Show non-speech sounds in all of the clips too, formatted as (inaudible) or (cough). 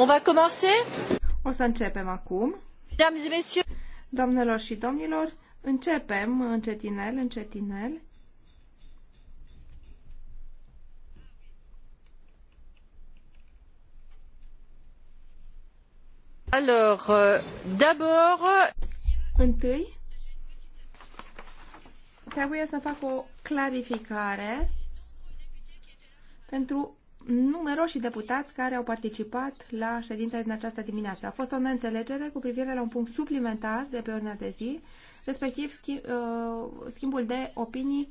On va commencer? O să începem acum. Mesdames et messieurs. Doamnelor și domnilor, începem încetinel, încetinel. Alors, euh, d'abord... Întâi, trebuie să fac o clarificare pentru numeroși deputați care au participat la ședința din această dimineață. A fost o neînțelegere cu privire la un punct suplimentar de pe ordinea de zi, respectiv uh, schimbul de opinii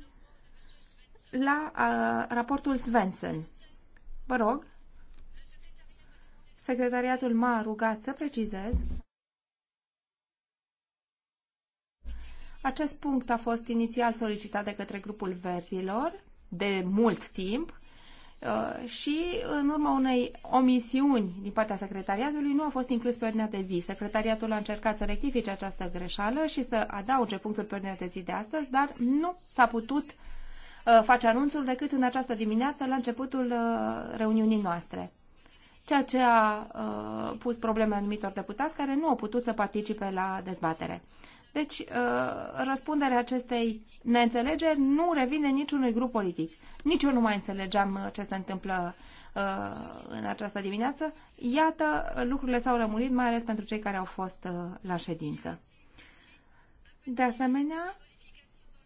la uh, raportul Svensson. Vă rog, secretariatul m-a rugat să precizez. Acest punct a fost inițial solicitat de către grupul verzilor de mult timp Uh, și în urma unei omisiuni din partea secretariatului nu a fost inclus pe ordinea de zi. Secretariatul a încercat să rectifice această greșeală și să adauge punctul pe ordinea de zi de astăzi, dar nu s-a putut uh, face anunțul decât în această dimineață la începutul uh, reuniunii noastre ceea ce a pus probleme anumitor deputați care nu au putut să participe la dezbatere. Deci, uh, răspunderea acestei neînțelegeri nu revine niciunui grup politic. Nici eu nu mai înțelegeam uh, ce se întâmplă uh, în această dimineață. Iată, lucrurile s-au rămurit, mai ales pentru cei care au fost la ședință. De asemenea,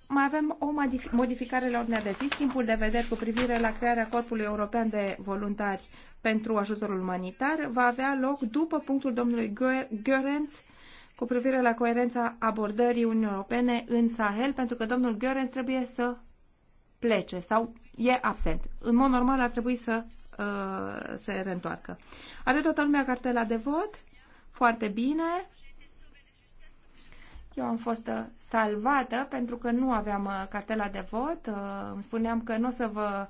mai avem o modificare la ordinea de zi, schimbul de vedere cu privire la crearea Corpului European de Voluntari pentru ajutorul umanitar va avea loc după punctul domnului Görenț cu privire la coerența abordării Uniunii Europene în Sahel, pentru că domnul Görens trebuie să plece sau e absent. În mod normal ar trebui să uh, se reîntoarcă. Are toată lumea cartela de vot? Foarte bine. Eu am fost uh, salvată pentru că nu aveam uh, cartela de vot. Uh, îmi spuneam că nu o să vă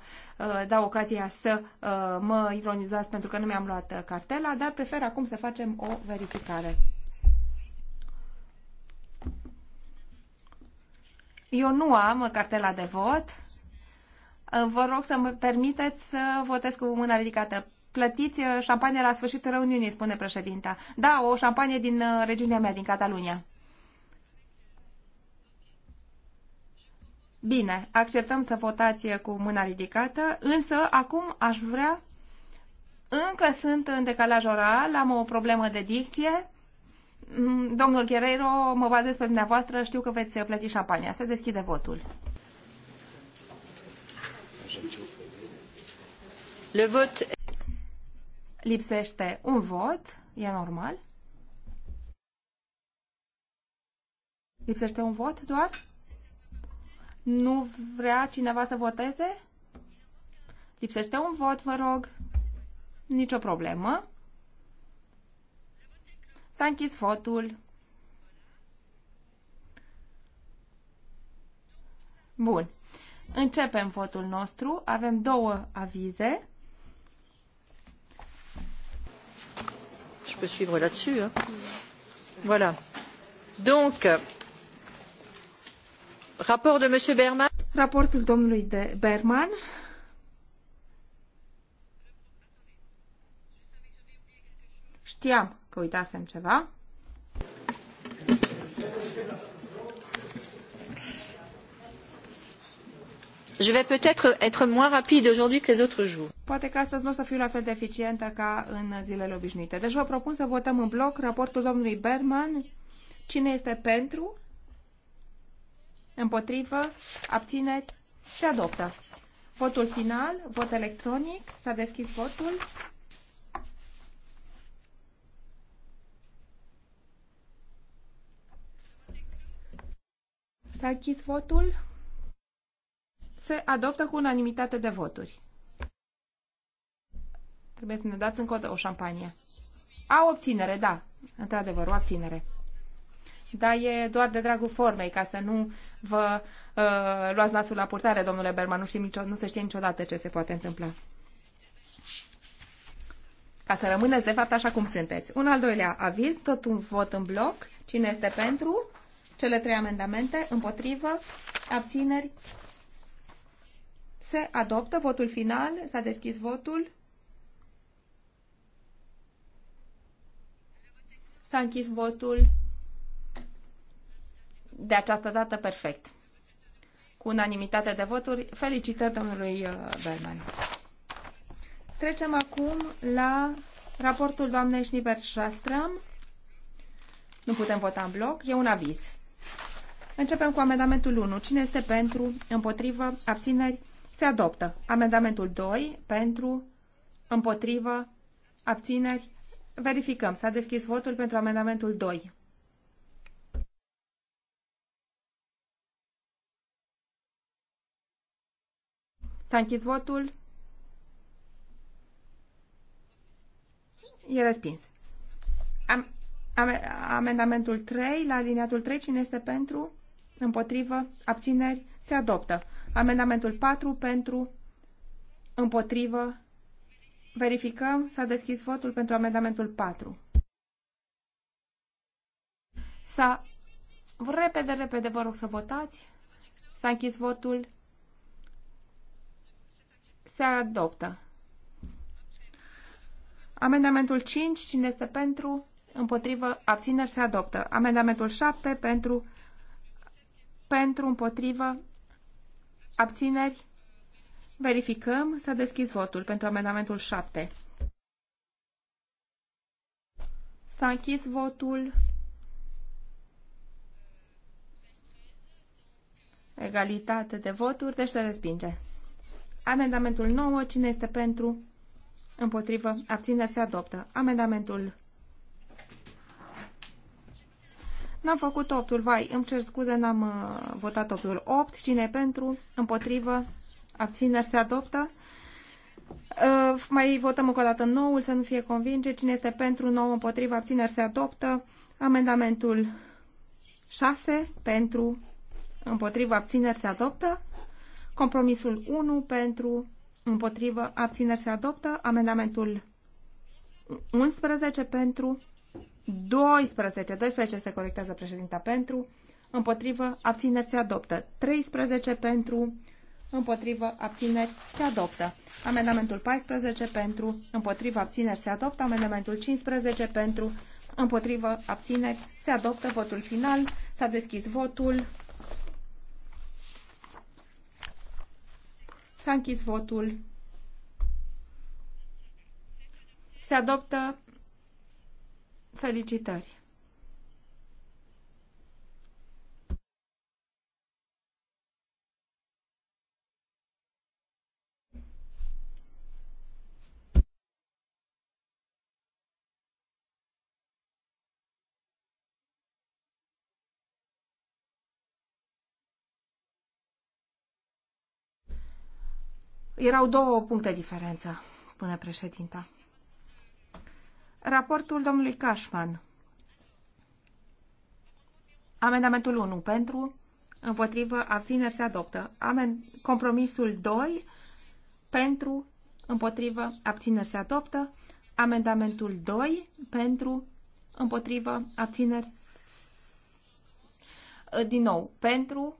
dau ocazia să mă ironizați pentru că nu mi-am luat cartela, dar prefer acum să facem o verificare. Eu nu am cartela de vot. Vă rog să-mi permiteți să votez cu mâna ridicată. Plătiți uh, șampanie la sfârșitul reuniunii, spune președinta. Da, o șampanie din uh, regiunea mea, din Catalunia. Bine, acceptăm să votați cu mâna ridicată, însă acum aș vrea... Încă sunt în decalaj oral, am o problemă de dicție. Mm, domnul Guerreiro, mă bazez pe dumneavoastră, știu că veți plăti șampania. Se deschide votul. Le vot... Lipsește un vot, e normal. Lipsește un vot doar? Nu vrea cineva să voteze? Lipsește un vot, vă rog. Nicio problemă. S-a închis votul. Bun. Începem votul nostru. Avem două avize. Je peux suivre là-dessus. Voilà. Donc, rapport de M. Berman. Raportul domnului de Berman. Știam că uitasem ceva. Je vais peut-être être moins rapide aujourd'hui que les autres jours. Poate că astăzi nu o să fiu la fel de eficientă ca în zilele obișnuite. Deci vă propun să votăm în bloc raportul domnului Berman. Cine este pentru? Împotrivă? Abțineri? Se adoptă. Votul final, vot electronic. S-a deschis votul. S-a închis votul. Se adoptă cu unanimitate de voturi. Trebuie să ne dați încă o șampanie. A, obținere, da. Într-adevăr, o obținere Dar e doar de dragul formei, ca să nu vă uh, luați nasul la purtare, domnule Berman. Nu, nicio, nu se știe niciodată ce se poate întâmpla. Ca să rămâneți, de fapt, așa cum sunteți. Un al doilea aviz, tot un vot în bloc. Cine este pentru? Cele trei amendamente împotrivă, abțineri, se adoptă votul final, s-a deschis votul. S-a închis votul de această dată perfect. Cu unanimitate de voturi, felicitări domnului uh, Berman. Trecem acum la raportul doamnei Schnieber-Schastram. Nu putem vota în bloc, e un aviz. Începem cu amendamentul 1. Cine este pentru, împotrivă, abțineri, se adoptă. Amendamentul 2, pentru, împotrivă, abțineri, verificăm. S-a deschis votul pentru amendamentul 2. S-a închis votul. E respins. Am, am, amendamentul 3, la aliniatul 3, cine este pentru? împotrivă, abțineri, se adoptă. Amendamentul 4 pentru, împotrivă, verificăm, s-a deschis votul pentru amendamentul 4. S-a, repede, repede vă rog să votați, s-a închis votul, se adoptă. Amendamentul 5, cine este pentru, împotrivă, abțineri, se adoptă. Amendamentul 7 pentru, pentru, împotrivă, abțineri. Verificăm. S-a deschis votul pentru amendamentul 7. S-a închis votul. Egalitate de voturi, deci se respinge. Amendamentul 9, cine este pentru? Împotrivă, abțineri se adoptă. Amendamentul N-am făcut 8 vai, îmi cer scuze, n-am uh, votat 8 8, cine pentru, împotrivă, abțineri se adoptă. Uh, mai votăm încă o dată noul, să nu fie convinge. Cine este pentru nou, împotrivă, abțineri se adoptă. Amendamentul 6, pentru, împotrivă, abțineri se adoptă. Compromisul 1, pentru, împotrivă, abțineri se adoptă. Amendamentul 11 pentru, 12, 12 se corectează președinta pentru, împotrivă, abțineri se adoptă. 13 pentru, împotrivă, abțineri se adoptă. Amendamentul 14 pentru, împotrivă, abțineri se adoptă. Amendamentul 15 pentru, împotrivă, abțineri se adoptă. Votul final, s-a deschis votul. S-a închis votul. Se adoptă Felicitări! Erau două puncte diferență, spune președinta. Raportul domnului Cașman. Amendamentul 1 pentru, împotrivă, abțineri se adoptă. Amen, compromisul 2 pentru, împotrivă, abțineri se adoptă. Amendamentul 2 pentru, împotrivă, abțineri din nou, pentru,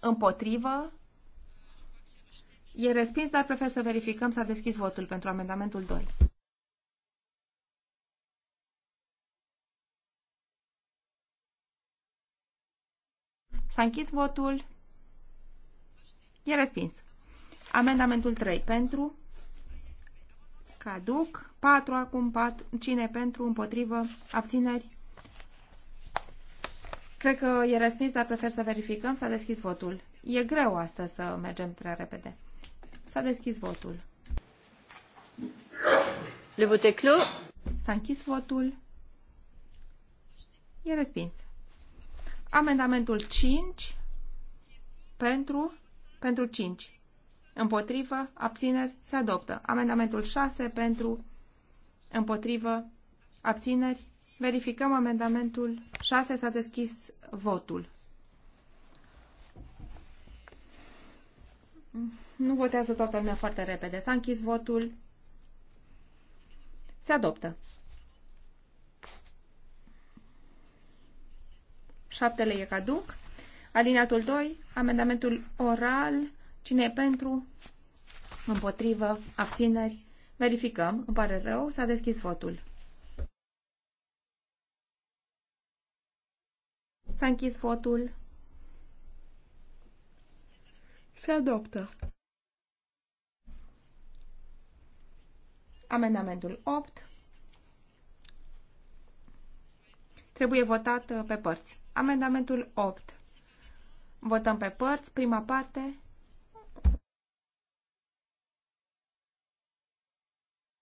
împotrivă, e respins, dar prefer să verificăm, s-a deschis votul pentru amendamentul 2. S-a închis votul. E respins. Amendamentul 3 pentru. Caduc. 4 acum. 4. Cine pentru? Împotrivă. Abțineri. Cred că e respins, dar prefer să verificăm. S-a deschis votul. E greu astăzi să mergem prea repede. S-a deschis votul. Le vote clos. S-a închis votul. E respins. Amendamentul 5 pentru, pentru 5. Împotrivă, abțineri, se adoptă. Amendamentul 6 pentru, împotrivă, abțineri. Verificăm amendamentul 6, s-a deschis votul. Nu votează toată lumea foarte repede. S-a închis votul. Se adoptă. Șaptele e caduc. Alineatul 2, amendamentul oral, cine e pentru, împotrivă, abțineri. Verificăm, îmi pare rău, s-a deschis votul. S-a închis votul. Se adoptă. Amendamentul 8 trebuie votat uh, pe părți. Amendamentul 8. Votăm pe părți. Prima parte.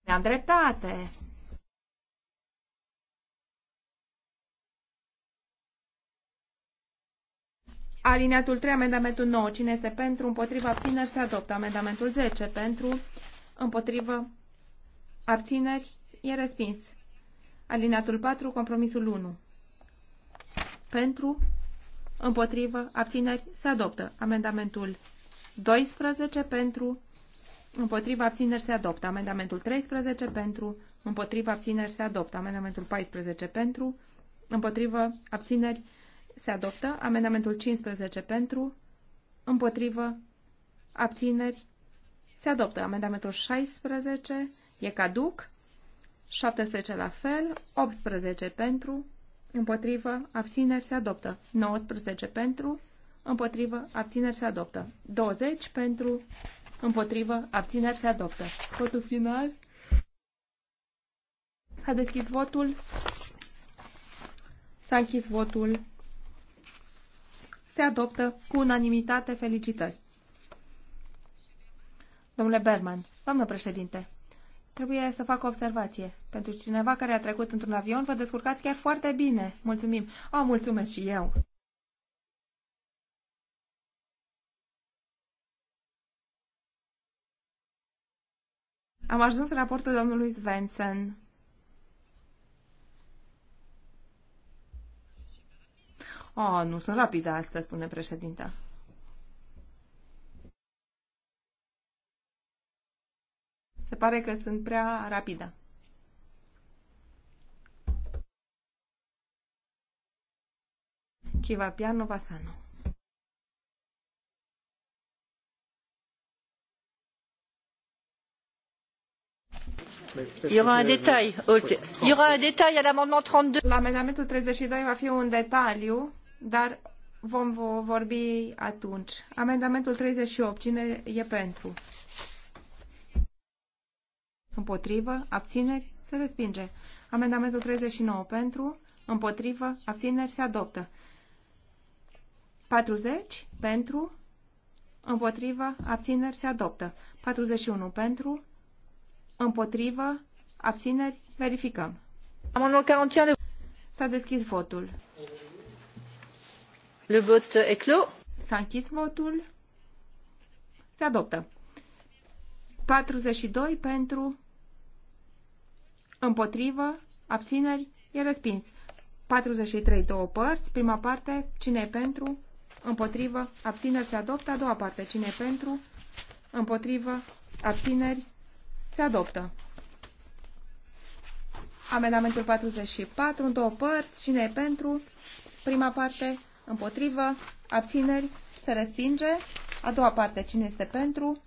ne am dreptate. Alineatul 3, amendamentul 9. Cine este pentru, împotriva, abțineri, se adoptă. Amendamentul 10, pentru, împotrivă, abțineri, e respins. Alineatul 4, compromisul 1 pentru, împotrivă, abțineri, se adoptă. Amendamentul 12 pentru, împotrivă, abțineri, se adoptă. Amendamentul 13 pentru, împotrivă, abțineri, se adoptă. Amendamentul 14 pentru, împotrivă, abțineri, se adoptă. Amendamentul 15 pentru, împotrivă, abțineri, se adoptă. Amendamentul 16 e caduc, 17 la fel, 18 pentru, împotrivă, abțineri se adoptă. 19 pentru, împotrivă, abțineri se adoptă. 20 pentru, împotrivă, abțineri se adoptă. Votul final. S-a deschis votul. S-a închis votul. Se adoptă cu unanimitate. Felicitări. Domnule Berman, doamnă președinte, Trebuie să fac o observație. Pentru cineva care a trecut într-un avion, vă descurcați chiar foarte bine. Mulțumim. O, ah, mulțumesc și eu. Am ajuns în raportul domnului Svensson. Oh, nu sunt rapidă asta, spune președinta. Se pare că sunt prea rapidă. Chiva Piano Vasano. Il y aura un détail. Il y aura un détail à l'amendement 32. L'amendement 32 va faire un detaliu, dar vom vorbi atunci. Amendamentul 38. Cine e pentru? Împotrivă. Abțineri. Se respinge. Amendamentul 39 pentru. Împotrivă. Abțineri. Se adoptă. 40 pentru. Împotrivă. Abțineri. Se adoptă. 41 pentru. Împotrivă. Abțineri. Verificăm. Amendamentul 41. S-a deschis votul. Le vot est clos. S-a închis votul. Se adoptă. 42 pentru, Împotrivă, abțineri, e răspins. 43, două părți, prima parte, cine e pentru, împotrivă, abțineri, se adoptă, a doua parte, cine e pentru, împotrivă, abțineri, se adoptă. Amendamentul 44, în două părți, cine e pentru, prima parte, împotrivă, abțineri, se respinge, a doua parte, cine este pentru,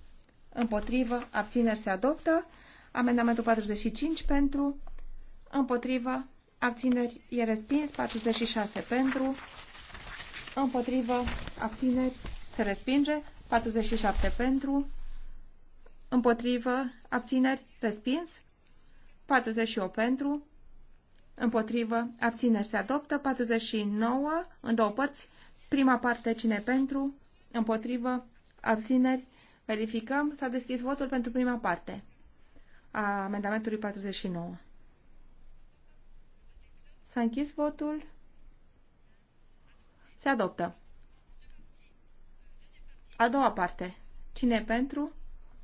împotrivă, abțineri, se adoptă, Amendamentul 45 pentru, împotrivă, abțineri e respins, 46 pentru, împotrivă, abțineri se respinge, 47 pentru, împotrivă, abțineri respins, 48 pentru, împotrivă, abțineri se adoptă, 49 în două părți, prima parte cine pentru, împotrivă, abțineri, verificăm, s-a deschis votul pentru prima parte a amendamentului 49. S-a închis votul. Se adoptă. A doua parte. Cine e pentru?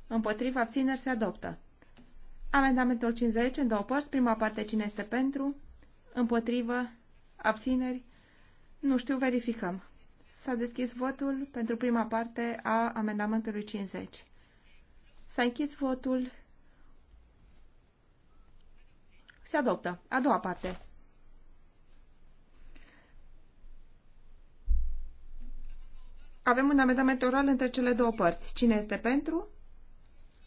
Împotriva abțineri se adoptă. Amendamentul 50 în două părți. Prima parte cine este pentru? Împotrivă? Abțineri? Nu știu, verificăm. S-a deschis votul pentru prima parte a amendamentului 50. S-a închis votul. Se adoptă. A doua parte. Avem un amendament oral între cele două părți. Cine este pentru?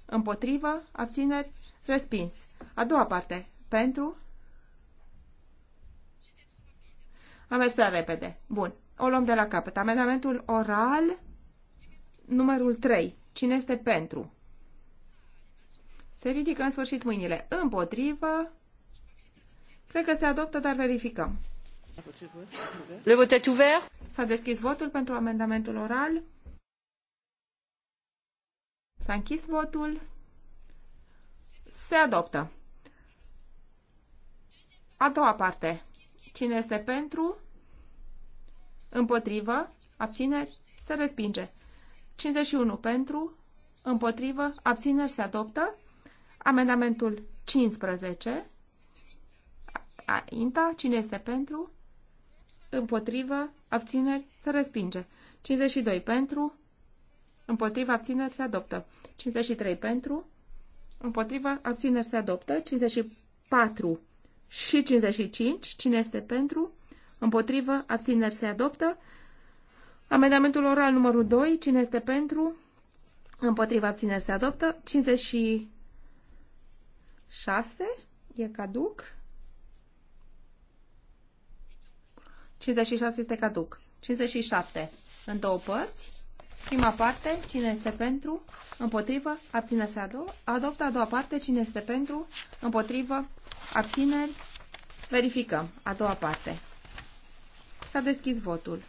Împotrivă? Abțineri? Respins. A doua parte. Pentru? Am mers prea repede. Bun. O luăm de la capăt. Amendamentul oral numărul 3. Cine este pentru? Se ridică în sfârșit mâinile. Împotrivă? Cred că se adoptă, dar verificăm. Le vot est ouvert. S-a deschis votul pentru amendamentul oral. S-a închis votul. Se adoptă. A doua parte. Cine este pentru? Împotrivă? Abțineri? Se respinge. 51 pentru? Împotrivă? Abțineri? Se adoptă. Amendamentul 15 Ainta, cine este pentru? Împotrivă, abțineri, se respinge. 52 pentru, împotrivă, abțineri, se adoptă. 53 pentru, împotrivă, abțineri, se adoptă. 54 și 55, cine este pentru? Împotrivă, abțineri, se adoptă. Amendamentul oral numărul 2, cine este pentru? Împotriva abțineri se adoptă. 56 e caduc. 56 este caduc. 57 în două părți. Prima parte, cine este pentru, împotrivă, abține se ado adoptă. A doua parte, cine este pentru, împotrivă, abțineri, verificăm. A doua parte. S-a deschis votul.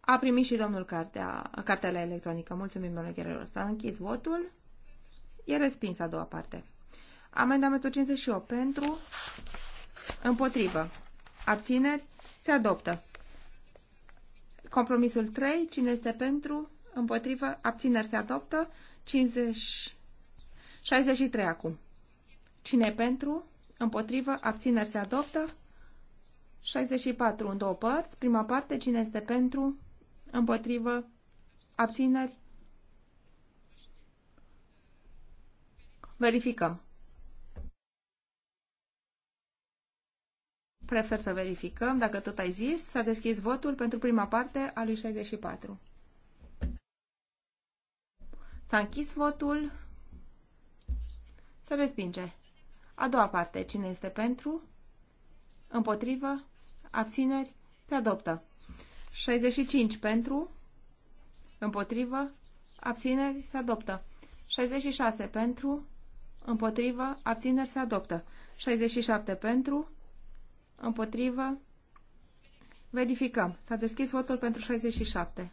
A primit și domnul cartea, cartea electronică. Mulțumim, domnule Guerrero. S-a închis votul. E respins a doua parte. Amendamentul 58 pentru, împotrivă, abțineri, se adoptă. Compromisul 3, cine este pentru, împotrivă, abțineri, se adoptă. 50, 63 acum. Cine e pentru, împotrivă, abțineri, se adoptă. 64 în două părți. Prima parte, cine este pentru, împotrivă, abțineri, Verificăm. Prefer să verificăm. Dacă tot ai zis, s-a deschis votul pentru prima parte a lui 64. S-a închis votul. Se respinge. A doua parte. Cine este pentru? Împotrivă? Abțineri? Se adoptă. 65 pentru? Împotrivă? Abțineri? Se adoptă. 66 pentru? Împotrivă? Abțineri? Se adoptă. 67 pentru? Împotrivă? Verificăm. S-a deschis votul pentru 67.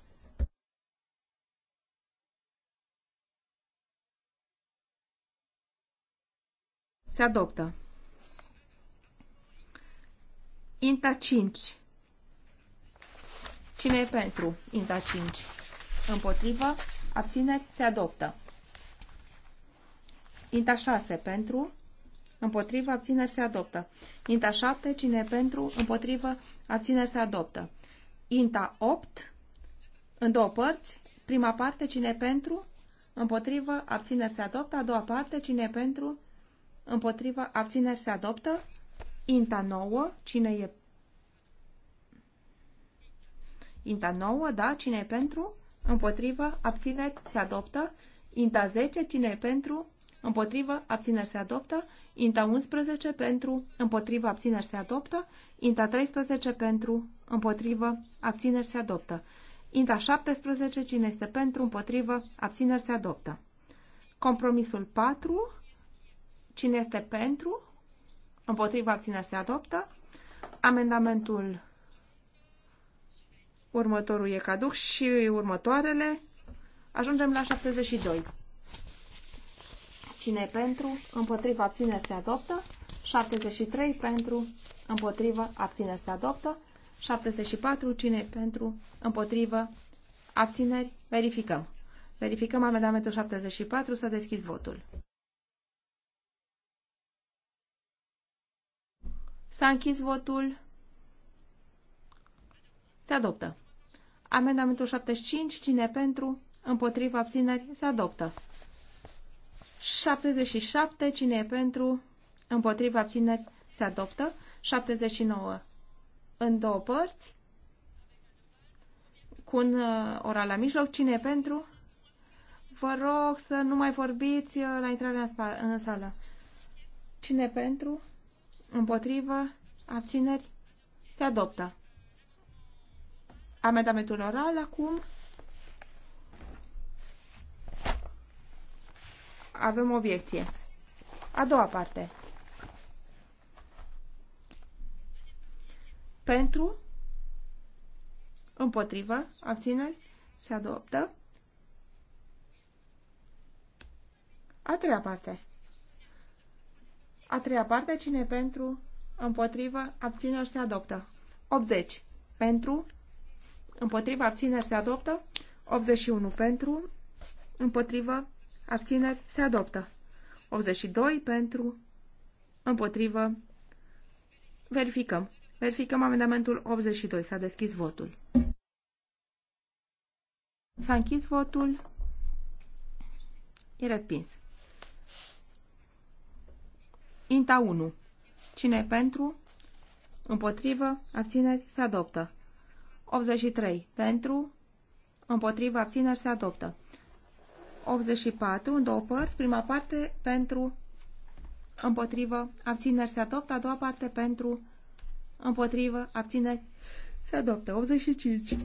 Se adoptă. Inta 5. Cine e pentru Inta 5? Împotrivă? Abține. Se adoptă. Inta 6 pentru? împotrivă, abțineri se adoptă. Inta 7, cine pentru, împotrivă, abțineri se adoptă. Inta 8, în două părți, prima parte, cine pentru, împotrivă, abțineri se adoptă, a doua parte, cine pentru, împotrivă, abțineri se adoptă. Inta 9, cine e Inta 9, da, cine e pentru? Împotrivă, abțineri, se adoptă. Inta 10, cine e pentru? împotrivă, abțineri se adoptă, INTA 11 pentru, împotrivă, abțineri se adoptă, INTA 13 pentru, împotrivă, abțineri se adoptă, INTA 17, cine este pentru, împotrivă, abțineri se adoptă. Compromisul 4, cine este pentru, împotrivă, abțineri se adoptă, amendamentul următorul e caduc și următoarele, ajungem la 72 cine pentru, împotriva abțineri se adoptă, 73 pentru, împotriva abțineri se adoptă, 74 cine pentru, împotriva abțineri, verificăm. Verificăm amendamentul 74, s-a deschis votul. S-a închis votul. Se adoptă. Amendamentul 75, cine pentru, împotriva abțineri, se adoptă. 77. Cine e pentru? Împotriva abțineri se adoptă. 79. În două părți. Cu un uh, oral la mijloc. Cine e pentru? Vă rog să nu mai vorbiți uh, la intrarea în, în sală. Cine e pentru? Împotriva abțineri se adoptă. Amendamentul oral acum. Avem obiecție. A doua parte. Pentru, împotrivă, abțineri, se adoptă. A treia parte. A treia parte, cine pentru, împotrivă, abțineri, se adoptă. 80. Pentru, împotrivă, abțineri, se adoptă. 81 pentru, împotrivă, abțineri, se adoptă. 82 pentru, împotrivă, verificăm. Verificăm amendamentul 82. S-a deschis votul. S-a închis votul. E respins. Inta 1. Cine e pentru? Împotrivă, abțineri, se adoptă. 83. Pentru, împotrivă, abțineri, se adoptă. 84, în două părți, prima parte pentru, împotrivă, abțineri se adoptă, a doua parte pentru, împotrivă, abțineri se adoptă. 85,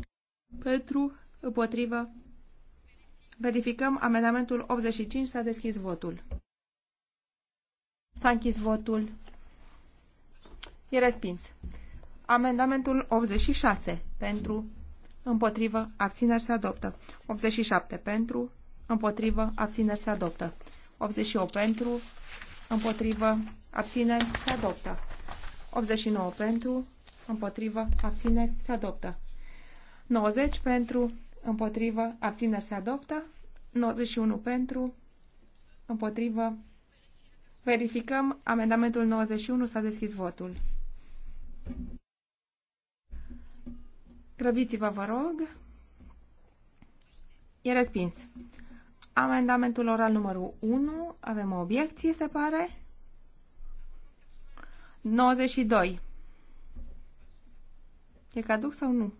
pentru, împotrivă, verificăm amendamentul 85, s-a deschis votul. S-a închis votul. E respins. Amendamentul 86 pentru, împotrivă, abțineri se adoptă. 87 pentru, împotrivă, abțineri se adoptă. 88 pentru, împotrivă, abțineri se adoptă. 89 pentru, împotrivă, abțineri se adoptă. 90 pentru, împotrivă, abțineri se adoptă. 91 pentru, împotrivă. Verificăm amendamentul 91, s-a deschis votul. Grăbiți-vă, vă rog. E respins. Amendamentul oral numărul 1. Avem o obiecție, se pare. 92. E caduc sau nu?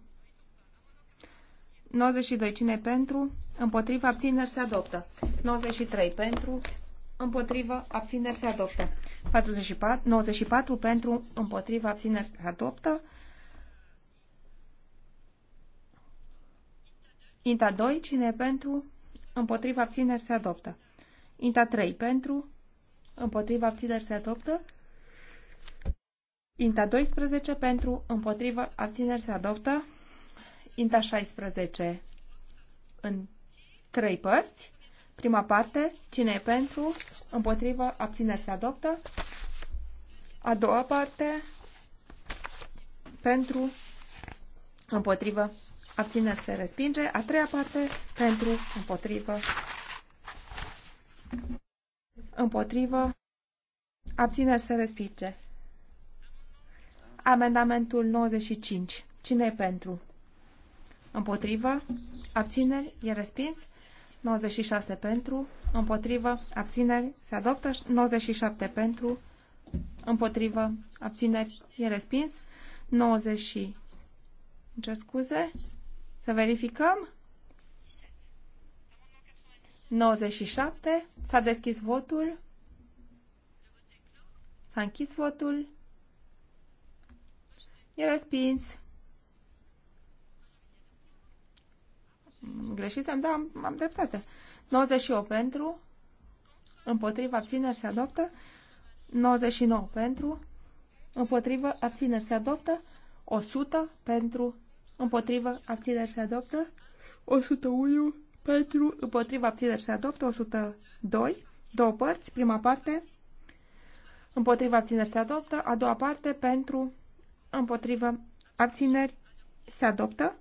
92. Cine pentru? Împotriva abțineri se adoptă. 93 pentru. Împotriva abțineri se adoptă. 44, 94 pentru. Împotriva abțineri se adoptă. Inta 2. Cine pentru? împotriva abțineri se adoptă. Inta 3 pentru, împotriva abțineri se adoptă. Inta 12 pentru, împotriva abțineri se adoptă. Inta 16 în trei părți. Prima parte, cine e pentru, împotriva abțineri se adoptă. A doua parte, pentru, împotrivă, abțineri se respinge. A treia parte pentru, împotrivă, împotrivă, abțineri se respinge. Amendamentul 95. Cine e pentru? Împotrivă, abțineri, e respins. 96 pentru, împotrivă, abțineri, se adoptă. 97 pentru, împotrivă, abțineri, e respins. 90 Încerc scuze. Să verificăm. 97. S-a deschis votul. S-a închis votul. E respins. Greșisem, da, am, am dreptate. 98 pentru. Împotriva abțineri se adoptă. 99 pentru. Împotriva abțineri se adoptă. 100 pentru împotrivă, abțineri se adoptă, 101 pentru, împotrivă, abțineri se adoptă, 102, două părți, prima parte, împotrivă, abțineri se adoptă, a doua parte, pentru, împotrivă, abțineri se adoptă,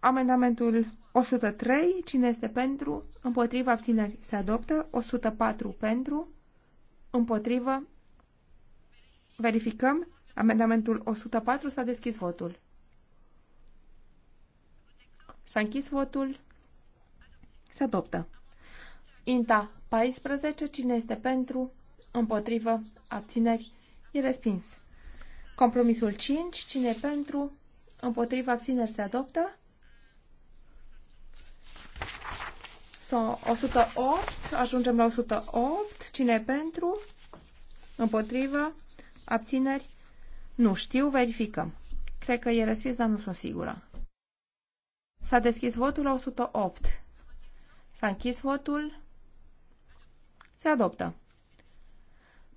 amendamentul 103, cine este pentru, împotrivă, abțineri se adoptă, 104 pentru, împotrivă, verificăm, amendamentul 104 s-a deschis votul. S-a închis votul. Se adoptă. Inta 14. Cine este pentru? Împotrivă. Abțineri. E respins. Compromisul 5. Cine pentru? Împotrivă. Abțineri. Se adoptă. 108. Ajungem la 108. Cine pentru? Împotrivă. Abțineri. Nu știu. Verificăm. Cred că e respins, dar nu sunt sigură. S-a deschis votul la 108. S-a închis votul. Se adoptă.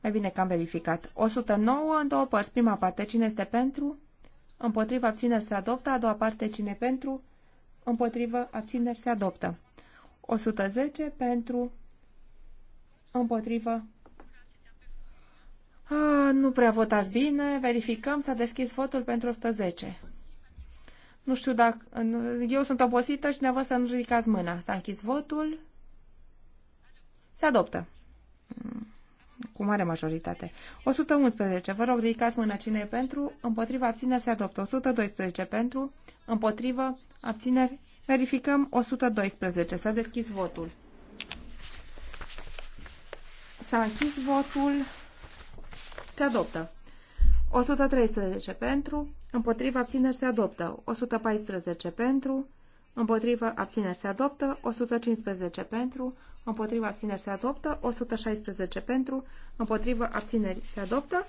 Mai bine că am verificat. 109 în două părți. Prima parte, cine este pentru? Împotriva abțineri se adoptă. A doua parte, cine pentru? Împotriva abțineri se adoptă. 110 pentru împotrivă. A, ah, nu prea votați bine. Verificăm. S-a deschis votul pentru 110. Nu știu dacă... Eu sunt obosită și să nu ridicați mâna. S-a închis votul. Se adoptă. Cu mare majoritate. 111. Vă rog, ridicați mâna cine e pentru. Împotriva abțineri se adoptă. 112 pentru. Împotrivă abțineri. Verificăm 112. S-a deschis votul. S-a închis votul. Se adoptă. 113 pentru împotriva abțineri se adoptă, 114 pentru, împotriva abțineri se adoptă, 115 pentru, împotriva abțineri se adoptă, 116 pentru, împotriva abțineri se adoptă,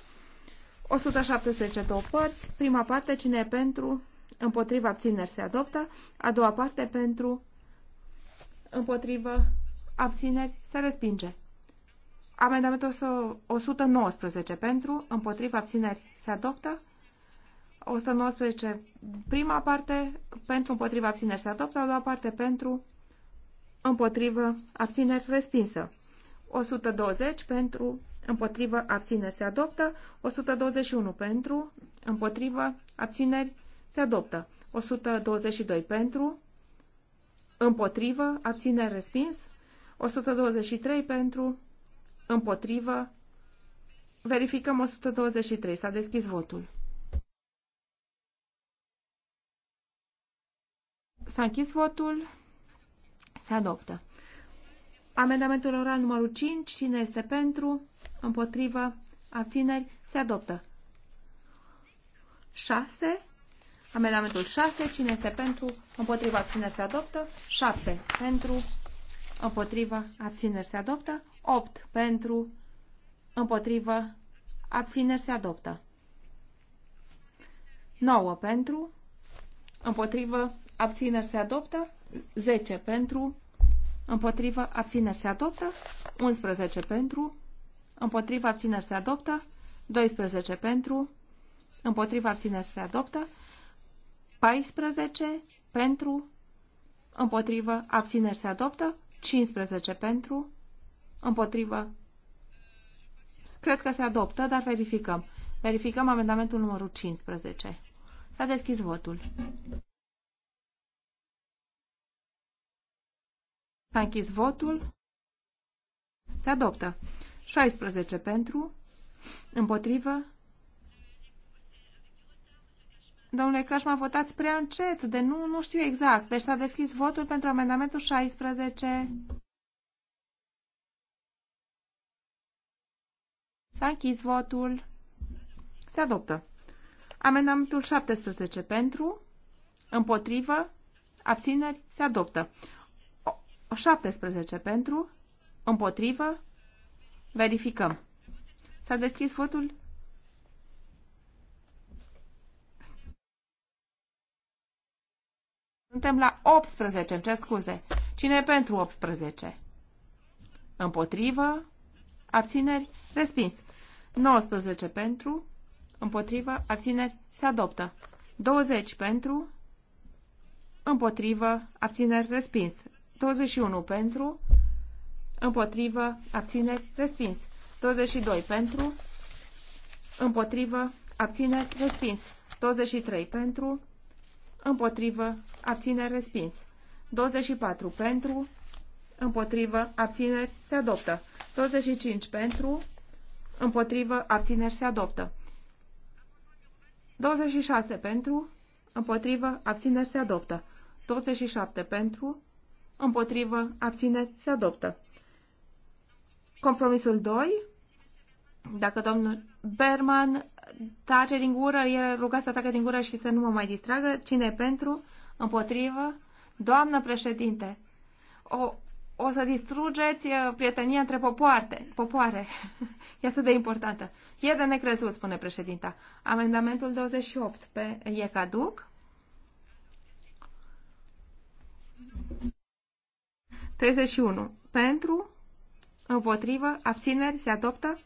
două părți, prima parte cine e pentru, împotriva abțineri se adoptă, a doua parte pentru, împotriva abțineri se respinge. Amendamentul 119 pentru, împotriva abțineri se adoptă, 119. Prima parte pentru împotriva abțineri se adoptă, a doua parte pentru împotrivă abțineri respinsă. 120 pentru împotrivă abțineri se adoptă, 121 pentru împotrivă abțineri se adoptă, 122 pentru împotrivă abțineri respins, 123 pentru împotrivă verificăm 123. S-a deschis votul. S-a închis votul. Se adoptă. Amendamentul oral numărul 5. Cine este pentru? Împotrivă? Abțineri? Se adoptă. 6. Amendamentul 6. Cine este pentru? Împotrivă? abțineri se adoptă. 7. Pentru. Împotrivă? abțineri se adoptă. 8. Pentru. Împotrivă? abțineri se adoptă. 9. Pentru împotrivă, abțineri se adoptă, 10 pentru, împotrivă, abțineri se adoptă, 11 pentru, împotrivă, abțineri se adoptă, 12 pentru, împotrivă, abțineri se adoptă, 14 pentru, împotrivă, abțineri se adoptă, 15 pentru, împotrivă, cred că se adoptă, dar verificăm. Verificăm amendamentul numărul 15. S-a deschis votul. S-a închis votul. Se adoptă. 16 pentru, împotrivă. Domnule Cășma, votați prea încet, de nu, nu știu exact. Deci s-a deschis votul pentru amendamentul 16. S-a închis votul. Se adoptă. Amendamentul 17 pentru, împotrivă, abțineri, se adoptă. O, 17 pentru, împotrivă, verificăm. S-a deschis votul? Suntem la 18, îmi cer scuze. Cine e pentru 18? Împotrivă, abțineri, respins. 19 pentru, împotrivă, abțineri, se adoptă. 20 pentru, împotrivă, abțineri, respins. 21 pentru, împotrivă, abțineri, respins. 22 pentru, împotrivă, abțineri, respins. 23 pentru, împotrivă, abțineri, respins. 24 pentru, împotrivă, abțineri, se adoptă. 25 pentru, împotrivă, abțineri, se adoptă. 26 pentru, împotrivă, abțineri se adoptă. 27 pentru, împotrivă, abțineri se adoptă. Compromisul 2, dacă domnul Berman tace din gură, e rugat să tacă din gură și să nu mă mai distragă, cine pentru, împotrivă, doamnă președinte, o o să distrugeți uh, prietenia între popoarte, popoare. (laughs) E atât de importantă. E de necrezut, spune președinta. Amendamentul 28 pe e caduc. 31. Pentru, împotrivă, abțineri, se adoptă.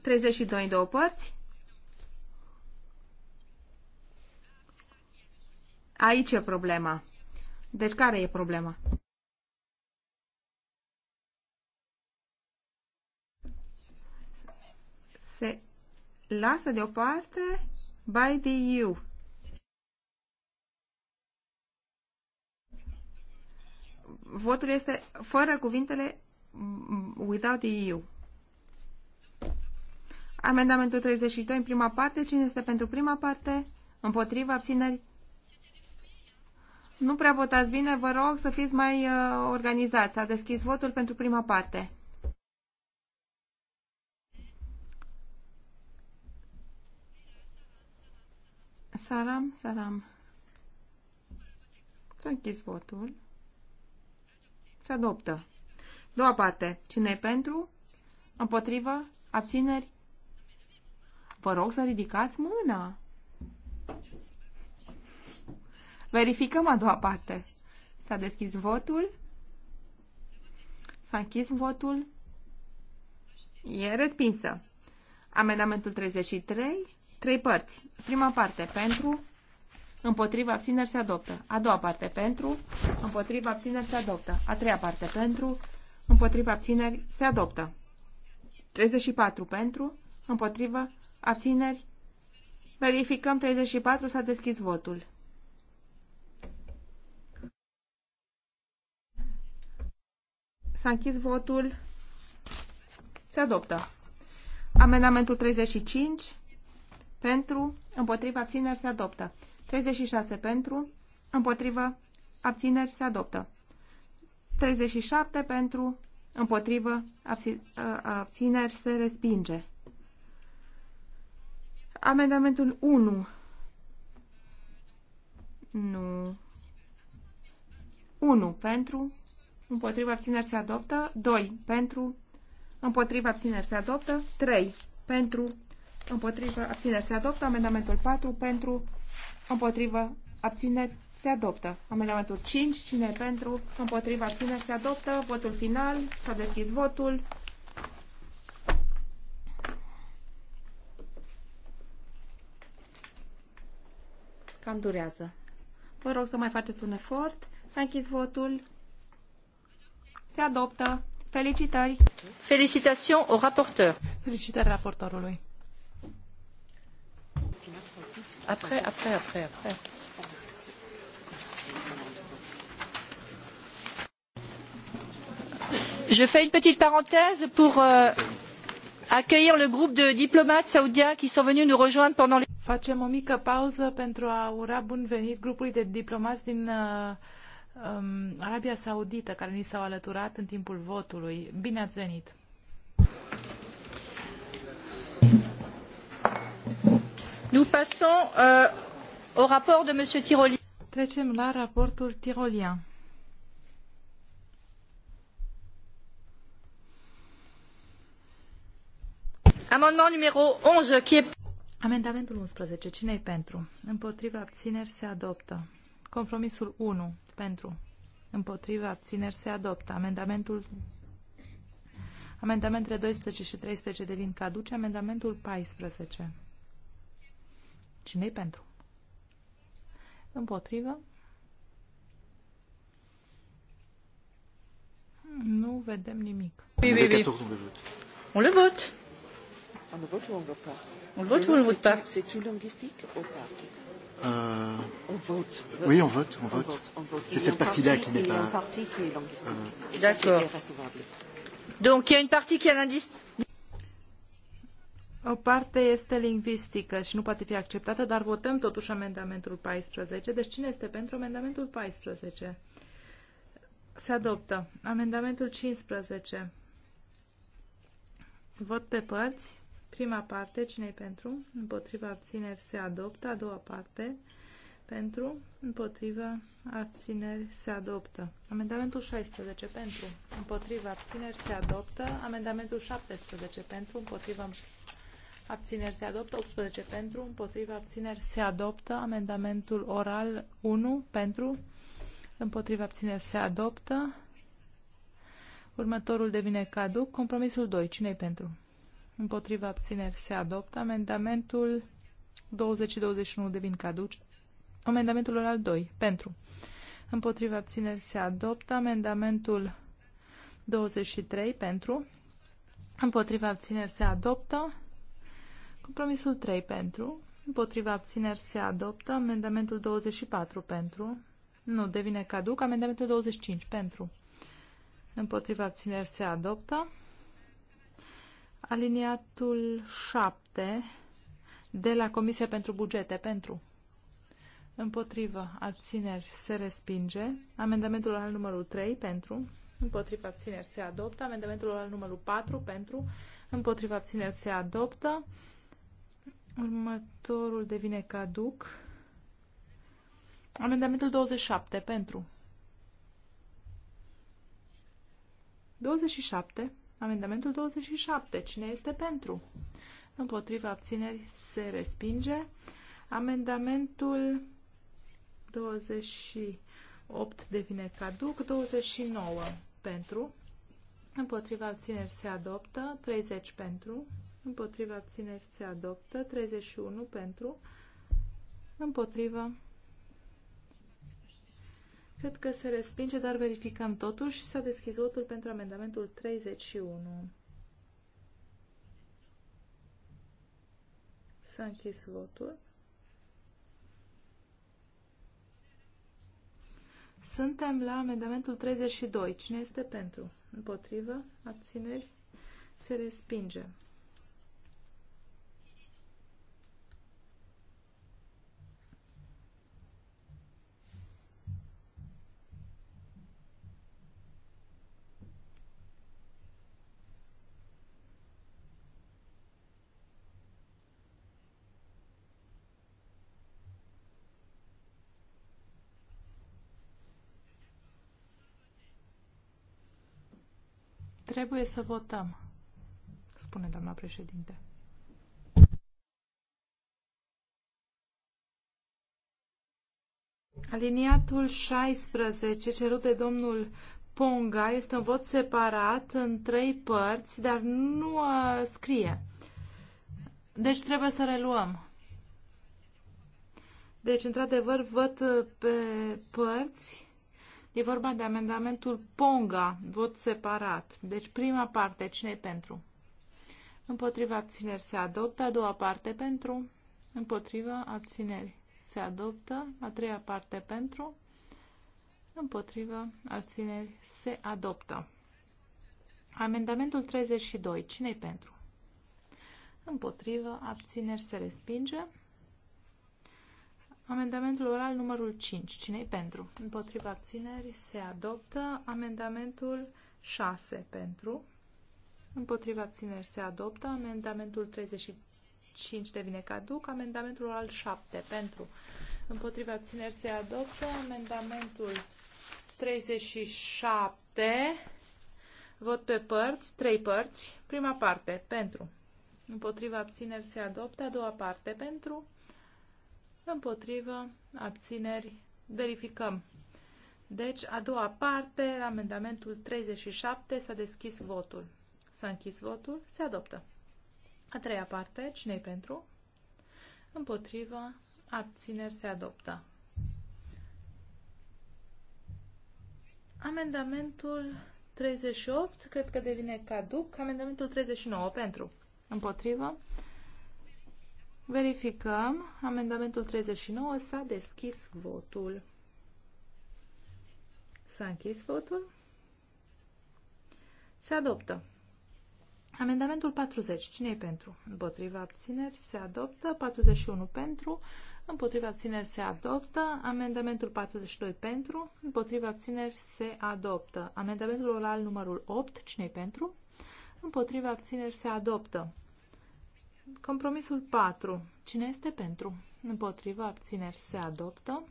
32 în două părți. Aici e problema. Deci care e problema? lasă deoparte by the EU. Votul este fără cuvintele without the EU. Amendamentul 32 în prima parte. Cine este pentru prima parte? Împotriva abțineri? Nu prea votați bine, vă rog să fiți mai uh, organizați. a deschis votul pentru prima parte. Saram, Saram. S-a închis votul. Se adoptă. Doua parte. cine e pentru? Împotrivă? Abțineri? Vă rog să ridicați mâna. Verificăm a doua parte. S-a deschis votul. S-a închis votul. E respinsă. Amendamentul 33. Trei părți. Prima parte pentru, împotriva abțineri se adoptă. A doua parte pentru, împotriva abțineri se adoptă. A treia parte pentru, împotriva abțineri se adoptă. 34 pentru, împotriva abțineri. Verificăm 34, s-a deschis votul. S-a închis votul. Se adoptă. Amendamentul 35 pentru, împotriva abțineri se adoptă. 36 pentru, împotriva abțineri se adoptă. 37 pentru, împotriva, abțineri se respinge. Amendamentul 1. Nu. 1 pentru, împotriva abțineri se adoptă. 2 pentru, împotriva abțineri se adoptă. 3 pentru, împotrivă, abțineri se adoptă. Amendamentul 4 pentru, împotrivă, abțineri se adoptă. Amendamentul 5, cine pentru, împotrivă, abțineri se adoptă. Votul final, s-a deschis votul. Cam durează. Vă rog să mai faceți un efort. S-a închis votul. Se adoptă. Felicitări. Felicitări, au raporteur. Felicitări raportorului. Après, après, après, après. Je fais une petite parenthèse pour euh, accueillir le groupe de diplomates saoudiens qui sont venus nous rejoindre pendant les... Facem o mică pauză pentru a ura bun venit grupului de diplomați din uh, um, Arabia Saudită care ni s-au alăturat în timpul votului. Bine ați venit! Nous passons euh, au rapport de Monsieur Trecem la raportul Tirolian. Amendement numéro 11 qui Amendamentul 11. Cine-i pentru? Împotriva abțineri se adoptă. Compromisul 1. Pentru. Împotriva abțineri se adoptă. Amendamentul Amendamentele 12 și 13 devin caduce. Amendamentul 14. Cine-i pentru? Împotrivă? Nu vedem nimic. Oui, oui, oui. On le vote. On le vote ou on le vote pas On le vote ou on le vote pas C'est tout linguistique ou pas euh... On vote. Oui, on vote, on vote. vote, vote. C'est cette partie-là qui n'est pas... Il y a une partie qui est euh, linguistique. Euh... D'accord. Donc il y a une partie qui est linguistique. O parte este lingvistică și nu poate fi acceptată, dar votăm totuși amendamentul 14. Deci cine este pentru amendamentul 14? Se adoptă. Amendamentul 15. Vot pe părți. Prima parte, cine pentru? Împotriva abțineri se adoptă. A doua parte, pentru? Împotriva abțineri se adoptă. Amendamentul 16, pentru? Împotriva abțineri se adoptă. Amendamentul 17, pentru? Împotriva abțineri se adoptă, 18 pentru, împotriva abțineri se adoptă, amendamentul oral 1 pentru, împotriva abțineri se adoptă, următorul devine caduc, compromisul 2, cine pentru? Împotriva abțineri se adoptă, amendamentul 20 și 21 devin caduci, amendamentul oral 2 pentru, împotriva abțineri se adoptă, amendamentul 23 pentru, împotriva abțineri se adoptă, Compromisul 3 pentru, împotriva abțineri se adoptă. Amendamentul 24 pentru, nu, devine caduc. Amendamentul 25 pentru, împotriva abțineri se adoptă. Aliniatul 7 de la Comisia pentru Bugete pentru. Împotrivă abțineri se respinge. Amendamentul al numărul 3 pentru. Împotriva abțineri se adoptă. Amendamentul al numărul 4 pentru. Împotriva abțineri se adoptă. Următorul devine caduc. Amendamentul 27 pentru. 27. Amendamentul 27. Cine este pentru? Împotriva abțineri se respinge. Amendamentul 28 devine caduc. 29 pentru. Împotriva abțineri se adoptă. 30 pentru împotriva abțineri se adoptă, 31 pentru, împotriva. Cred că se respinge, dar verificăm totuși. S-a deschis votul pentru amendamentul 31. S-a închis votul. Suntem la amendamentul 32. Cine este pentru? Împotrivă? Abțineri? Se respinge. Trebuie să votăm, spune doamna președinte. Aliniatul 16, cerut de domnul Ponga, este un vot separat în trei părți, dar nu uh, scrie. Deci trebuie să reluăm. Deci, într-adevăr, văd uh, pe părți E vorba de amendamentul Ponga, vot separat. Deci prima parte, cine e pentru? Împotriva abțineri se adoptă. A doua parte pentru. Împotriva abțineri se adoptă. A treia parte pentru. Împotriva abțineri se adoptă. Amendamentul 32. cine e pentru? Împotriva abțineri se respinge. Amendamentul oral numărul 5. Cine-i pentru? Împotriva abțineri se adoptă. Amendamentul 6 pentru. Împotriva abțineri se adoptă. Amendamentul 35 devine caduc. Amendamentul oral 7 pentru. Împotriva abțineri se adoptă. Amendamentul 37. Vot pe părți. Trei părți. Prima parte pentru. Împotriva abțineri se adoptă. A doua parte pentru împotrivă, abțineri, verificăm. Deci, a doua parte, la amendamentul 37, s-a deschis votul. S-a închis votul, se adoptă. A treia parte, cine pentru? Împotrivă, abțineri, se adoptă. Amendamentul 38, cred că devine caduc. Amendamentul 39, pentru. Împotrivă, Verificăm. Amendamentul 39 s-a deschis votul. S-a închis votul. Se adoptă. Amendamentul 40. cine e pentru? Împotriva abțineri se adoptă. 41 pentru. Împotriva abțineri se adoptă. Amendamentul 42 pentru. Împotriva abțineri se adoptă. Amendamentul oral numărul 8. cine e pentru? Împotriva abțineri se adoptă. Compromisul 4. Cine este pentru? Împotriva uh, abțineri se adoptă.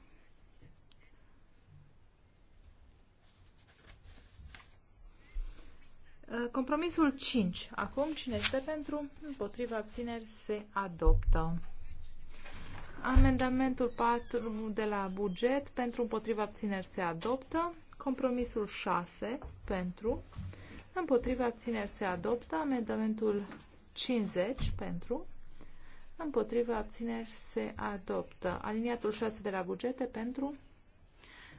Compromisul 5. Acum cine este pentru? Împotriva abțineri se adoptă. Amendamentul 4 de la buget pentru împotriva abțineri se adoptă. Compromisul 6 pentru împotriva abțineri se adoptă. Amendamentul 50 pentru, împotriva abțineri se adoptă. Aliniatul 6 de la bugete pentru,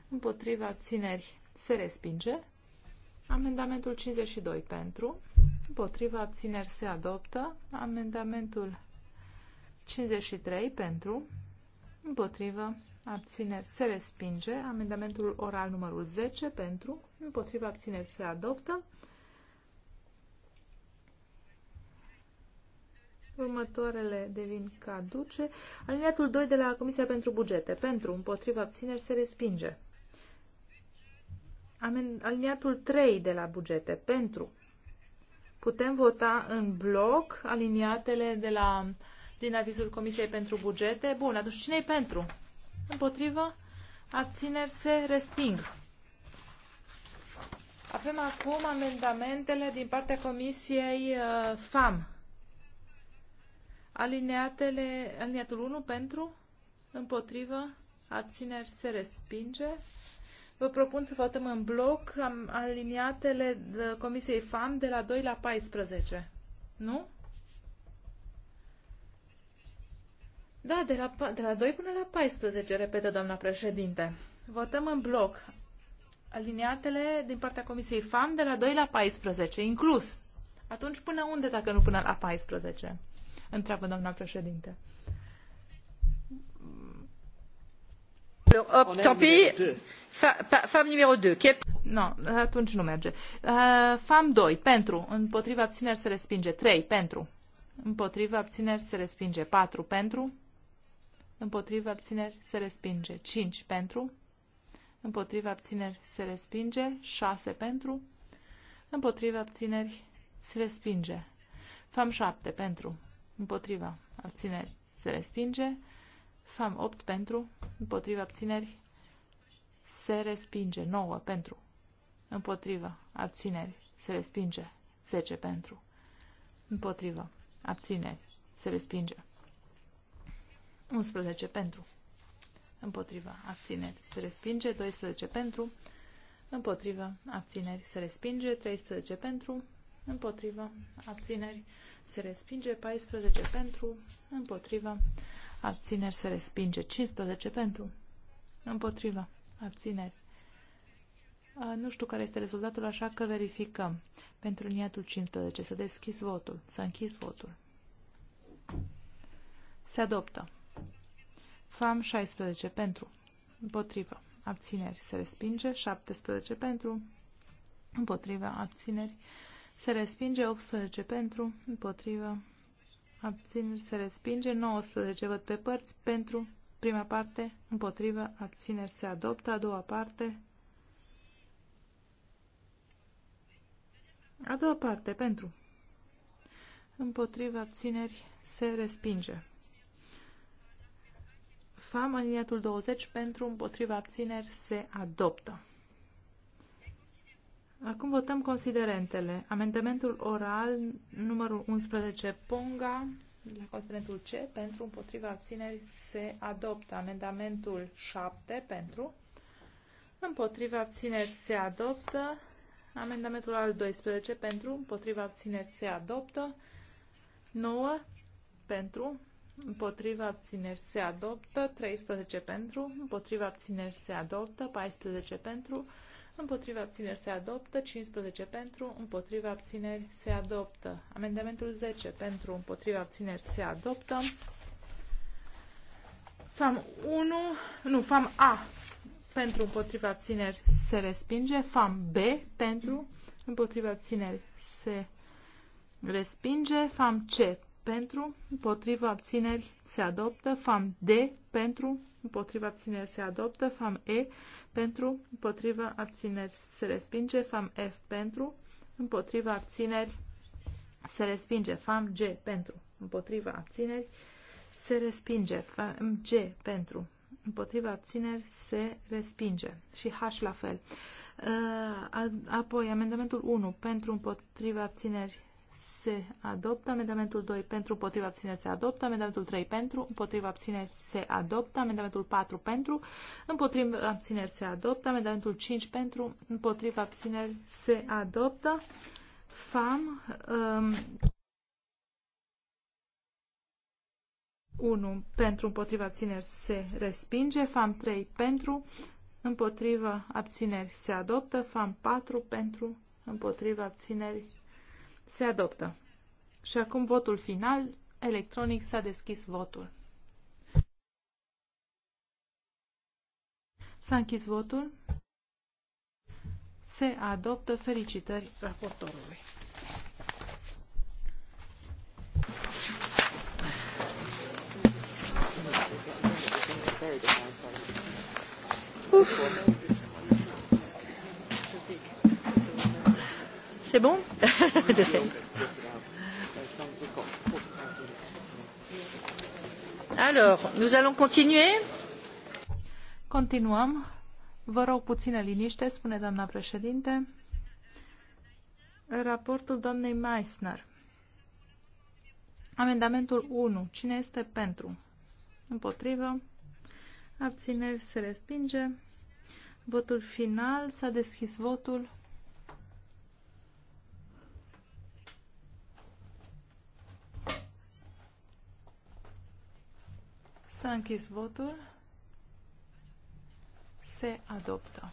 împotriva abțineri se respinge. Amendamentul 52 pentru, împotriva abțineri se adoptă. Amendamentul 53 pentru, împotriva abțineri se respinge. Amendamentul oral numărul 10 pentru, împotriva abțineri se adoptă. Următoarele devin caduce. Aliniatul 2 de la Comisia pentru Bugete. Pentru, împotriva, abțineri se respinge. Aliniatul 3 de la Bugete. Pentru. Putem vota în bloc aliniatele de la, din avizul Comisiei pentru Bugete. Bun, atunci cine pentru? Împotriva, abțineri se resping. Avem acum amendamentele din partea Comisiei uh, FAM. Alineatele, alineatul 1 pentru, împotrivă, abțineri se respinge. Vă propun să votăm în bloc aliniatele Comisiei FAM de la 2 la 14. Nu? Da, de la, de la 2 până la 14, repetă doamna președinte. Votăm în bloc aliniatele din partea Comisiei FAM de la 2 la 14, inclus. Atunci până unde, dacă nu până la 14? întreabă doamna președinte. Femme numărul 2. Nu, atunci nu merge. Uh, femme 2, pentru. Împotriva abțineri se respinge. 3, pentru. Împotriva abțineri se respinge. 4, pentru. Împotriva abțineri se respinge. 5, pentru. Împotriva abțineri se respinge. 6, pentru. Împotriva abțineri se respinge. Femme 7, pentru împotriva abțineri se respinge. FAM 8 pentru, împotriva abțineri se respinge. 9 pentru, împotriva abțineri se respinge. 10 pentru, împotriva abțineri se respinge. 11 pentru, împotriva abțineri se respinge. 12 pentru, împotriva abțineri se respinge. 13 pentru, împotriva abțineri se respinge se respinge, 14 pentru, împotrivă, abțineri se respinge, 15 pentru, împotrivă, abțineri. Nu știu care este rezultatul, așa că verificăm. Pentru niatul 15 să deschis votul, să închis votul. Se adoptă. FAM 16 pentru, împotrivă, abțineri se respinge, 17 pentru, împotrivă, abțineri. Se respinge 18 pentru, împotrivă, abțineri, se respinge 19, văd pe părți, pentru, prima parte, împotrivă, abțineri, se adoptă, a doua parte, a doua parte, pentru, împotrivă, abțineri, se respinge. FAM, aliniatul 20, pentru, împotriva abțineri, se adoptă. Acum votăm considerentele. Amendamentul oral numărul 11 Ponga la considerentul C pentru împotriva abțineri se adoptă. Amendamentul 7 pentru împotriva abțineri se adoptă. Amendamentul al 12 pentru împotriva abțineri se adoptă. 9 pentru împotriva abțineri se adoptă. 13 pentru împotriva abțineri se adoptă. 14 pentru împotriva abțineri se adoptă, 15 pentru, împotriva abțineri se adoptă. Amendamentul 10 pentru, împotriva abțineri se adoptă. FAM 1, nu, FAM A pentru împotriva abțineri se respinge, FAM B pentru împotriva abțineri se respinge, FAM C pentru împotriva abțineri se adoptă, FAM D pentru împotriva abțineri se adoptă, fam E pentru, împotriva abțineri se respinge, fam F pentru, împotriva abțineri se respinge, fam G pentru, împotriva abțineri se respinge, fam G pentru, împotriva abțineri se respinge și H la fel. Uh, apoi, amendamentul 1 pentru, împotriva abțineri se adoptă. Amendamentul 2 pentru, împotriva abțineri se adoptă. Amendamentul 3 pentru, împotriva abțineri se adoptă. Amendamentul 4 pentru, împotriva abțineri se adoptă. Amendamentul 5 pentru, împotriva abțineri se adoptă. FAM um, 1 pentru, împotriva abțineri se respinge. FAM 3 pentru, împotriva abțineri se adoptă. FAM 4 pentru, împotriva abțineri se adoptă. Se adoptă. Și acum votul final. Electronic s-a deschis votul. S-a închis votul. Se adoptă. Felicitări raportorului. Uf. C'est bon (laughs) Alors, nous allons continuer. Continuăm. Vă rog puțină liniște, spune doamna președinte. Raportul doamnei Meissner. Amendamentul 1. Cine este pentru? Împotrivă. Abțineri se respinge. Votul final. S-a deschis votul. S-a închis votul. Se adoptă.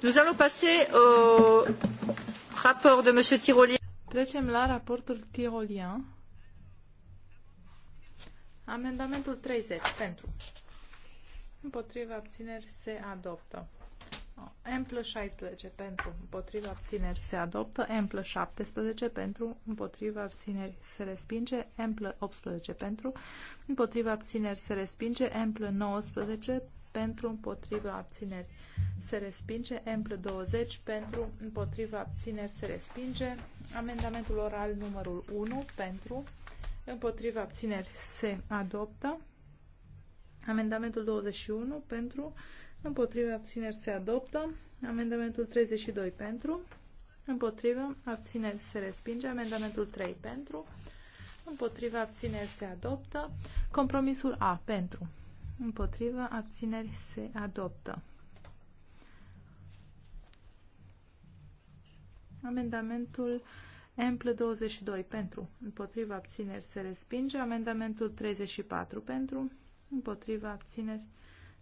Nous allons passer au rapport de Monsieur Tirolien. Trecem la raportul Tirolien. Amendamentul 30 pentru. Împotriva abțineri se adoptă plus 16 pentru împotriva abțineri se adoptă, plus 17 pentru împotriva abțineri se respinge, plus 18 pentru împotriva abțineri se respinge, plus 19 pentru împotriva abțineri se respinge, plus 20 pentru împotriva abțineri se respinge, amendamentul oral numărul 1 pentru împotriva abțineri se adoptă, amendamentul 21 pentru Împotriva abțineri se adoptă. Amendamentul 32 pentru. Împotriva abțineri se respinge. Amendamentul 3 pentru. Împotriva abțineri se adoptă. Compromisul A pentru. Împotriva abțineri se adoptă. Amendamentul Ample 22 pentru. Împotriva abțineri se respinge. Amendamentul 34 pentru. Împotriva abțineri se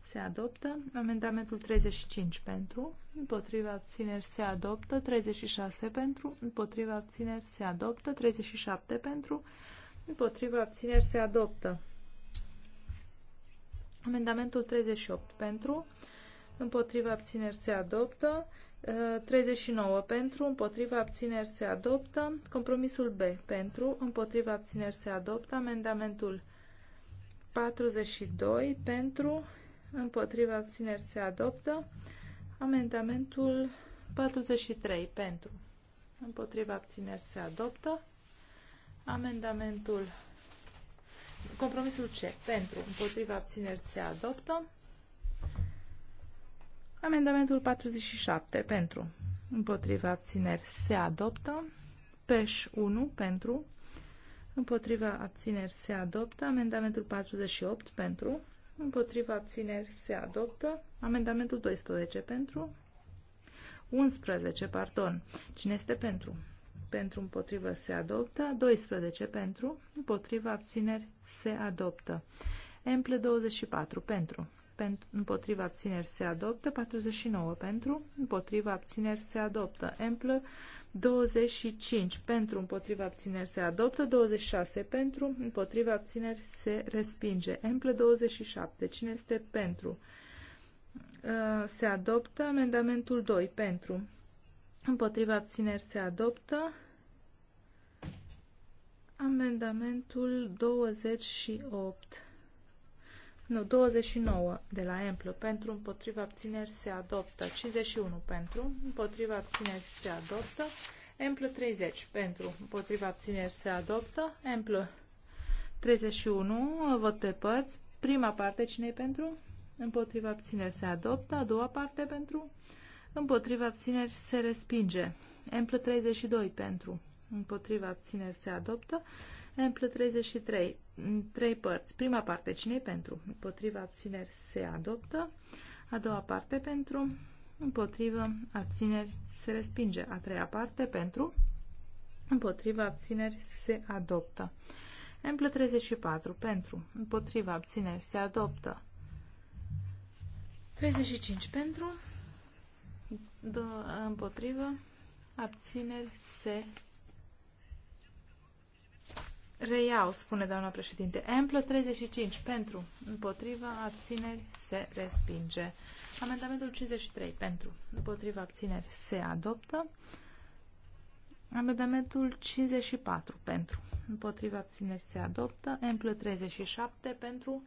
se adoptă. Amendamentul 35 pentru, împotriva abțineri se adoptă. 36 pentru, împotriva abțineri se adoptă. 37 pentru, împotriva abțineri se adoptă. Amendamentul 38 pentru, împotriva abțineri se adoptă. 39 uh, pentru, împotriva abțineri se adoptă. Compromisul B pentru, împotriva abțineri se adoptă. Amendamentul 42 pentru, împotriva abțineri se adoptă. Amendamentul 43 pentru, împotriva abțineri se adoptă. Amendamentul compromisul C pentru, împotriva abțineri se adoptă. Amendamentul 47 pentru, împotriva abțineri se adoptă. PEș 1 pentru, împotriva abțineri se adoptă. Amendamentul 48 pentru, Împotriva abțineri se adoptă. Amendamentul 12 pentru. 11, pardon. Cine este pentru? Pentru împotrivă se adoptă. 12 pentru. Împotriva abțineri se adoptă. Emple 24 pentru. pentru împotriva abțineri se adoptă. 49 pentru. Împotriva abțineri se adoptă. Emple 25 pentru împotriva abțineri se adoptă, 26 pentru împotriva abțineri se respinge. Emple 27. Cine este pentru? Uh, se adoptă amendamentul 2 pentru împotriva abțineri se adoptă. Amendamentul 28 nu, 29 de la Emplu. Pentru, împotriva, abțineri se adoptă. 51 pentru, împotriva, abțineri se adoptă. Emplu 30 pentru, împotriva, abțineri se adoptă. Emplu 31, vot pe părți. Prima parte, cine e pentru? Împotriva, abțineri se adoptă. A doua parte, pentru? Împotriva, abțineri se respinge. Emplu 32 pentru, împotriva, abțineri se adoptă. Emplu 33 în trei părți. Prima parte, cine pentru? Împotriva abțineri se adoptă. A doua parte, pentru. Împotriva abțineri se respinge. A treia parte, pentru. Împotriva abțineri se adoptă. Emplă 34, pentru. Împotriva abțineri se adoptă. 35 pentru, împotrivă, abțineri se Reiau, spune doamna președinte. Amplă 35 pentru, împotriva, abțineri, se respinge. Amendamentul 53 pentru, împotriva, abțineri, se adoptă. Amendamentul 54 pentru, împotriva, abțineri, se adoptă. Amplă 37 pentru,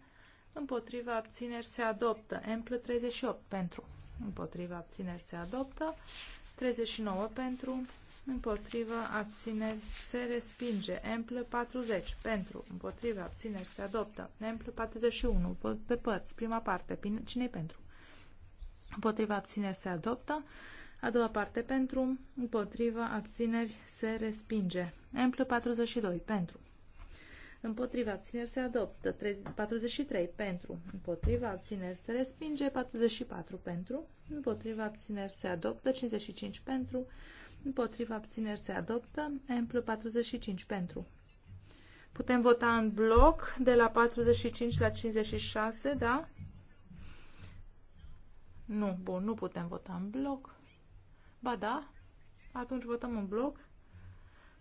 împotriva, abțineri, se adoptă. Amplă 38 pentru, împotriva, abțineri, se adoptă. 39 pentru, împotrivă, abțineri, se respinge. Emplă 40, pentru, împotrivă, abțineri, se adoptă. Emplă 41, vot pe părți, prima parte, cine pentru? Împotrivă, abțineri, se adoptă. A doua parte, pentru, împotrivă, abțineri, se respinge. Emplă 42, pentru. Împotriva abțineri se adoptă 43 pentru, împotriva abțineri se respinge 44 pentru, împotriva abțineri se adoptă 55 pentru, împotriva abțineri se adoptă, plus 45 pentru. Putem vota în bloc de la 45 la 56, da? Nu, bun, nu putem vota în bloc. Ba da, atunci votăm în bloc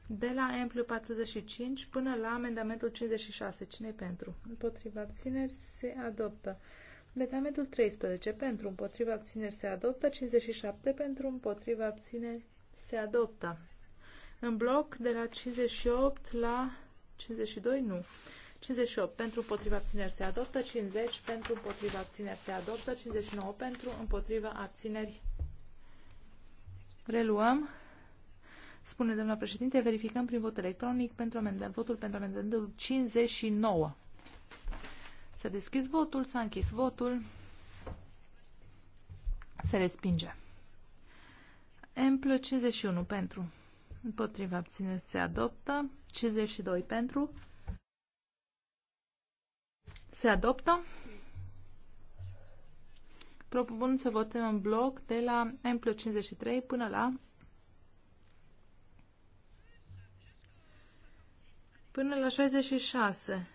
de la plus 45 până la amendamentul 56. cine pentru? Împotriva abțineri se adoptă. Amendamentul 13 pentru împotriva abțineri se adoptă, 57 pentru împotriva abțineri se adoptă. În bloc de la 58 la 52, nu. 58 pentru împotriva abțineri se adoptă, 50 pentru împotriva abțineri se adoptă, 59 pentru împotriva abțineri. Reluăm. Spune doamna președinte, verificăm prin vot electronic pentru amendă, votul pentru amendamentul 59. S-a deschis votul, s-a închis votul. Se respinge plus 51 pentru. Împotriva abțineți se adoptă. 52 pentru. Se adoptă. Propun să votăm în bloc de la plus 53 până la până la 66.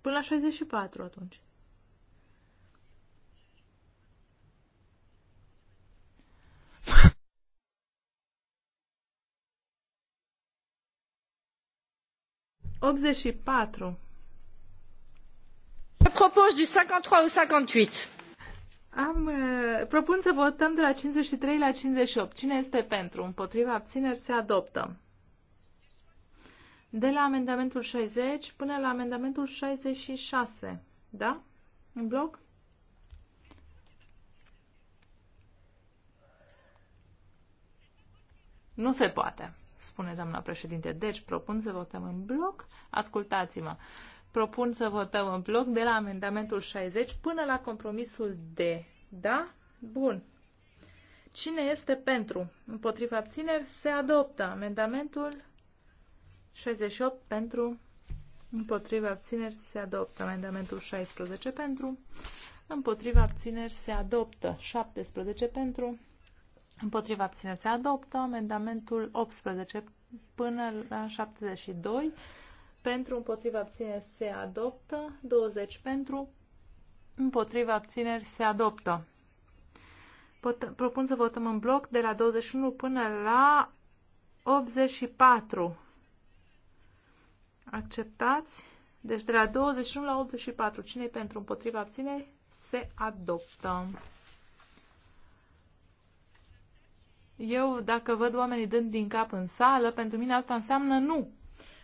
Până la 64 atunci. 84. Je du 53 au 58. Am, uh, propun să votăm de la 53 la 58. Cine este pentru? Împotriva abțineri se adoptă. De la amendamentul 60 până la amendamentul 66. Da? În bloc? Nu se poate spune doamna președinte. Deci, propun să votăm în bloc. Ascultați-mă. Propun să votăm în bloc de la amendamentul 60 până la compromisul D. Da? Bun. Cine este pentru? Împotriva abțineri se adoptă amendamentul 68 pentru. Împotriva abțineri se adoptă amendamentul 16 pentru. Împotriva abțineri se adoptă 17 pentru. Împotriva abținerii se adoptă amendamentul 18 până la 72. Pentru împotriva abținerii se adoptă 20 pentru împotriva abținerii se adoptă. Pot, propun să votăm în bloc de la 21 până la 84. Acceptați? Deci de la 21 la 84. Cine pentru împotriva abținerii se adoptă. Eu, dacă văd oamenii dând din cap în sală, pentru mine asta înseamnă nu.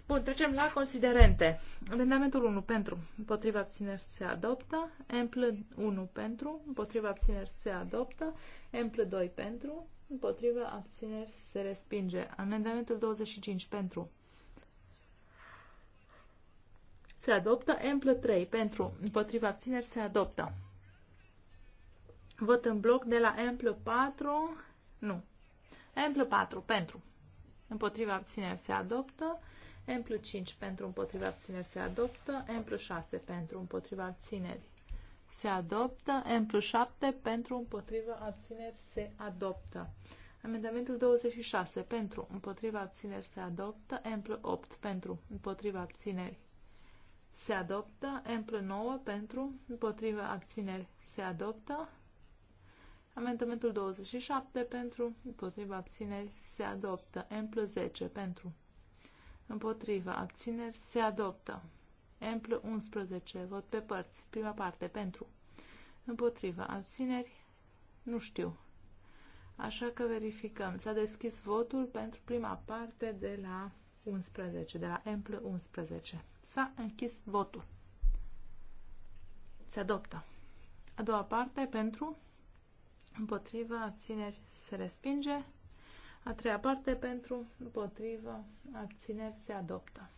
Bun, trecem la considerente. Amendamentul 1 pentru, împotriva abțineri se adoptă, empl 1 pentru, împotriva abțineri se adoptă, empl 2 pentru, împotriva abțineri se respinge. Amendamentul 25 pentru, se adoptă, empl 3 pentru, împotriva abțineri se adoptă. Vot în bloc de la empl 4, nu, Amplu 4 pentru. Împotriva abțineri se adoptă. Amplu 5 pentru împotriva abțineri se adoptă. Amplu 6 pentru împotriva abțineri se adoptă. Amplu 7 pentru împotriva abțineri se adoptă. Amendamentul 26 pentru împotriva abțineri se adoptă. Amplu 8 pentru împotriva abțineri se adoptă. Amplu 9 pentru împotriva abțineri se adoptă. Amendamentul 27 pentru, împotriva abțineri, se adoptă. M plus 10 pentru, împotriva abțineri, se adoptă. M plus 11, vot pe părți, prima parte, pentru, împotriva abțineri, nu știu. Așa că verificăm. S-a deschis votul pentru prima parte de la 11, de la M plus 11. S-a închis votul. Se adoptă. A doua parte pentru împotriva, abțineri, se respinge. A treia parte pentru, împotrivă, abțineri, se adoptă.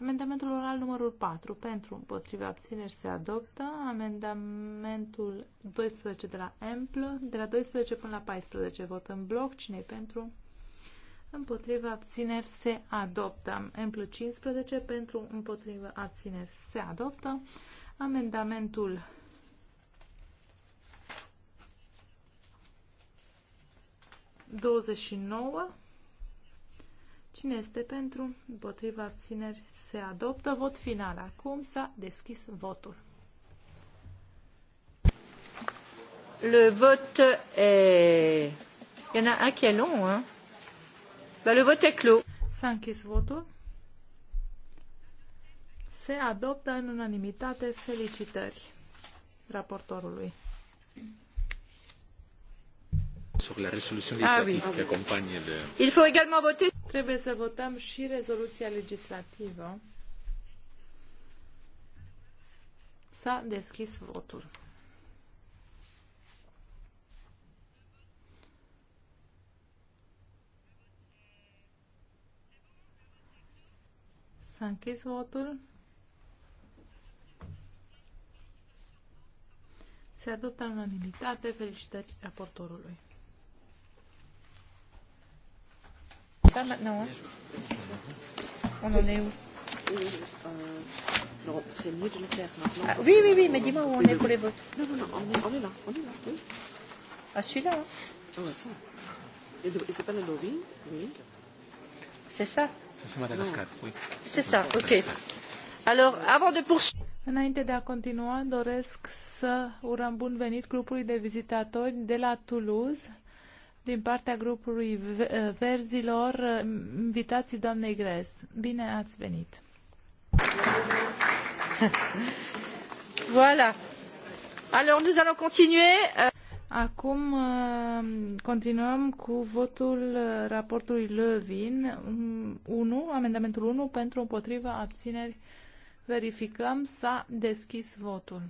Amendamentul oral numărul 4 pentru, împotriva, abțineri, se adoptă. Amendamentul 12 de la EMPL, de la 12 până la 14, vot în bloc. cine pentru? Împotriva, abțineri, se adoptă. EMPL 15 pentru, împotriva, abțineri, se adoptă. Amendamentul 29. Cine este pentru? Împotriva abțineri se adoptă. Vot final. Acum s-a deschis votul. Le vot e... Il y en a un qui est long, hein? Ben, le vot est clos. S-a închis votul. Se adoptă în unanimitate felicitări raportorului. Ah, oui. Eh, Il faut également voter. Trebuie să votăm și rezoluția legislativă. S-a deschis votul. S-a închis votul. Se adoptă în unanimitate. Felicitări raportorului. ça maintenant. Hein On en est où euh, non, c'est mieux de le faire maintenant. Ah, oui, oui, oui, mais dis-moi où on est pour les votes. Non, non, non, on est, on est là, on est là, oui. Ah, celui-là hein. Oh, attends. Et c'est pas la lobby, oui. C'est ça C'est Madagascar, oui. C'est ça, ok. Alors, avant de poursuivre... Înainte de a continua, doresc să urăm bun venit grupului de vizitatori de la Toulouse, din partea grupului Verzilor, invitații doamnei Gres. Bine ați venit! (laughs) Voilà. Alors nous allons continuer. Euh. Acum uh, continuăm cu votul uh, raportului Levin. 1, mm, amendamentul 1 pentru împotriva abțineri. Verificăm s-a deschis votul.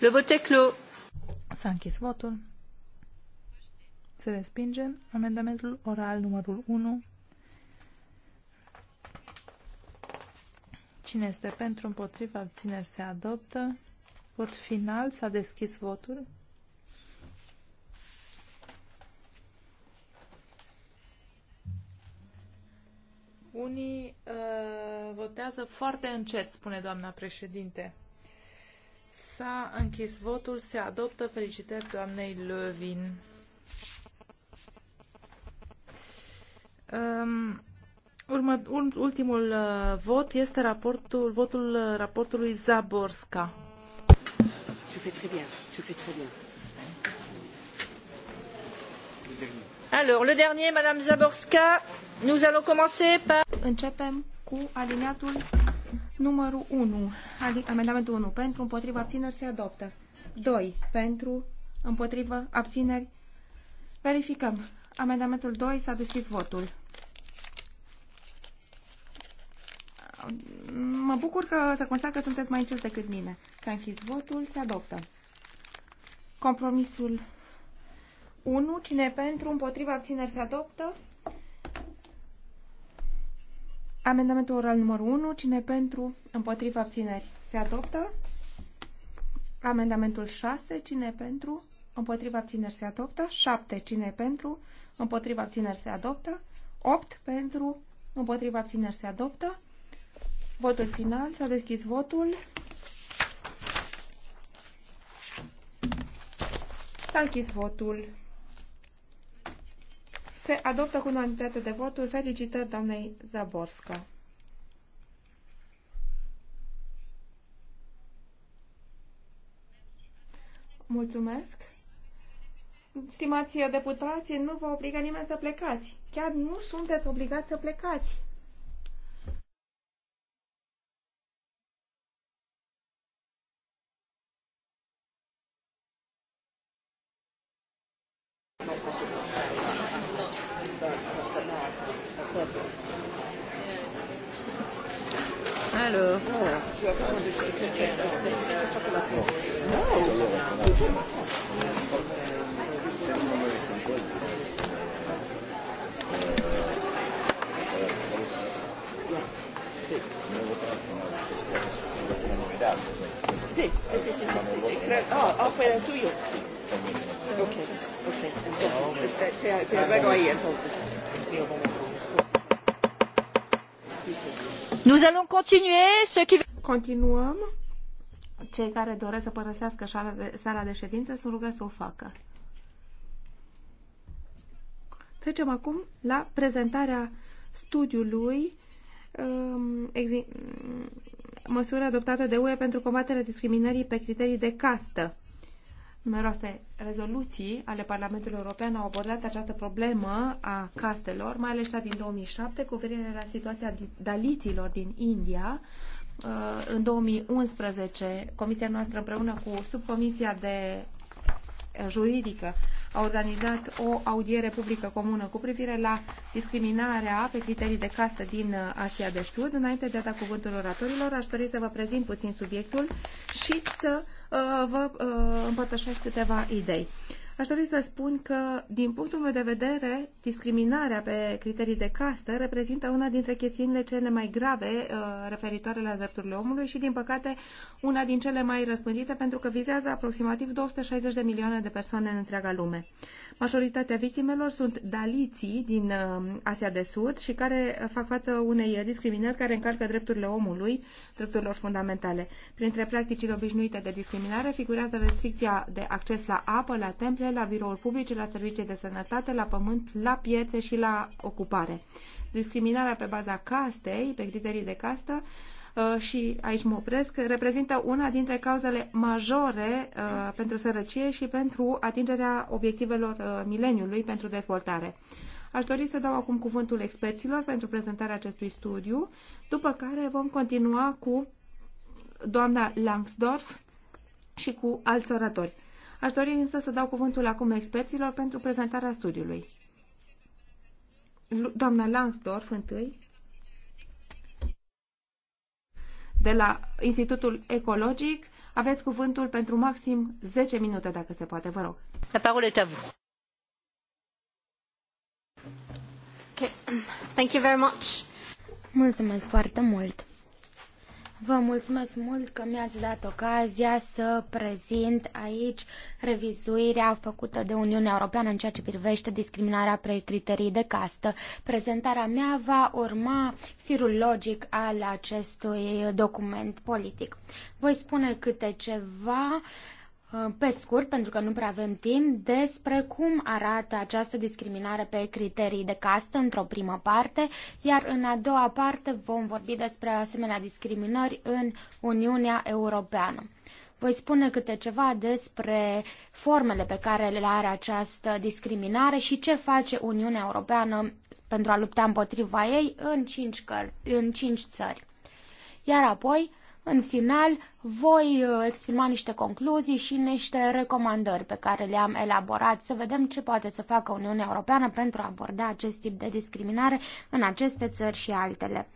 Le vot est clos. S-a închis votul. Se respinge amendamentul oral numărul 1. Cine este pentru, împotriva, abțineri, se adoptă. Vot final, s-a deschis votul. Unii uh, votează foarte încet, spune doamna președinte. S-a închis votul, se adoptă. Felicitări doamnei Lövin. Um, urmă, ultimul uh, vot este raportul, votul uh, raportului Zaborska. Tu fais très bien, tu fais très bien. Alors, le dernier, Madame Zaborska, nous allons commencer par... Începem cu aliniatul Numărul 1, amendamentul 1, pentru, împotriva, abțineri, se adoptă. 2, pentru, împotriva, abțineri. Verificăm. Amendamentul 2, s-a deschis votul. Mă bucur că să constat că sunteți mai încet decât mine. S-a închis votul, se adoptă. Compromisul 1, cine e pentru, împotriva, abțineri, se adoptă. Amendamentul oral numărul 1. Cine pentru? Împotriva abțineri. Se adoptă. Amendamentul 6. Cine pentru? Împotriva abțineri se adoptă. 7. Cine pentru? Împotriva abțineri se adoptă. 8. Pentru? Împotriva abțineri se adoptă. Votul final. S-a deschis votul. S-a închis votul. Se adoptă cu unanimitate de voturi. Felicitări doamnei Zaborska. Mulțumesc. Stimați deputații, nu vă obligă nimeni să plecați. Chiar nu sunteți obligați să plecați. Continuăm. Cei care doresc să părăsească sala de ședință sunt rugați să o facă. Trecem acum la prezentarea studiului um, măsură adoptată de UE pentru combaterea discriminării pe criterii de castă. Numeroase rezoluții ale Parlamentului European au abordat această problemă a castelor, mai ales cea din 2007 cu privire la situația daliților din India, Uh, în 2011, comisia noastră împreună cu subcomisia de uh, juridică a organizat o audiere publică comună cu privire la discriminarea pe criterii de castă din uh, Asia de Sud. Înainte de a da cuvântul oratorilor, aș dori să vă prezint puțin subiectul și să uh, vă uh, împărtășesc câteva idei. Uh, Aș dori să spun că, din punctul meu de vedere, discriminarea pe criterii de castă reprezintă una dintre chestiunile cele mai grave uh, referitoare la drepturile omului și, din păcate, una din cele mai răspândite pentru că vizează aproximativ 260 de milioane de persoane în întreaga lume. Majoritatea victimelor sunt daliții din uh, Asia de Sud și care fac față unei discriminări care încarcă drepturile omului, drepturilor fundamentale. Printre practicile obișnuite de discriminare figurează restricția de acces la apă, la temple, afle la birouri publice, la servicii de sănătate, la pământ, la piețe și la ocupare. Discriminarea pe baza castei, pe criterii de castă, uh, și aici mă opresc, reprezintă una dintre cauzele majore uh, pentru sărăcie și pentru atingerea obiectivelor uh, mileniului pentru dezvoltare. Aș dori să dau acum cuvântul experților pentru prezentarea acestui studiu, după care vom continua cu doamna Langsdorf și cu alți oratori. Aș dori însă să dau cuvântul acum experților pentru prezentarea studiului. Doamna Langsdorf, întâi, de la Institutul Ecologic, aveți cuvântul pentru maxim 10 minute, dacă se poate, vă rog. La parole est à vous. Okay. (clears throat) Thank you very much. Mulțumesc foarte mult. Vă mulțumesc mult că mi-ați dat ocazia să prezint aici revizuirea făcută de Uniunea Europeană în ceea ce privește discriminarea pe criterii de castă. Prezentarea mea va urma firul logic al acestui document politic. Voi spune câte ceva uh, Uh, pe scurt, pentru că nu prea avem timp, despre cum arată această discriminare pe criterii de castă într-o primă parte, iar în a doua parte vom vorbi despre asemenea discriminări în Uniunea Europeană. Voi spune câte ceva despre formele pe care le are această discriminare și ce face Uniunea Europeană pentru a lupta împotriva ei în cinci, căr- în cinci țări. Iar apoi, în final, voi uh, exprima niște concluzii și niște recomandări pe care le-am elaborat să vedem ce poate să facă Uniunea Europeană pentru a aborda acest tip de discriminare în aceste țări și altele.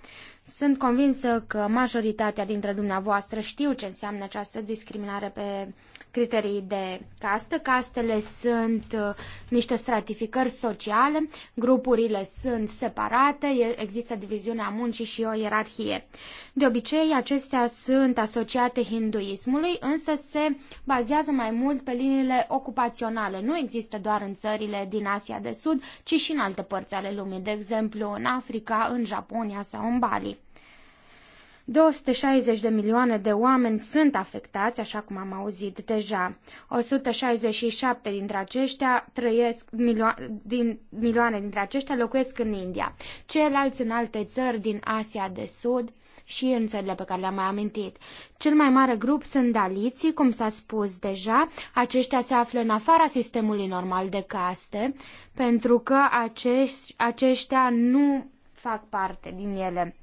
Sunt convinsă că majoritatea dintre dumneavoastră știu ce înseamnă această discriminare pe criterii de castă. Castele sunt uh, niște stratificări sociale, grupurile sunt separate, există diviziunea muncii și o ierarhie. De obicei, acestea sunt asociate hinduismului, însă se bazează mai mult pe liniile ocupaționale. Nu există doar în țările din Asia de Sud, ci și în alte părți ale lumii, de exemplu în Africa, în Japonia sau în Bali. 260 de milioane de oameni sunt afectați, așa cum am auzit deja. 167 dintre aceștia trăiesc, milio- din, milioane dintre aceștia locuiesc în India, ceilalți în alte țări din Asia de Sud și în țările pe care le-am mai amintit. Cel mai mare grup sunt daliții, cum s-a spus deja. Aceștia se află în afara sistemului normal de caste, pentru că acești, aceștia nu fac parte din ele.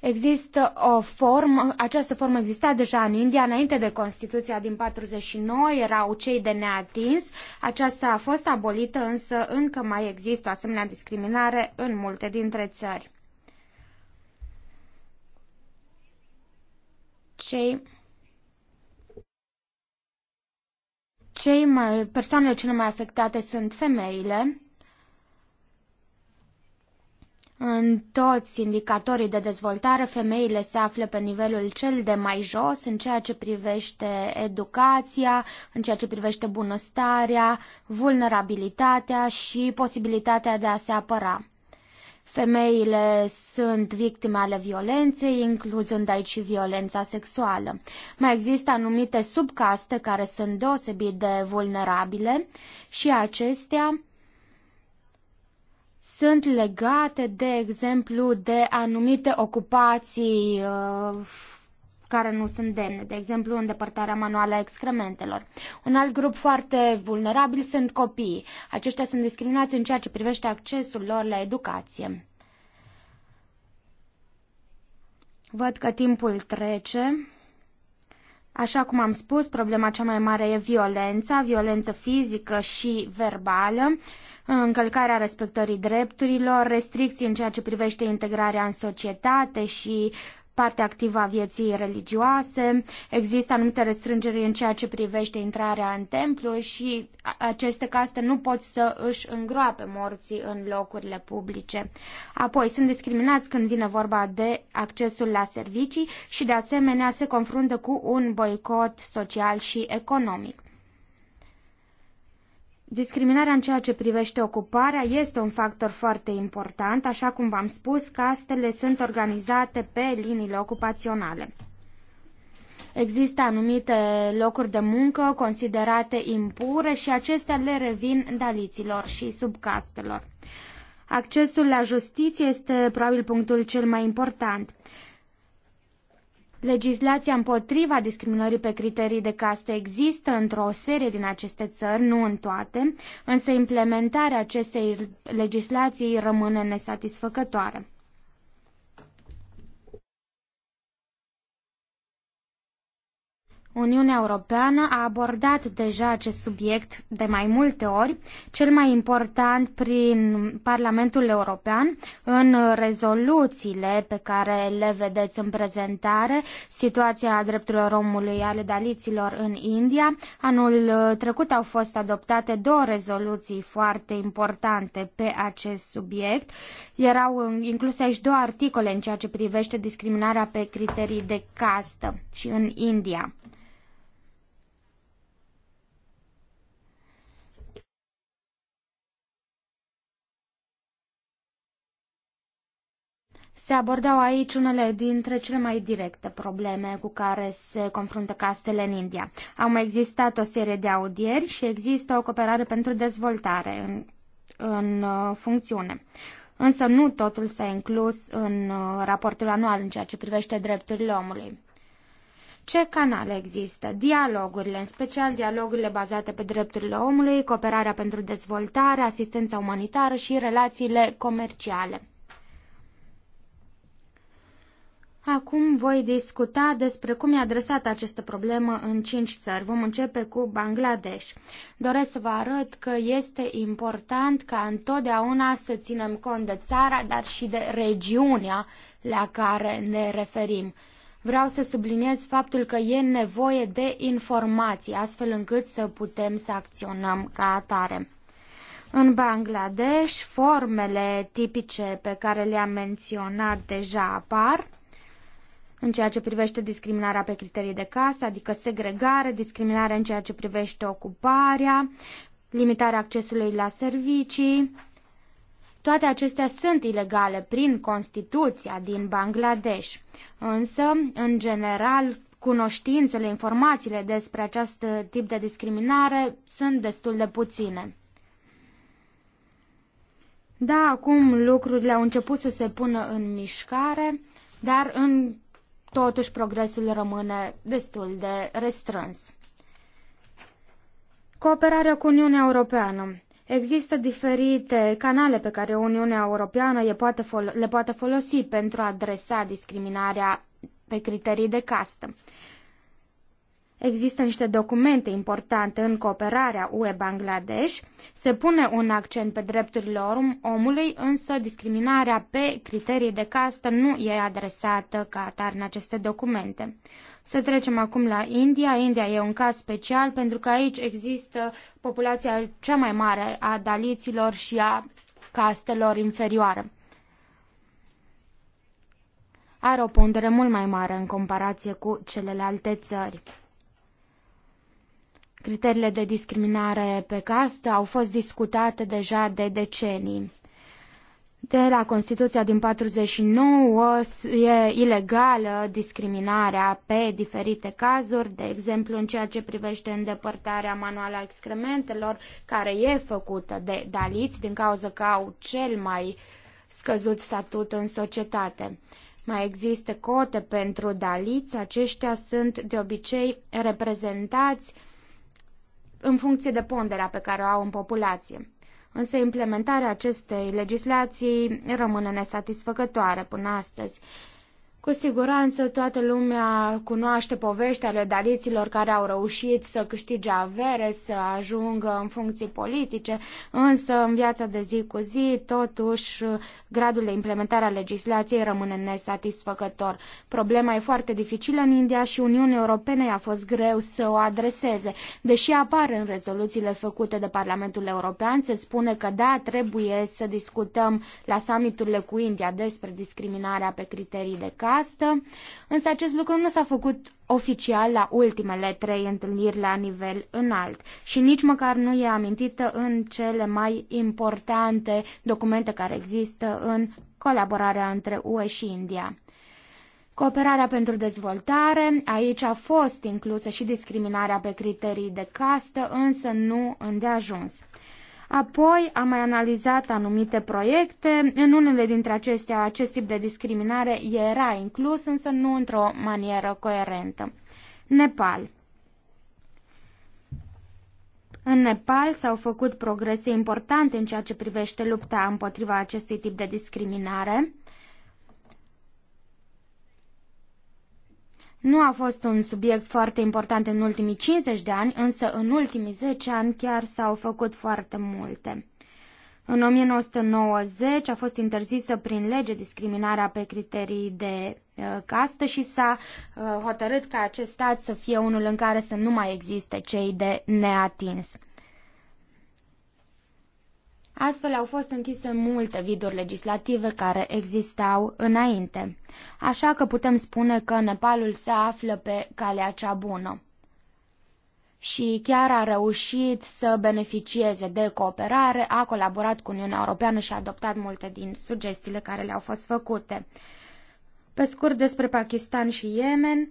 Există o formă, această formă exista deja în India, înainte de Constituția din 49, erau cei de neatins. Aceasta a fost abolită, însă încă mai există o asemenea discriminare în multe dintre țări. Cei cei mai, persoanele cele mai afectate sunt femeile în toți indicatorii de dezvoltare, femeile se află pe nivelul cel de mai jos în ceea ce privește educația, în ceea ce privește bunăstarea, vulnerabilitatea și posibilitatea de a se apăra. Femeile sunt victime ale violenței, incluzând aici și violența sexuală. Mai există anumite subcaste care sunt deosebit de vulnerabile și acestea sunt legate, de exemplu, de anumite ocupații uh, care nu sunt demne, de exemplu îndepărtarea manuală a excrementelor. Un alt grup foarte vulnerabil sunt copiii. Aceștia sunt discriminați în ceea ce privește accesul lor la educație. Văd că timpul trece. Așa cum am spus, problema cea mai mare e violența, violență fizică și verbală. Uh, încălcarea respectării drepturilor, restricții în ceea ce privește integrarea în societate și parte activă a vieții religioase, există anumite restrângeri în ceea ce privește intrarea în templu și aceste caste nu pot să își îngroape morții în locurile publice. Apoi, sunt discriminați când vine vorba de accesul la servicii și, de asemenea, se confruntă cu un boicot social și economic. Discriminarea în ceea ce privește ocuparea este un factor foarte important, așa cum v-am spus, castele sunt organizate pe liniile ocupaționale. Există anumite locuri de muncă considerate impure și acestea le revin daliților și subcastelor. Accesul la justiție este probabil punctul cel mai important. Legislația împotriva discriminării pe criterii de castă există într-o serie din aceste țări, nu în toate, însă implementarea acestei legislații rămâne nesatisfăcătoare. Uniunea Europeană a abordat deja acest subiect de mai multe ori, cel mai important prin Parlamentul European, în rezoluțiile pe care le vedeți în prezentare, situația drepturilor omului ale daliților în India. Anul trecut au fost adoptate două rezoluții foarte importante pe acest subiect. Erau um, incluse aici două articole în ceea ce privește discriminarea pe criterii de castă și în India. Se abordau aici unele dintre cele mai directe probleme cu care se confruntă castele în India. Au mai existat o serie de audieri și există o cooperare pentru dezvoltare în, în uh, funcțiune. Însă nu totul s-a inclus în uh, raportul anual în ceea ce privește drepturile omului. Ce canale există? Dialogurile, în special dialogurile bazate pe drepturile omului, cooperarea pentru dezvoltare, asistența umanitară și relațiile comerciale. Acum voi discuta despre cum e adresată această problemă în cinci țări. Vom începe cu Bangladesh. Doresc să vă arăt că este important ca întotdeauna să ținem cont de țara, dar și de regiunea la care ne referim. Vreau să subliniez faptul că e nevoie de informații, astfel încât să putem să acționăm ca atare. În Bangladesh, formele tipice pe care le-am menționat deja apar în ceea ce privește discriminarea pe criterii de casă, adică segregare, discriminare în ceea ce privește ocuparea, limitarea accesului la servicii. Toate acestea sunt ilegale prin Constituția din Bangladesh, însă, în general, cunoștințele, informațiile despre acest tip de discriminare sunt destul de puține. Da, acum lucrurile au început să se pună în mișcare, dar în totuși progresul rămâne destul de restrâns. Cooperarea cu Uniunea Europeană. Există diferite canale pe care Uniunea Europeană le poate, fol- le poate folosi pentru a adresa discriminarea pe criterii de castă. Există niște documente importante în cooperarea UE-Bangladesh. Se pune un accent pe drepturile omului, însă discriminarea pe criterii de castă nu e adresată ca atar în aceste documente. Să trecem acum la India. India e un caz special pentru că aici există populația cea mai mare a daliților și a castelor inferioare. Are o pondere mult mai mare în comparație cu celelalte țări. Criteriile de discriminare pe castă au fost discutate deja de decenii. De la Constituția din 49 e ilegală discriminarea pe diferite cazuri, de exemplu în ceea ce privește îndepărtarea manuală a excrementelor, care e făcută de daliți din cauza că au cel mai scăzut statut în societate. Mai există cote pentru daliți, aceștia sunt de obicei reprezentați în funcție de ponderea pe care o au în populație. Însă implementarea acestei legislații rămâne nesatisfăcătoare până astăzi. Cu siguranță toată lumea cunoaște povești ale daliților care au reușit să câștige avere, să ajungă în funcții politice, însă în viața de zi cu zi, totuși, gradul de implementare a legislației rămâne nesatisfăcător. Problema e foarte dificilă în India și Uniunea Europeană i-a fost greu să o adreseze. Deși apar în rezoluțiile făcute de Parlamentul European, se spune că da, trebuie să discutăm la summiturile cu India despre discriminarea pe criterii de car, vastă, însă acest lucru nu s-a făcut oficial la ultimele trei întâlniri la nivel înalt și nici măcar nu e amintită în cele mai importante documente care există în colaborarea între UE și India. Cooperarea pentru dezvoltare, aici a fost inclusă și discriminarea pe criterii de castă, însă nu îndeajuns. Apoi am mai analizat anumite proiecte. În unele dintre acestea, acest tip de discriminare era inclus, însă nu într-o manieră coerentă. Nepal. În Nepal s-au făcut progrese importante în ceea ce privește lupta împotriva acestui tip de discriminare. Nu a fost un subiect foarte important în ultimii 50 de ani, însă în ultimii 10 ani chiar s-au făcut foarte multe. În 1990 a fost interzisă prin lege discriminarea pe criterii de uh, castă și s-a uh, hotărât ca acest stat să fie unul în care să nu mai existe cei de neatins. Astfel au fost închise multe viduri legislative care existau înainte, așa că putem spune că Nepalul se află pe calea cea bună și chiar a reușit să beneficieze de cooperare, a colaborat cu Uniunea Europeană și a adoptat multe din sugestiile care le-au fost făcute. Pe scurt despre Pakistan și Yemen,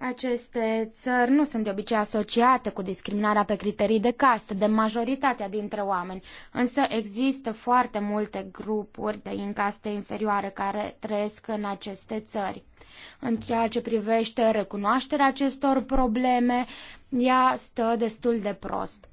aceste țări nu sunt de obicei asociate cu discriminarea pe criterii de castă de majoritatea dintre oameni, însă există foarte multe grupuri de incaste inferioare care trăiesc în aceste țări. În ceea ce privește recunoașterea acestor probleme, ea stă destul de prost.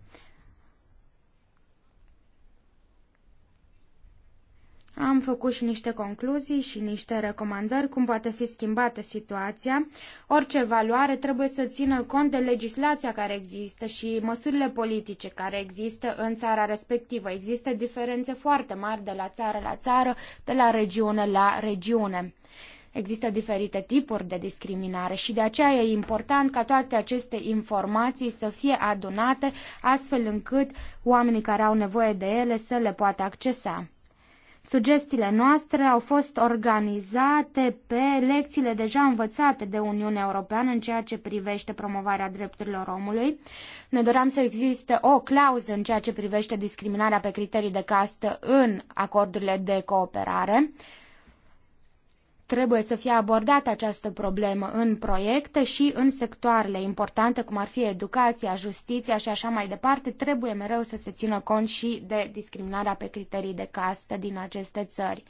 Am făcut și niște concluzii și niște recomandări cum poate fi schimbată situația. Orice valoare trebuie să țină cont de legislația care există și măsurile politice care există în țara respectivă. Există diferențe foarte mari de la țară la țară, de la regiune la regiune. Există diferite tipuri de discriminare și de aceea e important ca toate aceste informații să fie adunate astfel încât oamenii care au nevoie de ele să le poată accesa. Sugestiile noastre au fost organizate pe lecțiile deja învățate de Uniunea Europeană în ceea ce privește promovarea drepturilor omului. Ne doream să existe o clauză în ceea ce privește discriminarea pe criterii de castă în acordurile de cooperare. Trebuie să fie abordată această problemă în proiecte și în sectoarele importante, cum ar fi educația, justiția și așa mai departe, trebuie mereu să se țină cont și de discriminarea pe criterii de castă din aceste țări.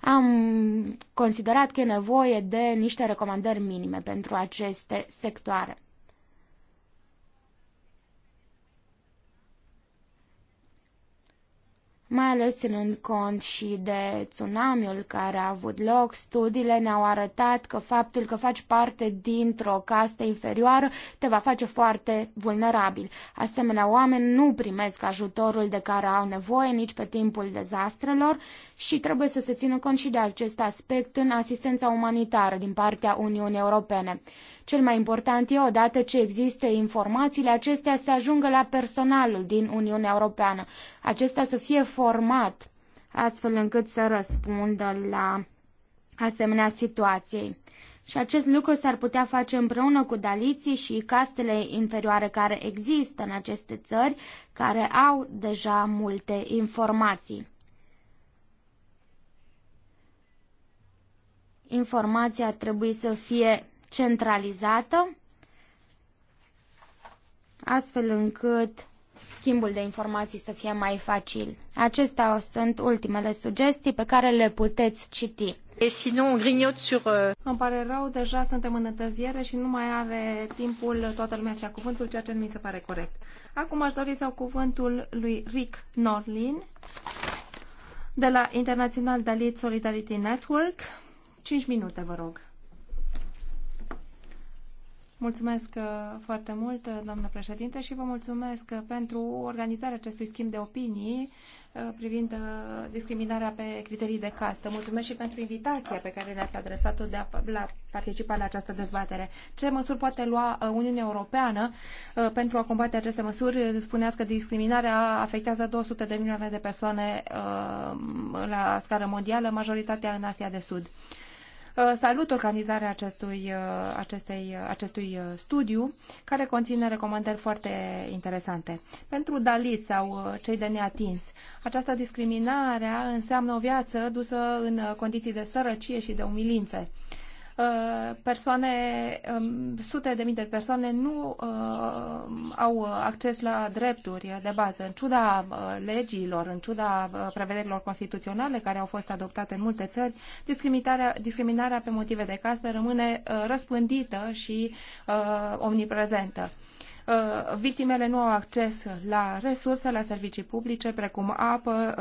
Am considerat că e nevoie de niște recomandări minime pentru aceste sectoare. mai ales ținând cont și de tsunamiul care a avut loc, studiile ne-au arătat că faptul că faci parte dintr-o castă inferioară te va face foarte vulnerabil. Asemenea, oameni nu primesc ajutorul de care au nevoie nici pe timpul dezastrelor și trebuie să se țină cont și de acest aspect în asistența umanitară din partea Uniunii Europene. Cel mai important e, odată ce există informațiile acestea, să ajungă la personalul din Uniunea Europeană. Acesta să fie format astfel încât să răspundă la asemenea situației. Și acest lucru s-ar putea face împreună cu daliții și castele inferioare care există în aceste țări, care au deja multe informații. Informația trebuie să fie centralizată, astfel încât schimbul de informații să fie mai facil. Acestea sunt ultimele sugestii pe care le puteți citi. Et sinon, on grignote sur... Euh, Îmi pare rău, deja suntem în întârziere și nu mai are timpul toată lumea să ia cuvântul, ceea ce nu mi se pare corect. Acum aș dori să iau cuvântul lui Rick Norlin de la International Dalit Solidarity Network. 5 minute, vă rog. Mulțumesc uh, foarte mult, uh, doamnă președinte, și vă mulțumesc uh, pentru organizarea acestui schimb de opinii privind discriminarea pe criterii de castă. Mulțumesc și pentru invitația pe care ne-ați adresat-o de a la participa la această dezbatere. Ce măsuri poate lua Uniunea Europeană pentru a combate aceste măsuri? Spuneați că discriminarea afectează 200 de milioane de persoane la scară mondială, majoritatea în Asia de Sud. Uh, salut organizarea acestui, uh, acestei, uh, acestui studiu, care conține recomandări foarte interesante. Pentru Dalit sau cei de neatins, această discriminare înseamnă o viață dusă în condiții de sărăcie și de umilințe. Uh, persoane, um, sute de mii de persoane nu uh, au acces la drepturi de bază. În ciuda uh, legilor, în ciuda prevederilor constituționale care au fost adoptate în multe țări, discriminarea, discriminarea pe motive de casă rămâne răspândită și omniprezentă victimele nu au acces la resurse, la servicii publice, precum apă,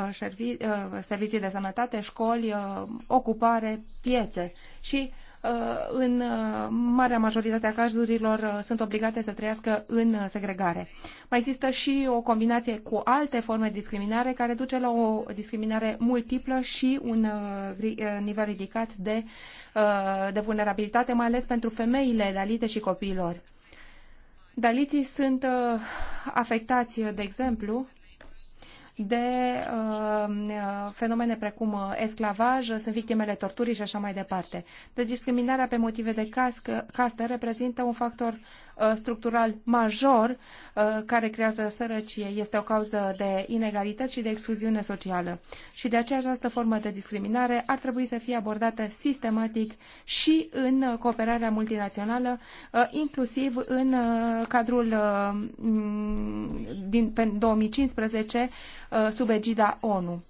servicii de sănătate, școli, ocupare, piețe. Și Uh, în uh, marea majoritate a cazurilor uh, sunt obligate să trăiască în segregare. Mai există și o combinație cu alte forme de discriminare care duce la o discriminare multiplă și un nivel ridicat de, de vulnerabilitate, mai ales pentru femeile dalite și copiilor. Daliții sunt afectați, de exemplu, de uh, fenomene precum uh, esclavaj, sunt victimele torturii și așa mai departe. Deci discriminarea pe motive de cască, castă reprezintă un factor Uh, structural major uh, care creează sărăcie. Este o cauză de inegalități și de excluziune socială. Și de aceea această formă de discriminare ar trebui să fie abordată sistematic și în cooperarea multinațională, uh, inclusiv în cadrul din 2015 sub egida ONU.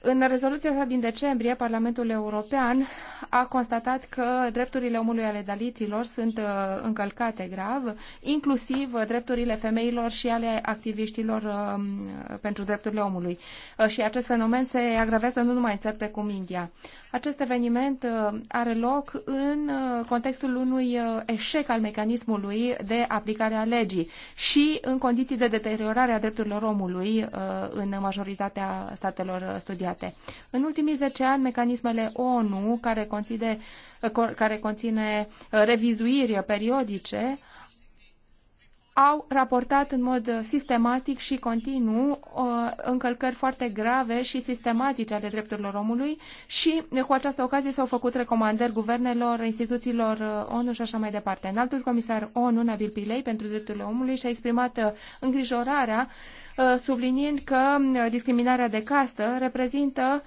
În rezoluția sa din decembrie, Parlamentul European a constatat că drepturile omului ale daliților sunt uh, încălcate grav, inclusiv uh, drepturile femeilor și ale activiștilor um, pentru drepturile omului. Uh, și acest fenomen se agravează nu numai în țări precum India. Acest eveniment uh, are loc în uh, contextul unui uh, eșec al mecanismului de aplicare a legii și în condiții de deteriorare a drepturilor omului în majoritatea statelor studiate. În ultimii 10 ani, mecanismele ONU, care, conține, care conține revizuiri periodice, au raportat în mod sistematic și continuu uh, încălcări foarte grave și sistematice ale drepturilor omului și cu această ocazie s-au făcut recomandări guvernelor, instituțiilor uh, ONU și așa mai departe. Înaltul comisar ONU, Nabil Pilei, pentru drepturile omului și-a exprimat uh, îngrijorarea subliniind că discriminarea de castă reprezintă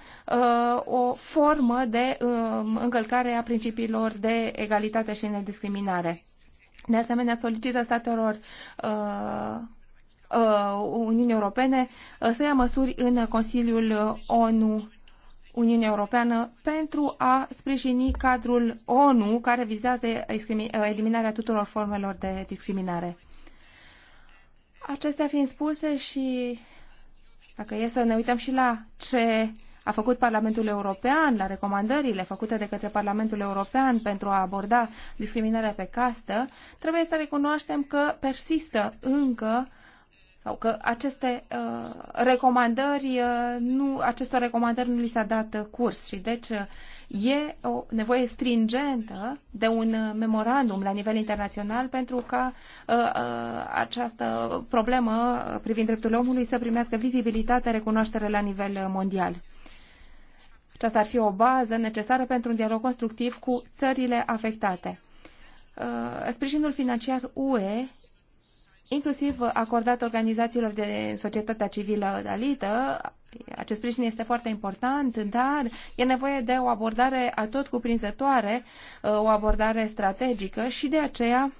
o formă de încălcare a principiilor de egalitate și nediscriminare. De asemenea, solicită statelor uh, uh, Uniunii Europene uh, să ia măsuri în Consiliul ONU Uniunea Europeană pentru a sprijini cadrul ONU care vizează uh, eliminarea tuturor formelor de discriminare. Acestea fiind spuse și dacă e să ne uităm și la ce a făcut Parlamentul European la recomandările făcute de către Parlamentul European pentru a aborda discriminarea pe castă, trebuie să recunoaștem că persistă încă sau că aceste uh, recomandări, uh, nu, acestor recomandări nu li s-a dat uh, curs și deci uh, e o nevoie stringentă de un uh, memorandum la nivel internațional pentru ca uh, uh, această problemă uh, privind drepturile omului să primească vizibilitate, recunoaștere la nivel mondial. Aceasta ar fi o bază necesară pentru un dialog constructiv cu țările afectate. Uh, sprijinul financiar UE inclusiv acordat organizațiilor de societatea civilă dalită. Acest sprijin este foarte important, dar e nevoie de o abordare atot cuprinzătoare, uh, o abordare strategică și de aceea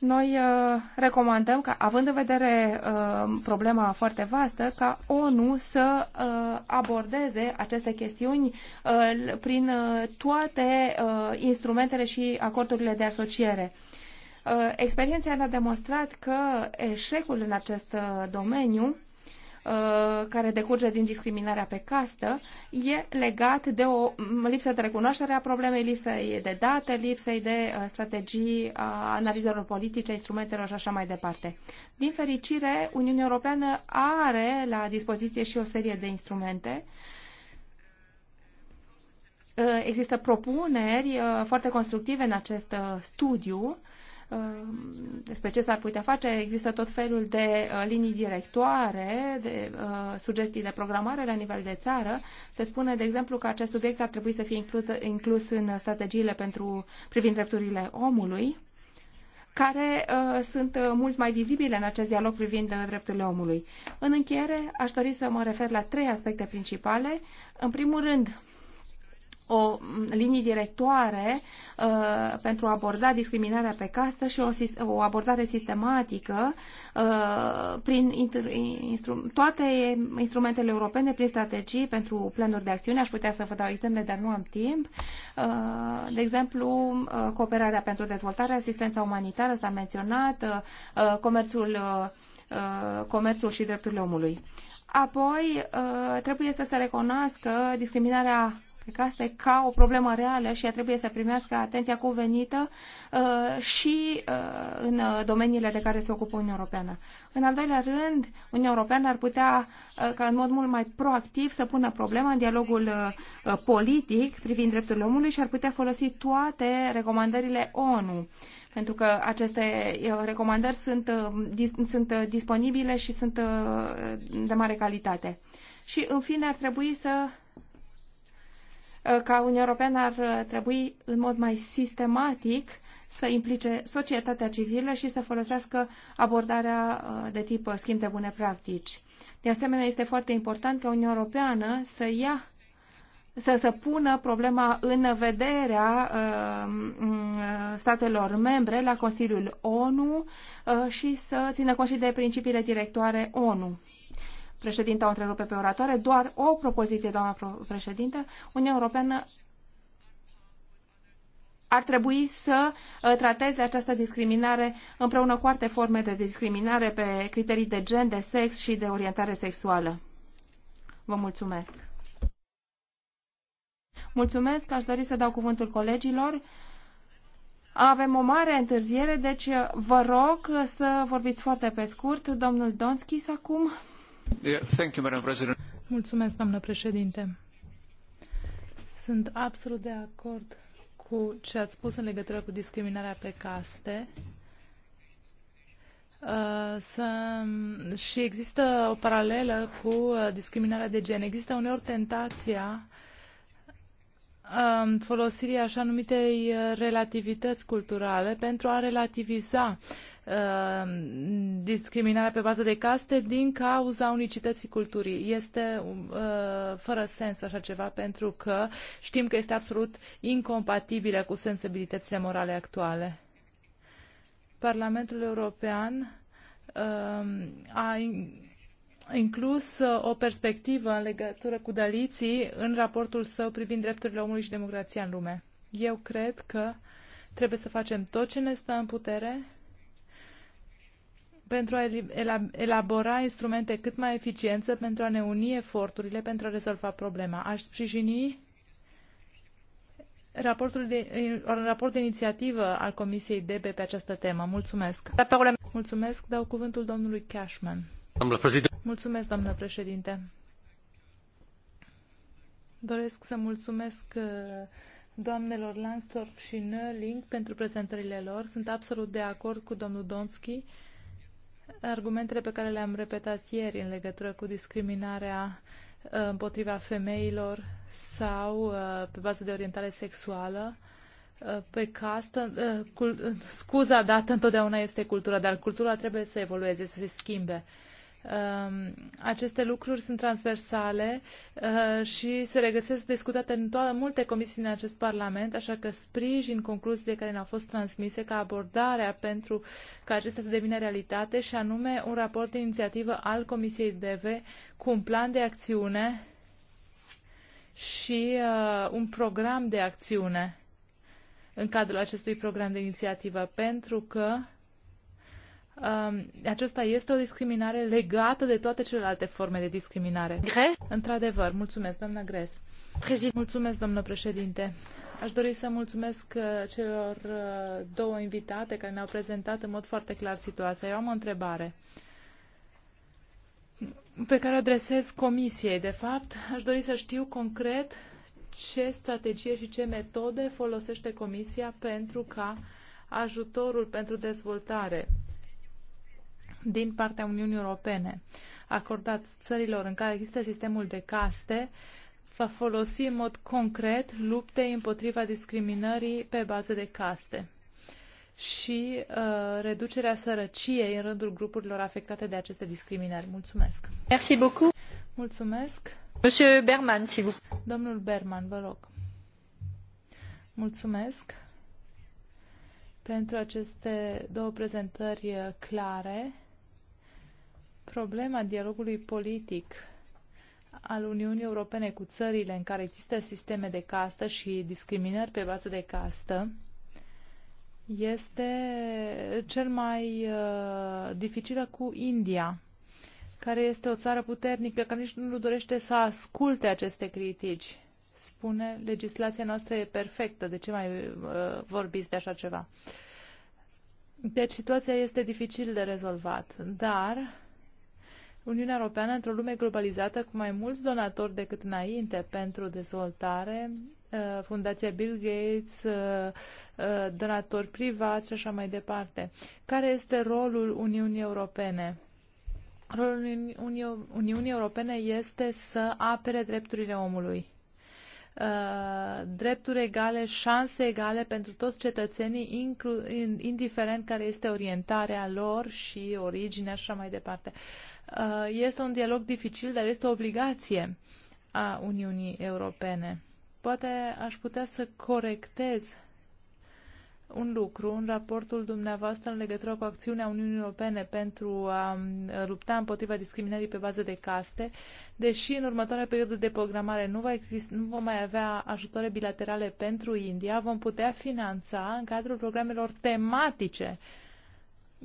Noi uh, recomandăm, ca, având în vedere uh, problema foarte vastă, ca ONU să uh, abordeze aceste chestiuni prin toate instrumentele și acordurile de asociere. Experiența ne-a demonstrat că eșecul în acest domeniu Uh, care decurge din discriminarea pe castă e legat de o lipsă de recunoaștere a problemei, lipsei de date, lipsei de uh, strategii, uh, analizelor politice, instrumentelor și așa mai departe. Din fericire, Uniunea Europeană are la dispoziție și o serie de instrumente Există propuneri foarte constructive în acest studiu Uh, despre ce s-ar putea face. Există tot felul de uh, linii directoare, de uh, sugestii de programare la nivel de țară. Se spune, de exemplu, că acest subiect ar trebui să fie inclus în strategiile pentru privind drepturile omului care uh, sunt mult mai vizibile în acest dialog privind uh, drepturile omului. În încheiere, aș dori să mă refer la trei aspecte principale. În primul rând, o linii directoare uh, pentru a aborda discriminarea pe castă și o, o abordare sistematică uh, prin instru, toate instrumentele europene, prin strategii pentru planuri de acțiune. Aș putea să vă dau exemple, dar nu am timp. Uh, de exemplu, uh, cooperarea pentru dezvoltare, asistența umanitară s-a menționat, uh, uh comerțul, uh, uh, comerțul și drepturile omului. Apoi, uh, trebuie să se recunoască discriminarea Cred că asta e ca o problemă reală și ea trebuie să primească atenția cuvenită uh, și uh, în uh, domeniile de care se ocupă Uniunea Europeană. În al doilea rând, Uniunea Europeană ar putea ca în mod mult mai proactiv să pună problema în dialogul politic privind drepturile omului și ar putea folosi toate recomandările ONU pentru că aceste recomandări sunt, sunt disponibile și sunt de mare calitate. Și, în fine, ar trebui să Uh, ca Uniunea Europeană ar uh, trebui în mod mai sistematic să implice societatea civilă și să folosească abordarea uh, de tip schimb de bune practici. De asemenea, este foarte important ca Uniunea Europeană să ia să se pună problema în vederea mm, statelor membre la Consiliul ONU și să țină cont și de principiile directoare ONU. Președinte, o întrerupe pe oratoare. Doar o propoziție, doamna președinte. Uniunea Europeană ar trebui să uh, trateze această discriminare împreună cu alte forme de discriminare pe criterii de gen, de sex și de orientare sexuală. Vă mulțumesc! Mulțumesc, aș dori să dau cuvântul colegilor. Avem o mare întârziere, deci vă rog să vorbiți foarte pe scurt. Domnul Donskis acum. Mulțumesc, doamnă președinte. Sunt absolut de acord cu ce ați spus în legătură cu discriminarea pe caste. Uh, să, și există o paralelă cu uh, discriminarea de gen. Există uneori tentația um, folosirii așa numitei uh, relativități culturale pentru a relativiza uh, Uh, discriminarea pe bază de caste din cauza unicității culturii. Este uh, fără sens așa ceva pentru că știm că este absolut incompatibilă cu sensibilitățile morale actuale. Parlamentul European uh, a inclus uh, o perspectivă în legătură cu daliții în raportul său privind drepturile omului și democrația în lume. Eu cred că trebuie să facem tot ce ne stă în putere pentru a elabora instrumente cât mai eficiență, pentru a ne uni eforturile, pentru a rezolva problema. Aș sprijini raportul de, raport de inițiativă al Comisiei DB pe această temă. Mulțumesc. Mulțumesc. Dau cuvântul domnului Cashman. Mulțumesc, doamnă președinte. Doresc să mulțumesc uh, doamnelor Langsdorff și Nöling pentru prezentările lor. Sunt absolut de acord cu domnul Donski argumentele pe care le-am repetat ieri în legătură cu discriminarea uh, împotriva femeilor sau uh, pe bază de orientare sexuală uh, pe castă, scuza dată întotdeauna este cultura, dar cultura trebuie să evolueze, să se schimbe. Um, aceste lucruri sunt transversale uh, și se regăsesc discutate în toate multe comisii în acest Parlament, așa că sprijin concluziile care ne-au fost transmise ca abordarea pentru ca acestea să devină realitate și anume un raport de inițiativă al Comisiei DEVE cu un plan de acțiune și uh, un program de acțiune în cadrul acestui program de inițiativă, pentru că Um, aceasta este o discriminare legată de toate celelalte forme de discriminare. Gres? Într-adevăr, mulțumesc, doamna Gres. Prezid... Mulțumesc, doamnă președinte. Aș dori să mulțumesc uh, celor uh, două invitate care ne-au prezentat în mod foarte clar situația. Eu am o întrebare pe care o adresez comisiei. De fapt, aș dori să știu concret ce strategie și ce metode folosește comisia pentru ca ajutorul pentru dezvoltare din partea Uniunii Europene acordat țărilor în care există sistemul de caste va folosi în mod concret lupte împotriva discriminării pe bază de caste și uh, reducerea sărăciei în rândul grupurilor afectate de aceste discriminări. Mulțumesc! Merci beaucoup. Mulțumesc! Monsieur Berman, si vous... Domnul Berman, vă rog. Mulțumesc pentru aceste două prezentări uh, clare Problema dialogului politic al Uniunii Europene cu țările în care există sisteme de castă și discriminări pe bază de castă este cel mai uh, dificilă cu India, care este o țară puternică, care nici nu dorește să asculte aceste critici. Spune, legislația noastră e perfectă, de ce mai uh, vorbiți de așa ceva? Deci situația este dificil de rezolvat, dar Uniunea Europeană, într-o lume globalizată cu mai mulți donatori decât înainte pentru dezvoltare, uh, Fundația Bill Gates, uh, uh, donatori privați și așa mai departe. Care este rolul Uniunii Europene? Rolul Uniunii Europene este să apere drepturile omului drepturi egale, șanse egale pentru toți cetățenii, inclu, indiferent care este orientarea lor și originea și așa mai departe. Uh, este un dialog dificil, dar este o obligație a Uniunii Europene. Poate aș putea să corectez un lucru în raportul dumneavoastră în legătură cu acțiunea Uniunii Europene pentru a um, lupta împotriva discriminării pe bază de caste, deși în următoarea perioadă de programare nu, va exist, nu vom mai avea ajutoare bilaterale pentru India, vom putea finanța în cadrul programelor tematice uh,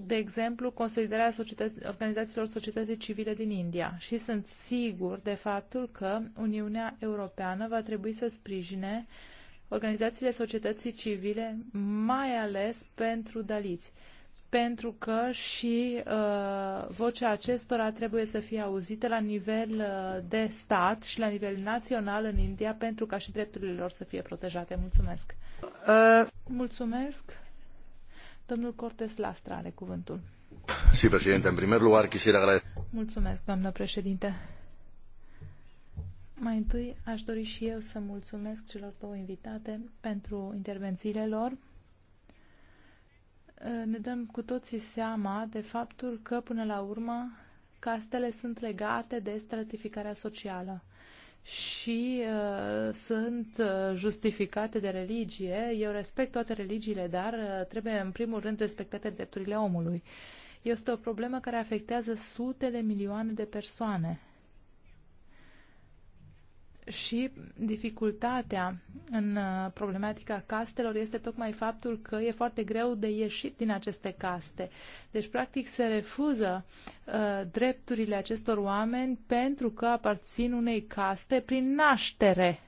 de exemplu, consolidarea organizațiilor societății civile din India și sunt sigur de faptul că Uniunea Europeană va trebui să sprijine organizațiile societății civile, mai ales pentru daliți, pentru că și uh, vocea acestora trebuie să fie auzită la nivel uh, de stat și la nivel național în India pentru ca și drepturile lor să fie protejate. Mulțumesc! Uh. Mulțumesc! Domnul Cortes Lastra are cuvântul. Sí, președinte. În primer lugar, quisiera agradecer... Mulțumesc, doamnă președinte. Mai întâi aș dori și eu să mulțumesc celor două invitate pentru intervențiile lor. Ne dăm cu toții seama de faptul că, până la urmă, castele sunt legate de stratificarea socială și uh, sunt uh, justificate de religie. Eu respect toate religiile, dar uh, trebuie în primul rând respectate drepturile omului. Este o problemă care afectează sute de milioane de persoane și dificultatea în uh, problematica castelor este tocmai faptul că e foarte greu de ieșit din aceste caste. Deci, practic, se refuză uh, drepturile acestor oameni pentru că aparțin unei caste prin naștere.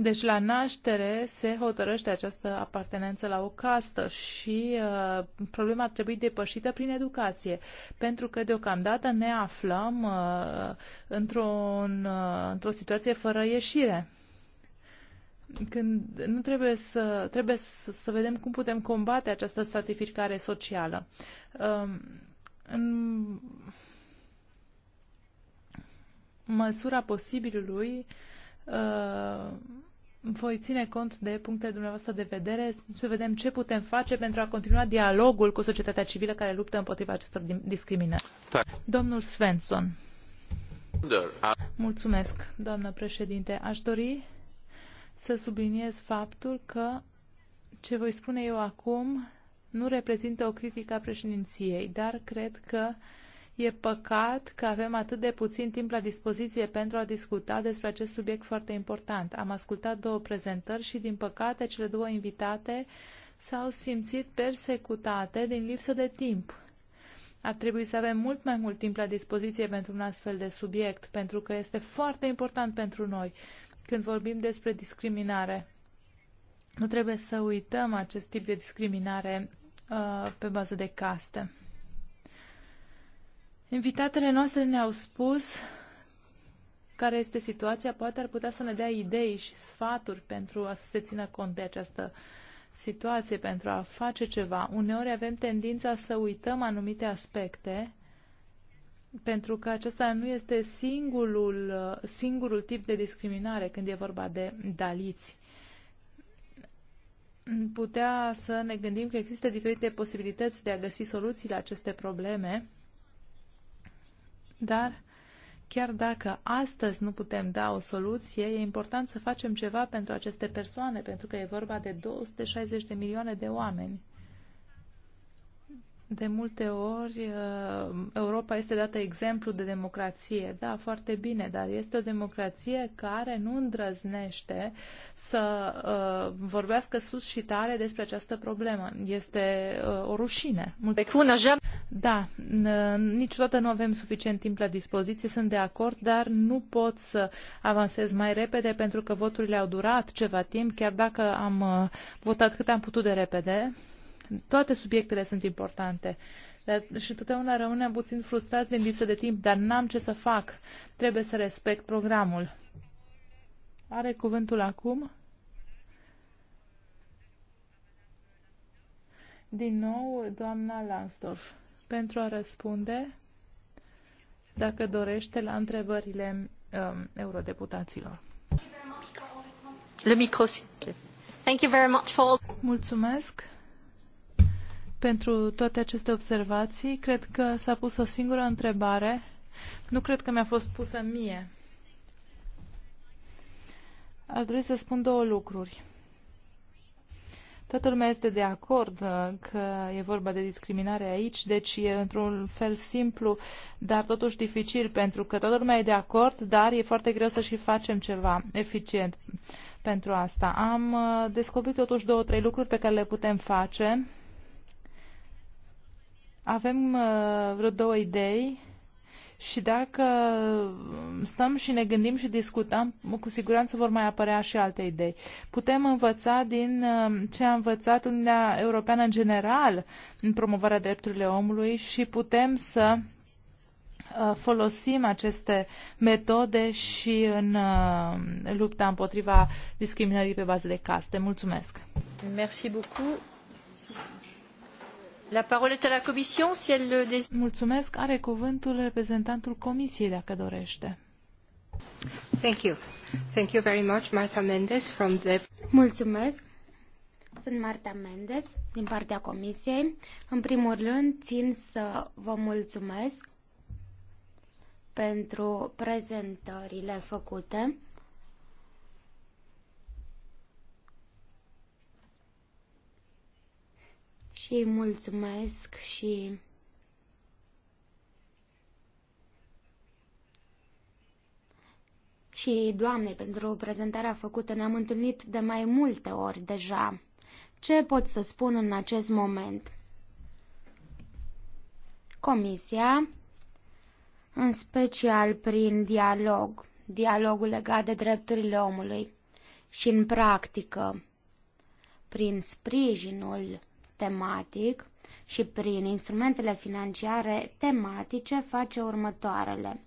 Deci la naștere se hotărăște această apartenență la o castă și uh, problema ar trebui depășită prin educație, pentru că deocamdată ne aflăm uh, într-un, uh, într-o situație fără ieșire. Când nu trebuie să, trebuie să, să vedem cum putem combate această stratificare socială. Uh, în măsura posibilului, uh, voi ține cont de punctele dumneavoastră de vedere, să vedem ce putem face pentru a continua dialogul cu societatea civilă care luptă împotriva acestor discriminări. Da. Domnul Svensson. Da. Mulțumesc, doamnă președinte. Aș dori să subliniez faptul că ce voi spune eu acum nu reprezintă o critică a președinției, dar cred că uh, E păcat că avem atât de puțin timp la dispoziție pentru a discuta despre acest subiect foarte important. Am ascultat două prezentări și, din păcate, cele două invitate s-au simțit persecutate din lipsă de timp. Ar trebui să avem mult mai mult timp la dispoziție pentru un astfel de subiect, pentru că este foarte important pentru noi când vorbim despre discriminare. Nu trebuie să uităm acest tip de discriminare uh, pe bază de caste. Invitatele noastre ne-au spus care este situația, poate ar putea să ne dea idei și sfaturi pentru a se țină cont de această situație, pentru a face ceva. Uneori avem tendința să uităm anumite aspecte, pentru că acesta nu este singurul, singurul tip de discriminare când e vorba de daliți. Putea să ne gândim că există diferite posibilități de a găsi soluții la aceste probleme dar chiar dacă astăzi nu putem da o soluție, e important să facem ceva pentru aceste persoane, pentru că e vorba de 260 de milioane de oameni. De multe ori uh, Europa este dată exemplu de democrație. Da, foarte bine, dar este o democrație care nu îndrăznește să uh, vorbească sus și tare despre această problemă. Este uh, o rușine. Da, niciodată nu avem suficient timp la dispoziție, sunt de acord, dar nu pot să avansez mai repede pentru că voturile au durat ceva timp, chiar dacă am uh, votat cât am putut de repede toate subiectele sunt importante. Dar, și totdeauna rămânem puțin frustrați din lipsă de timp, dar n-am ce să fac. Trebuie să respect programul. Are cuvântul acum? Din nou, doamna Lansdorf, pentru a răspunde, dacă dorește, la întrebările um, eurodeputaților. Le micro, Thank you very much for... Mulțumesc pentru toate aceste observații. Cred că s-a pus o singură întrebare. Nu cred că mi-a fost pusă mie. Aș dori să spun două lucruri. Toată lumea este de acord uh, că e vorba de discriminare aici, deci e într-un fel simplu, dar totuși dificil, pentru că toată lumea e de acord, dar e foarte greu să și facem ceva eficient pentru asta. Am uh, descoperit totuși două, trei lucruri pe care le putem face avem uh, vreo două idei și dacă stăm și ne gândim și discutăm, cu siguranță vor mai apărea și alte idei. Putem învăța din uh, ce a învățat Uniunea Europeană în general în promovarea drepturilor omului și putem să uh, folosim aceste metode și în lupta împotriva discriminării pe bază de caste. Mulțumesc! Merci beaucoup. La parole est à la Commission, si elle le désire. Mulțumesc. Are cuvântul reprezentantul Comisiei, dacă dorește. Thank you. Thank you very much, Martha Mendes from the... Mulțumesc. Sunt Marta Mendes, din partea Comisiei. În primul rând, țin să vă mulțumesc pentru prezentările făcute. și îi mulțumesc și și doamne pentru prezentarea făcută. Ne-am întâlnit de mai multe ori deja. Ce pot să spun în acest moment? Comisia, în special prin dialog, dialogul legat de drepturile omului și în practică, prin sprijinul tematic și prin instrumentele financiare tematice face următoarele.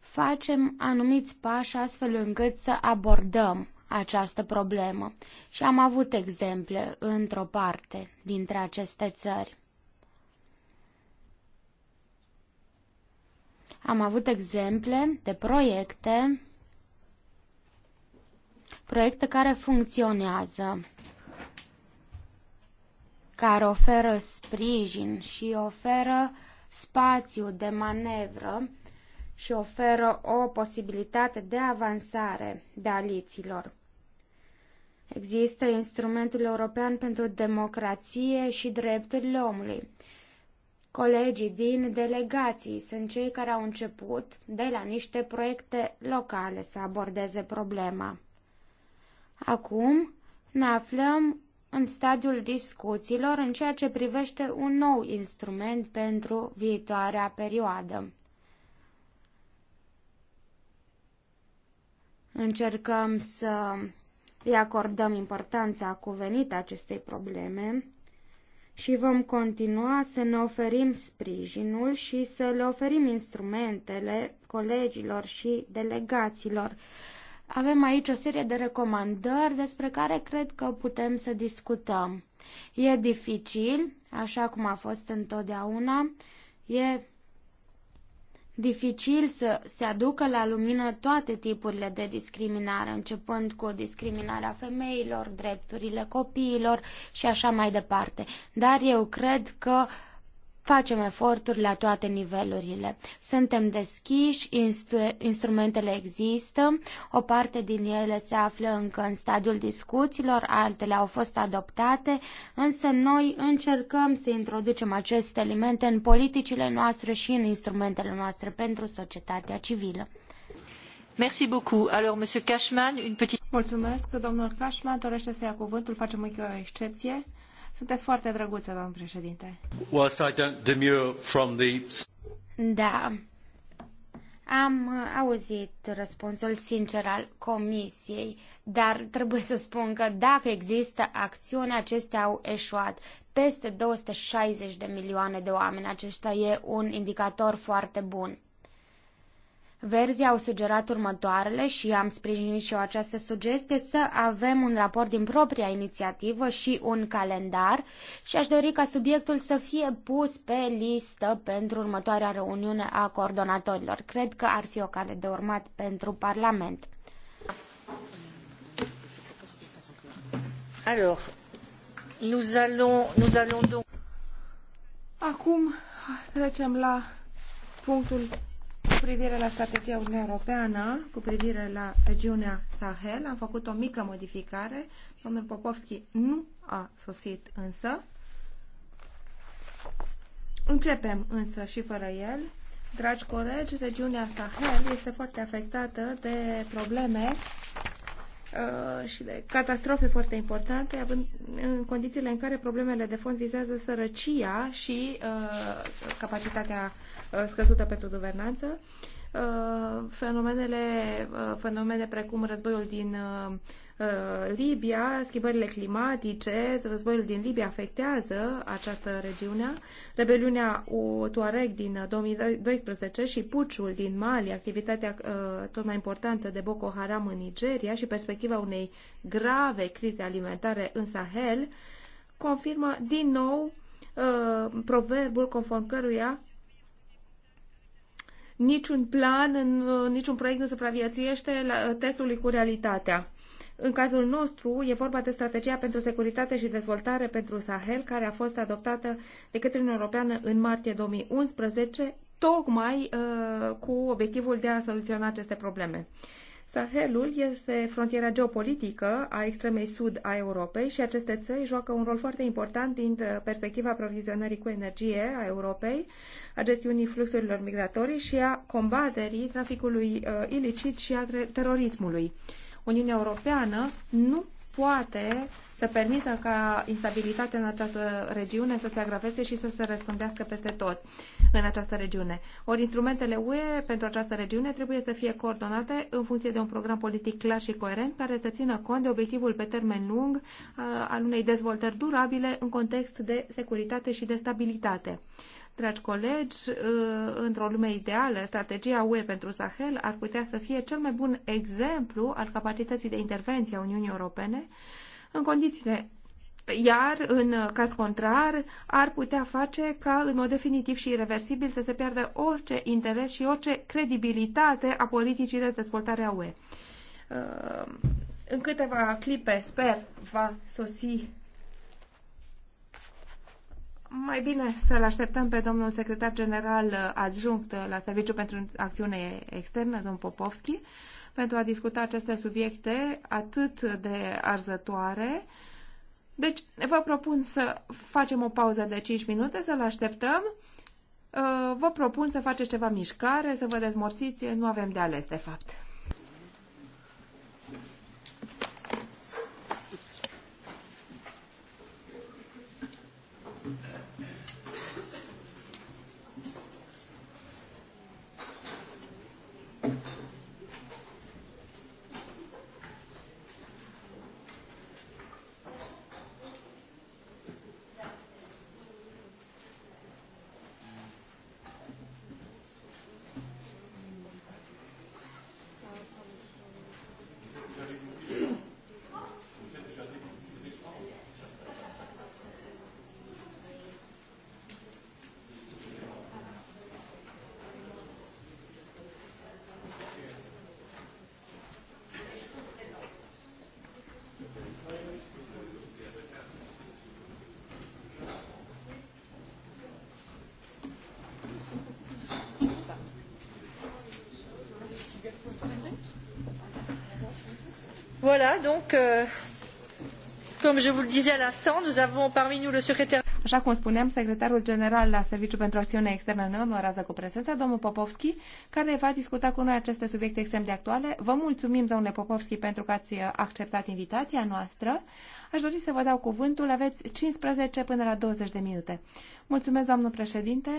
Facem anumiți pași astfel încât să abordăm această problemă și am avut exemple într-o parte dintre aceste țări. Am avut exemple de proiecte, proiecte care funcționează care oferă sprijin și oferă spațiu de manevră și oferă o posibilitate de avansare de aliților. Există instrumentul european pentru democrație și drepturile omului. Colegii din delegații sunt cei care au început de la niște proiecte locale să abordeze problema. Acum ne aflăm în stadiul discuțiilor în ceea ce privește un nou instrument pentru viitoarea perioadă. Încercăm să îi acordăm importanța cuvenită acestei probleme și vom continua să ne oferim sprijinul și să le oferim instrumentele colegilor și delegaților avem aici o serie de recomandări despre care cred că putem să discutăm. E dificil, așa cum a fost întotdeauna, e dificil să se aducă la lumină toate tipurile de discriminare, începând cu discriminarea femeilor, drepturile copiilor și așa mai departe. Dar eu cred că uh, Facem eforturi la toate nivelurile. Suntem deschiși, instru- instrumentele există, o parte din ele se află încă în stadiul discuțiilor, altele au fost adoptate, însă noi încercăm să introducem aceste elemente în politicile noastre și în instrumentele noastre pentru societatea civilă. Merci beaucoup. Alors, Monsieur Cashman, une petite... Mulțumesc. Domnul Cashman dorește să ia cuvântul. Facem o excepție. Sunteți foarte drăguță, domn președinte. Da. Am uh, auzit răspunsul sincer al comisiei, dar trebuie să spun că dacă există acțiuni, acestea au eșuat. Peste 260 de milioane de oameni, acesta e un indicator foarte bun. Verzii au sugerat următoarele și am sprijinit și eu această sugestie să avem un raport din propria inițiativă și un calendar și aș dori ca subiectul să fie pus pe listă pentru următoarea reuniune a coordonatorilor. Cred că ar fi o cale de urmat pentru Parlament. Alors, nous allons, nous allons donc... Acum trecem la punctul privire la strategia Uniunii Europeană, cu privire la regiunea Sahel, am făcut o mică modificare. Domnul Popovski nu a sosit însă. Începem însă și fără el. Dragi colegi, regiunea Sahel este foarte afectată de probleme uh, și de catastrofe foarte importante, având în condițiile în care problemele de fond vizează sărăcia și uh, capacitatea Uh, scăzută pentru guvernanță. Uh, fenomenele, uh, fenomene precum războiul din Libia, schimbările climatice, războiul din Libia afectează această regiune. Rebeliunea Tuareg din 2012 și puciul din Mali, activitatea tot mai importantă de Boko Haram în Nigeria și perspectiva unei grave crize alimentare în Sahel, confirmă din nou proverbul conform căruia niciun plan, niciun proiect nu supraviețuiește la uh, testului cu realitatea. În cazul nostru, e vorba de strategia pentru securitate și dezvoltare pentru Sahel, care a fost adoptată de către Uniunea Europeană în martie 2011, tocmai uh, cu obiectivul de a soluționa aceste probleme. Sahelul este frontiera geopolitică a extremei sud a Europei și aceste țări joacă un rol foarte important din uh, perspectiva aprovizionării cu energie a Europei, a gestiunii fluxurilor migratorii și a combaterii traficului uh, ilicit și a terorismului. Uniunea Europeană nu poate să permită ca instabilitatea în această regiune să se agraveze și să se răspândească peste tot în această regiune. Ori instrumentele UE pentru această regiune trebuie să fie coordonate în funcție de un program politic clar și coerent care să țină cont de obiectivul pe termen lung al unei dezvoltări durabile în context de securitate și de stabilitate. Dragi colegi, ă, într-o lume ideală, strategia UE pentru Sahel ar putea să fie cel mai bun exemplu al capacității de intervenție a Uniunii Europene în condițiile iar, în caz contrar, ar putea face ca, în mod definitiv și irreversibil, să se pierdă orice interes și orice credibilitate a politicii de dezvoltare a UE. Ă, în câteva clipe, sper, va sosi mai bine să-l așteptăm pe domnul secretar general uh, adjunct uh, la Serviciu pentru Acțiune Externă, domn Popovski, pentru a discuta aceste subiecte atât de arzătoare. Deci, vă propun să facem o pauză de 5 minute, să-l așteptăm. Uh, vă propun să faceți ceva mișcare, să vă dezmorțiți, nu avem de ales, de fapt. Voilà, donc, euh, comme je vous le disais à l'instant, nous avons parmi nous le secrétaire. Așa cum spuneam, secretarul general la Serviciul pentru Acțiune Externă ne onorează cu prezența, domnul Popovski, care va discuta cu noi aceste subiecte extrem de actuale. Vă mulțumim, domnule Popovski, pentru că ați uh, acceptat invitația noastră. Aș dori să vă dau cuvântul. Aveți 15 până la 20 de minute. Mulțumesc, doamnă președinte.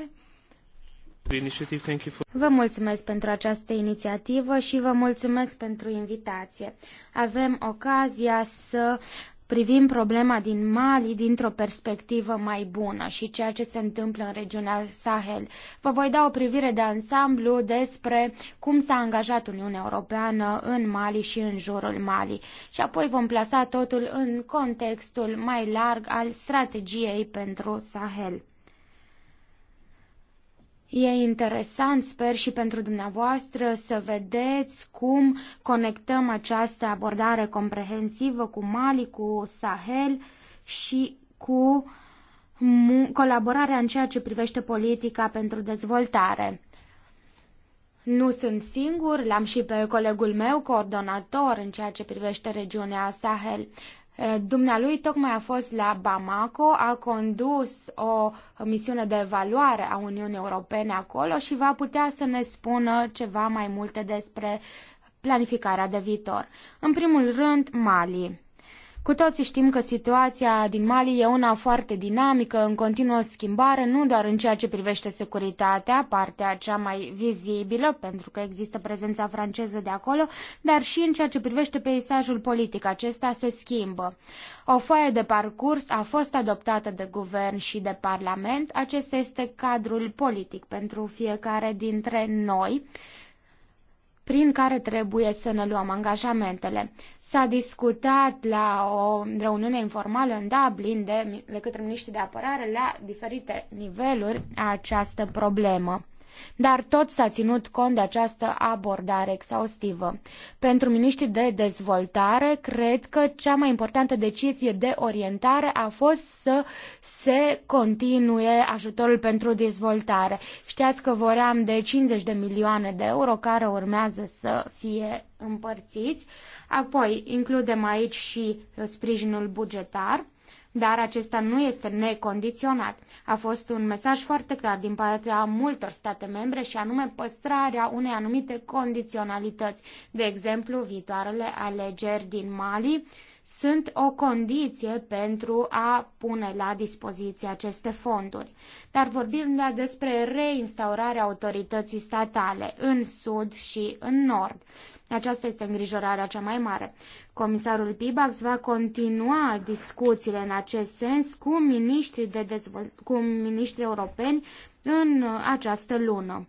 Vă mulțumesc pentru această inițiativă și vă mulțumesc pentru invitație. Avem ocazia să privim problema din Mali dintr-o perspectivă mai bună și ceea ce se întâmplă în regiunea Sahel. Vă voi da o privire de ansamblu despre cum s-a angajat Uniunea Europeană în Mali și în jurul Mali și apoi vom plasa totul în contextul mai larg al strategiei pentru Sahel. E interesant, sper și pentru dumneavoastră, să vedeți cum conectăm această abordare comprehensivă cu Mali, cu Sahel și cu colaborarea în ceea ce privește politica pentru dezvoltare. Nu sunt singur, l-am și pe colegul meu, coordonator în ceea ce privește regiunea Sahel. Dumnealui tocmai a fost la Bamako, a condus o misiune de evaluare a Uniunii Europene acolo și va putea să ne spună ceva mai multe despre planificarea de viitor. În primul rând, Mali. Cu toții știm că situația din Mali e una foarte dinamică, în continuă schimbare, nu doar în ceea ce privește securitatea, partea cea mai vizibilă, pentru că există prezența franceză de acolo, dar și în ceea ce privește peisajul politic. Acesta se schimbă. O foaie de parcurs a fost adoptată de guvern și de parlament. Acesta este cadrul politic pentru fiecare dintre noi prin care trebuie să ne luăm angajamentele. S-a discutat la o reuniune informală în Dublin de, de către miniștrii de apărare la diferite niveluri această problemă dar tot s-a ținut cont de această abordare exhaustivă. Pentru miniștrii de dezvoltare, cred că cea mai importantă decizie de orientare a fost să se continue ajutorul pentru dezvoltare. Știați că voream de 50 de milioane de euro care urmează să fie împărțiți. Apoi includem aici și sprijinul bugetar dar acesta nu este necondiționat. A fost un mesaj foarte clar din partea multor state membre și anume păstrarea unei anumite condiționalități. De exemplu, viitoarele alegeri din Mali sunt o condiție pentru a pune la dispoziție aceste fonduri. Dar vorbim de despre reinstaurarea autorității statale în sud și în nord. Aceasta este îngrijorarea cea mai mare. Comisarul Pibax va continua discuțiile în acest sens cu miniștri, de dezvol- cu miniștri europeni în uh, această lună.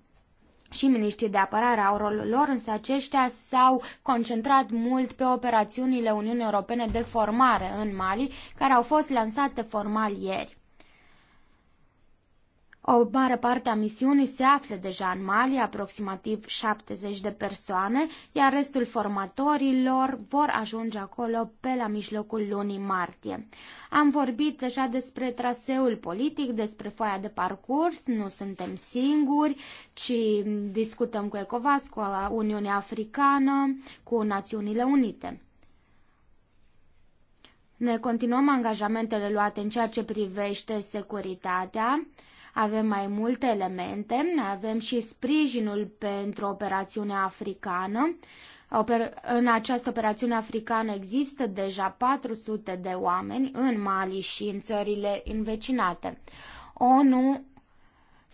Și miniștrii de apărare au rolul lor, însă aceștia s-au concentrat mult pe operațiunile Uniunii Europene de formare în Mali, care au fost lansate formal ieri. O mare parte a misiunii se află deja în Mali, aproximativ 70 de persoane, iar restul formatorilor vor ajunge acolo pe la mijlocul lunii martie. Am vorbit deja despre traseul politic, despre foaia de parcurs, nu suntem singuri, ci discutăm cu ECOVAS, cu Uniunea Africană, cu Națiunile Unite. Ne continuăm angajamentele luate în ceea ce privește securitatea avem mai multe elemente, avem și sprijinul pentru operațiunea africană. În această operațiune africană există deja 400 de oameni în Mali și în țările învecinate. ONU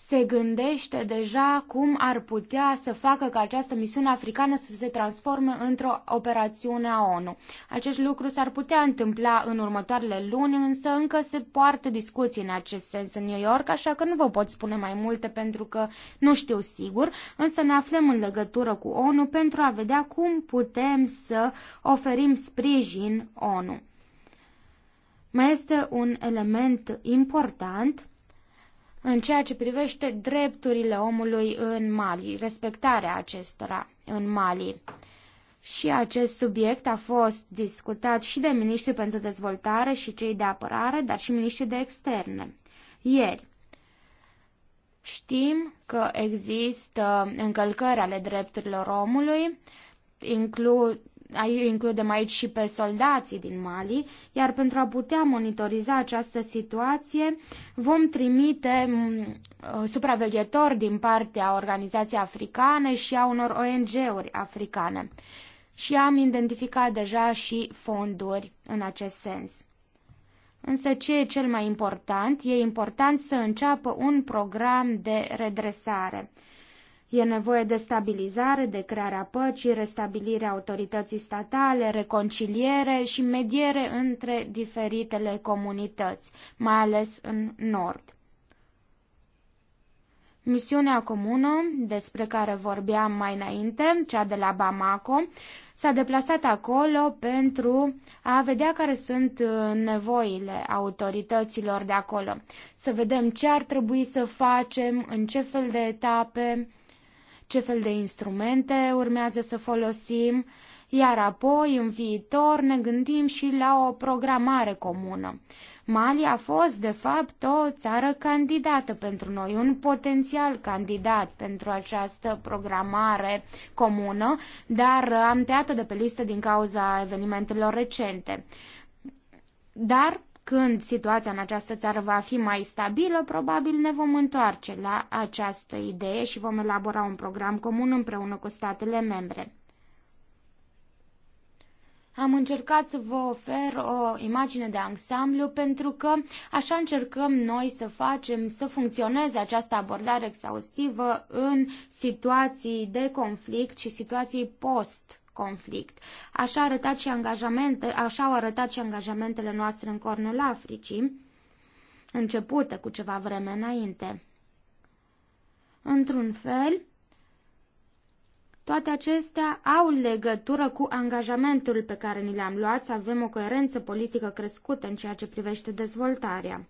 se gândește deja cum ar putea să facă ca această misiune africană să se transforme într-o operațiune a ONU. Acest lucru s-ar putea întâmpla în următoarele luni, însă încă se poartă discuții în acest sens în New York, așa că nu vă pot spune mai multe pentru că nu știu sigur, însă ne aflăm în legătură cu ONU pentru a vedea cum putem să oferim sprijin ONU. Mai este un element important în ceea ce privește drepturile omului în Mali, respectarea acestora în Mali. Și acest subiect a fost discutat și de ministrii pentru dezvoltare și cei de apărare, dar și ministrii de externe. Ieri, știm că există încălcări ale drepturilor omului, inclu- Aici includem aici și pe soldații din Mali, iar pentru a putea monitoriza această situație, vom trimite mm, uh, supraveghetori din partea organizației africane și a unor ONG-uri africane. Și am identificat deja și fonduri în acest sens. Însă ce e cel mai important? E important să înceapă un program de redresare E nevoie de stabilizare, de crearea păcii, restabilirea autorității statale, reconciliere și mediere între diferitele comunități, mai ales în nord. Misiunea comună, despre care vorbeam mai înainte, cea de la Bamako, s-a deplasat acolo pentru a vedea care sunt uh, nevoile autorităților de acolo, să vedem ce ar trebui să facem, în ce fel de etape, ce fel de instrumente urmează să folosim, iar apoi, în viitor, ne gândim și la o programare comună. Mali a fost, de fapt, o țară candidată pentru noi, un potențial candidat pentru această programare comună, dar am tăiat-o de pe listă din cauza evenimentelor recente. Dar când situația în această țară va fi mai stabilă, probabil ne vom întoarce la această idee și vom elabora un program comun împreună cu statele membre. Am încercat să vă ofer o imagine de ansamblu pentru că așa încercăm noi să facem să funcționeze această abordare exhaustivă în situații de conflict și situații post conflict. Așa, arătat și angajamente, așa au arătat și angajamentele noastre în cornul Africii, începută cu ceva vreme înainte. Într-un fel, toate acestea au legătură cu angajamentul pe care ni le am luat să avem o coerență politică crescută în ceea ce privește dezvoltarea.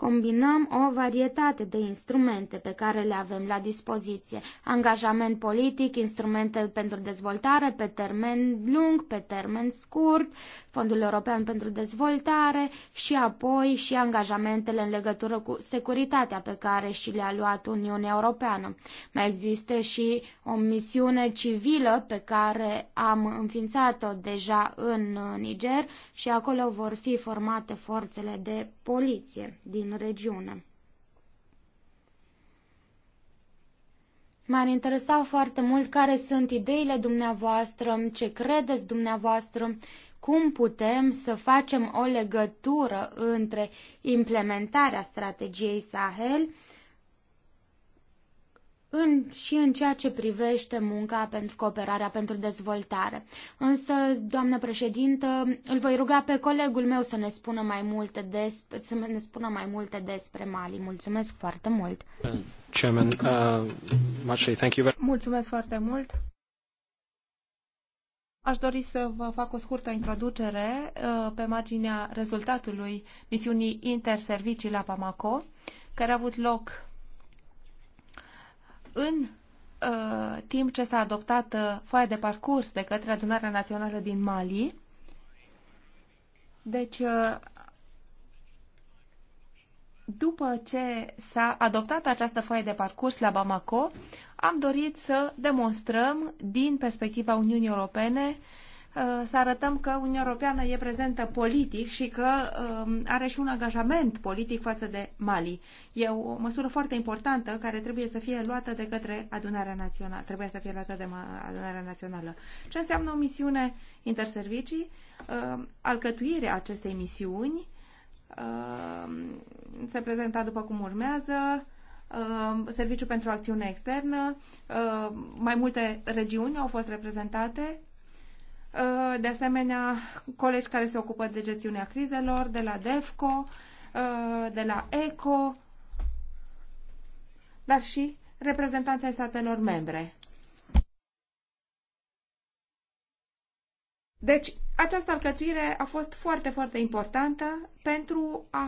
Combinăm o varietate de instrumente pe care le avem la dispoziție. Angajament politic, instrumente pentru dezvoltare pe termen lung, pe termen scurt, Fondul European pentru Dezvoltare și apoi și angajamentele în legătură cu securitatea pe care și le-a luat Uniunea Europeană. Mai există și o misiune civilă pe care am înființat-o deja în Niger și acolo vor fi formate forțele de poliție din din regiune. M-ar interesa foarte mult care sunt ideile dumneavoastră, ce credeți dumneavoastră, cum putem să facem o legătură între implementarea strategiei Sahel în, și în ceea ce privește munca pentru cooperarea pentru dezvoltare. Însă, doamnă președintă, îl voi ruga pe colegul meu să ne spună mai multe, despre, să ne spună mai multe despre Mali. Mulțumesc foarte mult! Chairman, uh, thank you very... Mulțumesc foarte mult! Aș dori să vă fac o scurtă introducere uh, pe marginea rezultatului misiunii interservicii la Pamaco, care a avut loc în uh, timp ce s-a adoptat uh, foaia de parcurs de către adunarea națională din Mali, deci uh, după ce s-a adoptat această foaie de parcurs la Bamako, am dorit să demonstrăm din perspectiva Uniunii Europene uh, Uh, să arătăm că Uniunea Europeană e prezentă politic și că um, are și un angajament politic față de Mali. E o măsură foarte importantă care trebuie să fie luată de către adunarea națională. Trebuie să fie luată de adunarea națională. Ce înseamnă o misiune interservicii? Uh, alcătuirea acestei misiuni uh, se prezenta după cum urmează. Serviciu pentru Acțiune Externă. Mai multe regiuni au fost reprezentate Uh, de asemenea colegi care se ocupă de gestiunea crizelor, de la DEFCO, uh, de la ECO, dar și reprezentanții statelor membre. Deci, această alcătuire a fost foarte, foarte importantă pentru a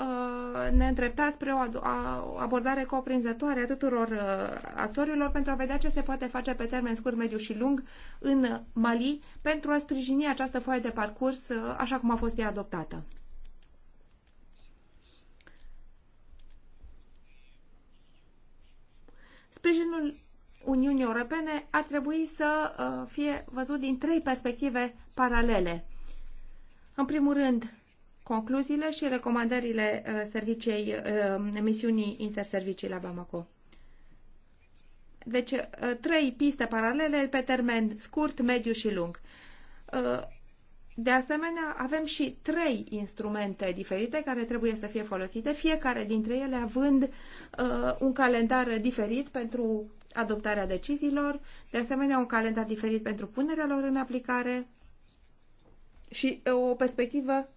uh, ne îndrepta spre o, a, abordare coprinzătoare a tuturor uh, actorilor pentru a vedea ce se poate face pe termen scurt, mediu și lung în Mali pentru a sprijini această foaie de parcurs uh, așa cum a fost ea adoptată. Sprijinul Uniunii Europene ar trebui să uh, fie văzut din trei perspective paralele. În primul rând, concluziile și recomandările uh, serviciei, uh, misiunii interservicii la Bamako. Deci, trei piste paralele pe termen scurt, mediu și lung. De asemenea, avem și trei instrumente diferite care trebuie să fie folosite, fiecare dintre ele având uh, un calendar diferit pentru adoptarea deciziilor, de asemenea un calendar diferit pentru punerea lor în aplicare și uh, o perspectivă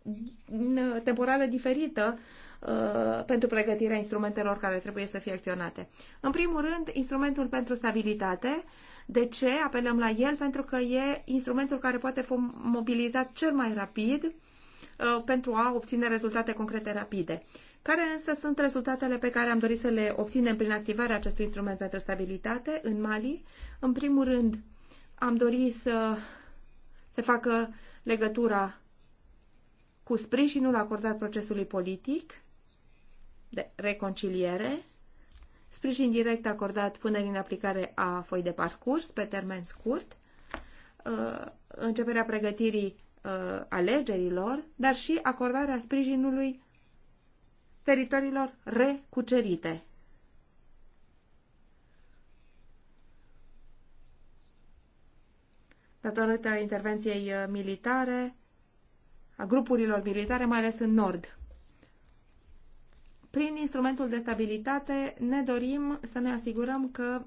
temporală diferită uh, pentru pregătirea instrumentelor care trebuie să fie acționate. În primul rând, instrumentul pentru stabilitate uh, de ce apelăm la el? Pentru că e instrumentul care poate fi mobilizat cel mai rapid uh, pentru a obține rezultate concrete rapide. Care însă sunt rezultatele pe care am dorit să le obținem prin activarea acestui instrument pentru stabilitate în Mali? În primul rând, am dorit să se facă legătura cu sprijinul acordat procesului politic de reconciliere sprijin direct acordat punerii în aplicare a foi de parcurs pe termen scurt, uh, începerea pregătirii uh, alegerilor, dar și acordarea sprijinului teritoriilor recucerite. Datorită intervenției uh, militare, a grupurilor militare, mai ales în nord. Prin instrumentul de stabilitate ne dorim să ne asigurăm că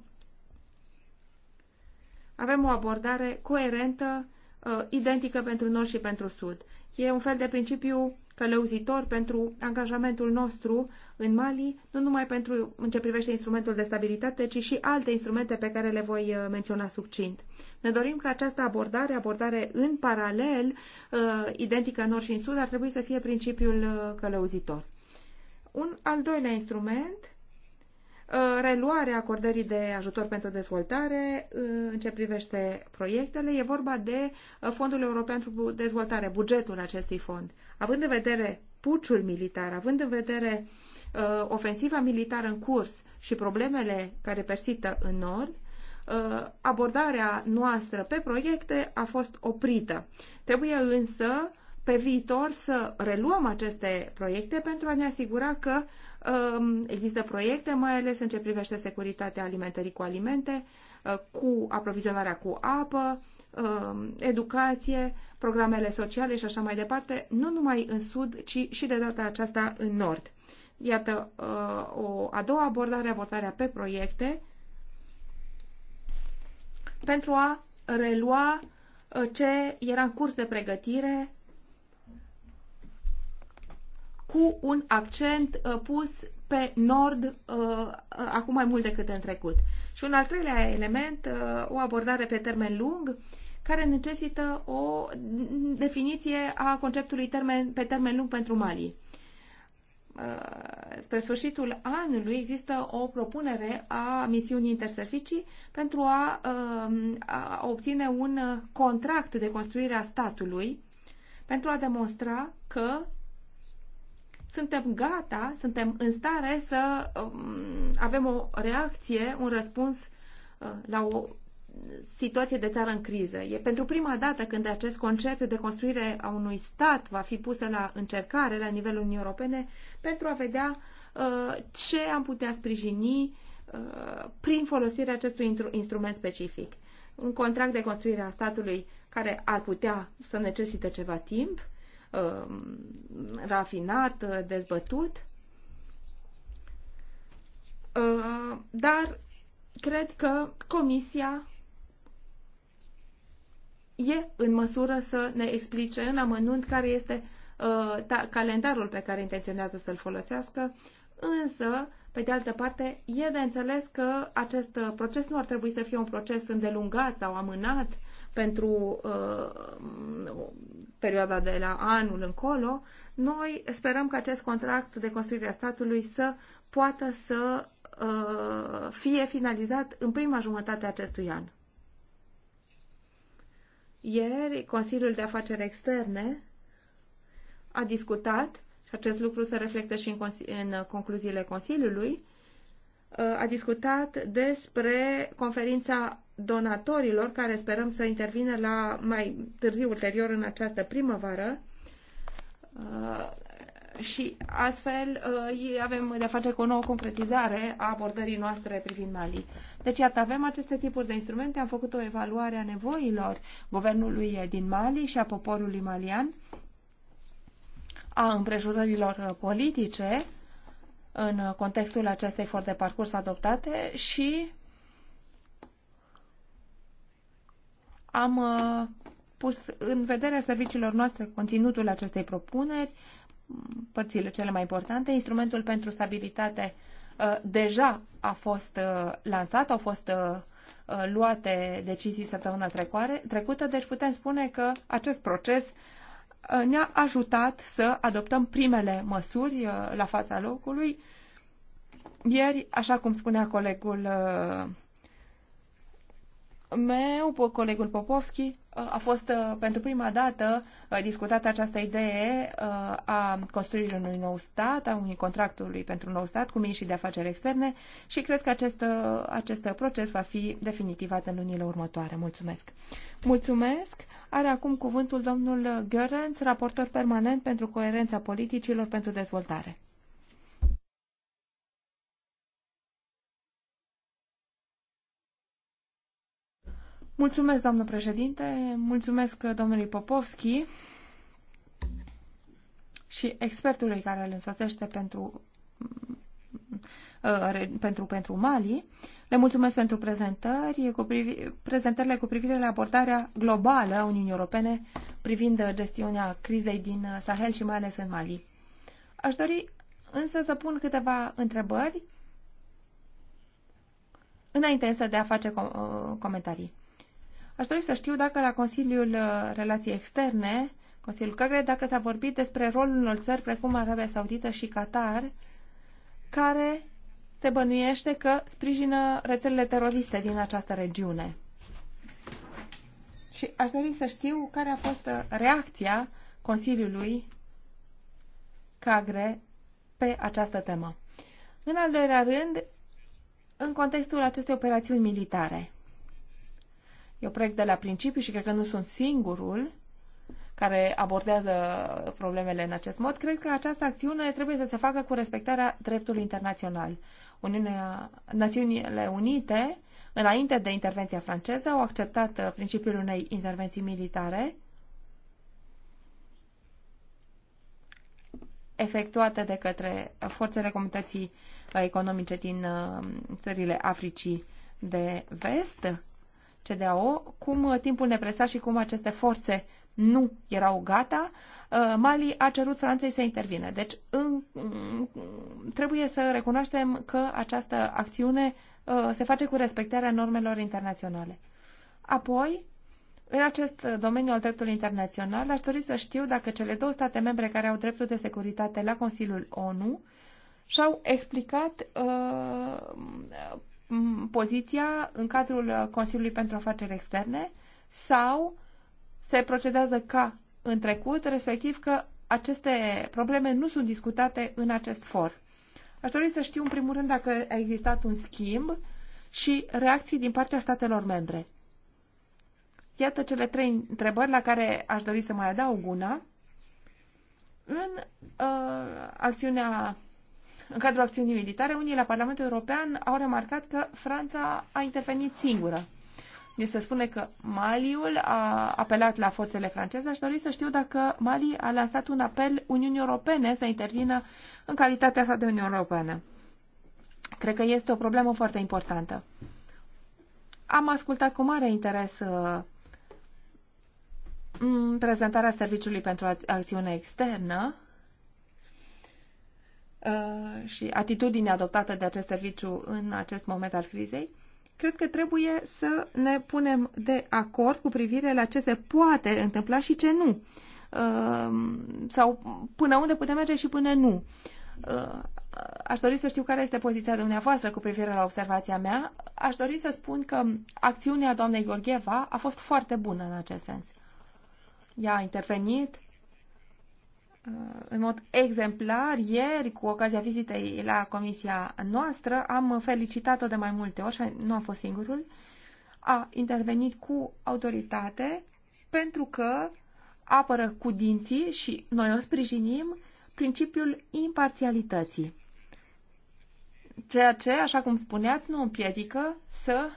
avem o abordare coerentă, uh, identică pentru nord și pentru sud. E un fel de principiu călăuzitor pentru angajamentul nostru în Mali, nu numai pentru în ce privește instrumentul de stabilitate, ci și alte instrumente pe care le voi uh, menționa succint. Ne dorim că această abordare, abordare în paralel, uh, identică în nord și în sud, ar trebui să fie principiul călăuzitor. Un al doilea instrument, uh, reluarea acordării de ajutor pentru dezvoltare uh, în ce privește proiectele. E vorba de uh, Fondul European pentru Dezvoltare, bugetul acestui fond. Având în vedere puciul militar, având în vedere ofensiva militară în curs și problemele care persistă în nord, abordarea noastră pe proiecte a fost oprită. Trebuie însă pe viitor să reluăm aceste proiecte pentru a ne asigura că um, există proiecte, mai ales în ce privește securitatea alimentării cu alimente, uh, cu aprovizionarea cu apă, um, educație, programele sociale și așa mai departe, nu numai în sud, ci și de data aceasta în nord. Iată, uh, o a doua abordare, abordarea pe proiecte, pentru a relua uh, ce era în curs de pregătire cu un accent uh, pus pe nord uh, uh, acum mai mult decât în trecut. Și un al treilea element, o abordare pe termen lung, care necesită o definiție a conceptului termen, pe termen lung pentru Mali. Spre sfârșitul anului există o propunere a misiunii interserficii pentru a, a obține un contract de construire a statului pentru a demonstra că suntem gata, suntem în stare să um, avem o reacție, un răspuns uh, la o situație de țară în criză. E pentru prima dată când acest concept de construire a unui stat va fi pusă la încercare la nivelul Uniunii Europene pentru a vedea uh, ce am putea sprijini uh, prin folosirea acestui instrument specific. Un contract de construire a statului care ar putea să necesite ceva timp, Um, rafinat, uh, dezbătut, uh, dar cred că Comisia e în măsură să ne explice în amănunt care este uh, calendarul pe care intenționează să-l folosească, însă, pe de altă parte, e de înțeles că acest proces nu ar trebui să fie un proces îndelungat sau amânat pentru uh, perioada de la anul încolo, noi sperăm că acest contract de construire a statului să poată să uh, fie finalizat în prima jumătate a acestui an. Ieri, Consiliul de Afaceri Externe a discutat, și acest lucru se reflectă și în, în concluziile Consiliului, uh, a discutat despre conferința donatorilor care sperăm să intervină la mai târziu, ulterior, în această primăvară. Uh, și astfel uh, avem de-a face cu o nouă concretizare a abordării noastre privind Mali. Deci, iată, avem aceste tipuri de instrumente, am făcut o evaluare a nevoilor guvernului din Mali și a poporului malian, a împrejurărilor politice în contextul acestei for de parcurs adoptate și am uh, pus în vederea serviciilor noastre conținutul acestei propuneri, părțile cele mai importante. Instrumentul pentru stabilitate uh, deja a fost uh, lansat, au fost luate decizii săptămâna trecută, deci putem spune că acest proces ne-a ajutat să adoptăm primele măsuri la fața locului. Ieri, așa cum spunea colegul meu, colegul Popovski, uh, a fost uh, pentru prima dată uh, discutată această idee a construirii unui nou stat, a unui contractului pentru un nou stat cu și de afaceri externe și cred că acest, acest proces va fi definitivat în lunile următoare. Mulțumesc! Mulțumesc! Are acum cuvântul domnul Görens, raportor permanent pentru coerența politicilor pentru dezvoltare. Mulțumesc, doamnă președinte, mulțumesc domnului Popovski și expertului care îl însoțește pentru, mm, mm, pentru, pentru Mali. Le mulțumesc pentru prezentări, cu privi, prezentările cu privire la abordarea globală a Uniunii Europene privind gestiunea crizei din Sahel și mai ales în Mali. Aș dori însă să pun câteva întrebări înainte însă de a face uh, comentarii. Aș dori să știu dacă la Consiliul uh, Relației Externe, Consiliul Căgre, dacă s-a vorbit despre rolul unor țări precum Arabia Saudită și Qatar, care se bănuiește că sprijină rețelele teroriste din această regiune. Și aș dori să știu care a fost uh, reacția Consiliului Cagre pe această temă. În al doilea rând, în contextul acestei operațiuni militare. E un proiect de la principiu și cred că nu sunt singurul care abordează problemele în acest mod. Cred că această acțiune trebuie să se facă cu respectarea dreptului internațional. Uniunea, Națiunile Unite, înainte de intervenția franceză, au acceptat uh, principiul unei intervenții militare efectuate de către forțele comunității uh, economice din uh, țările Africii de vest, CDAO, cum uh, timpul ne presa și cum aceste forțe nu erau gata, uh, Mali a cerut Franței să intervine. Deci în, trebuie să recunoaștem că această acțiune uh, se face cu respectarea normelor internaționale. Apoi, în acest domeniu al dreptului internațional, aș dori să știu dacă cele două state membre care au dreptul de securitate la Consiliul ONU și-au explicat uh, poziția în cadrul uh, Consiliului pentru Afaceri Externe sau se procedează ca în trecut, respectiv că aceste probleme nu sunt discutate în acest for. Aș dori să știu, în primul rând, dacă a existat un schimb și reacții din partea statelor membre. Iată cele trei întrebări la care aș dori să mai adaug una. În uh, acțiunea în cadrul acțiunii militare, unii la Parlamentul European au remarcat că Franța a intervenit singură. Deci se spune că Maliul a apelat la forțele franceze. Aș dori să știu dacă Mali a lansat un apel Uniunii Europene să intervină în calitatea sa de Uniune Europeană. Cred că este o problemă foarte importantă. Am ascultat cu mare interes uh, prezentarea Serviciului pentru Acțiune Externă Uh, și atitudinea adoptată de acest serviciu în acest moment al crizei, cred că trebuie să ne punem de acord cu privire la ce se poate întâmpla și ce nu. Uh, sau până unde putem merge și până nu. Uh, aș dori să știu care este poziția dumneavoastră cu privire la observația mea. Aș dori să spun că acțiunea doamnei Gorgheva a fost foarte bună în acest sens. Ea a intervenit, Uh, în mod exemplar, ieri, cu ocazia vizitei la comisia noastră, am felicitat-o de mai multe ori și nu am fost singurul, a intervenit cu autoritate pentru că apără cu dinții și noi o sprijinim principiul imparțialității. Ceea ce, așa cum spuneați, nu împiedică să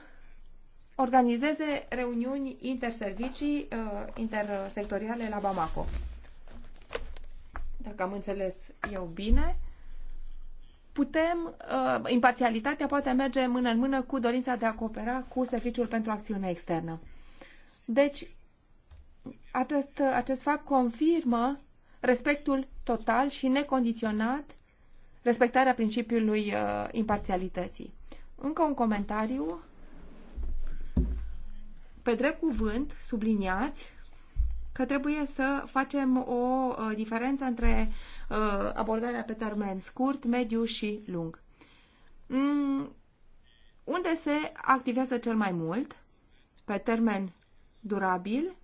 organizeze reuniuni interservicii, uh, intersectoriale la Bamako dacă am înțeles eu bine, putem, uh, imparțialitatea poate merge mână în mână cu dorința de a coopera cu Serviciul pentru Acțiune Externă. Deci, acest, acest fapt confirmă respectul total și necondiționat, respectarea principiului uh, imparțialității. Încă un comentariu. Pe drept cuvânt, subliniați că trebuie să facem o uh, diferență între uh, abordarea pe termen scurt, mediu și lung. Mm, unde se activează cel mai mult, pe termen durabil,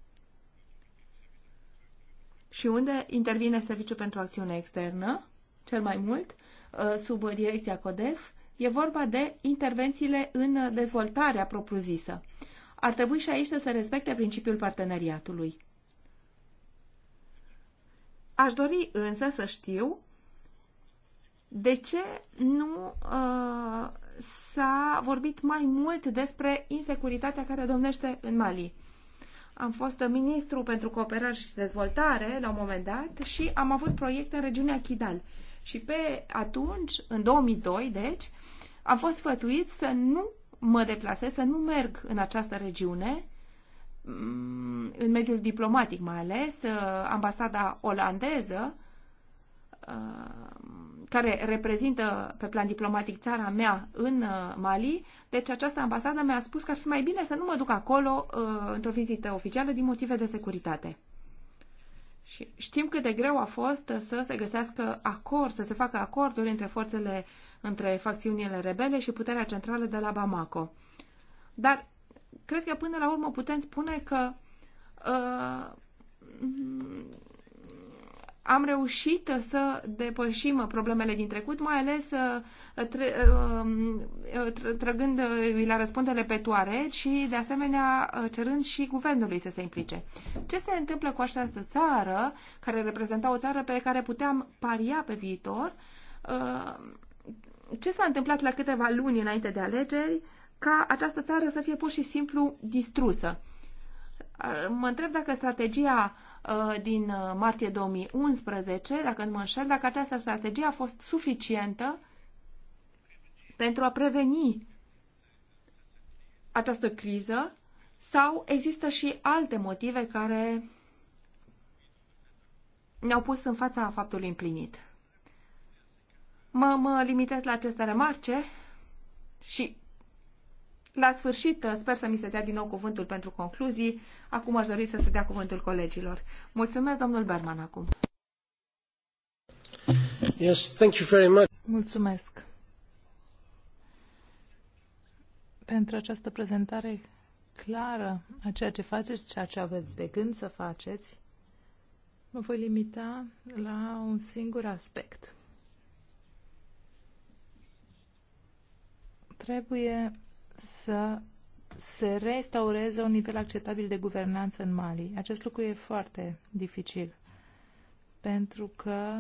și unde intervine Serviciul pentru Acțiune Externă, cel mai mult, uh, sub direcția CODEF, e vorba de intervențiile în dezvoltarea propriu-zisă. Ar trebui și aici să se respecte principiul parteneriatului. Aș dori însă să știu de ce nu uh, s-a vorbit mai mult despre insecuritatea care domnește în Mali. Am fost ministru pentru cooperare și dezvoltare la un moment dat și am avut proiecte în regiunea Kidal. Și pe atunci, în 2002, deci, am fost sfătuit să nu mă deplasez, să nu merg în această regiune, Mm, în mediul diplomatic mai ales, uh, ambasada olandeză, uh, care reprezintă pe plan diplomatic țara mea în uh, Mali, deci această ambasadă mi-a spus că ar fi mai bine să nu mă duc acolo într-o vizită oficială din motive de securitate. Și știm cât de greu a fost să se găsească acord, să se facă acorduri între forțele, între facțiunile rebele și puterea centrală de la Bamako. Dar cred că până la urmă putem spune că uh, am reușit să depășim problemele din trecut, mai ales uh, uh, trăgând uh, la răspundere pe toare și, de asemenea, cerând și guvernului să se implice. Ce se întâmplă cu această țară, care reprezenta o țară pe care puteam paria pe viitor? Ce s-a întâmplat la câteva luni înainte de alegeri? ca această țară să fie pur și simplu distrusă. Uh, mă întreb dacă strategia uh, din uh, martie 2011, dacă nu mă înșel, dacă această strategie a fost suficientă pentru a preveni această criză sau există și alte motive care ne-au pus în fața faptului împlinit. Mă, mă limitez la aceste remarce și la sfârșit, uh, sper să mi se dea din nou cuvântul pentru concluzii. Acum aș dori să se dea cuvântul colegilor. Mulțumesc, domnul Berman, acum. Yes, thank you very much. Mulțumesc pentru această prezentare clară a ceea ce faceți, ceea ce aveți de gând să faceți. Mă voi limita la un singur aspect. Trebuie să se restaureze un nivel acceptabil de guvernanță în Mali. Acest lucru e foarte dificil, pentru că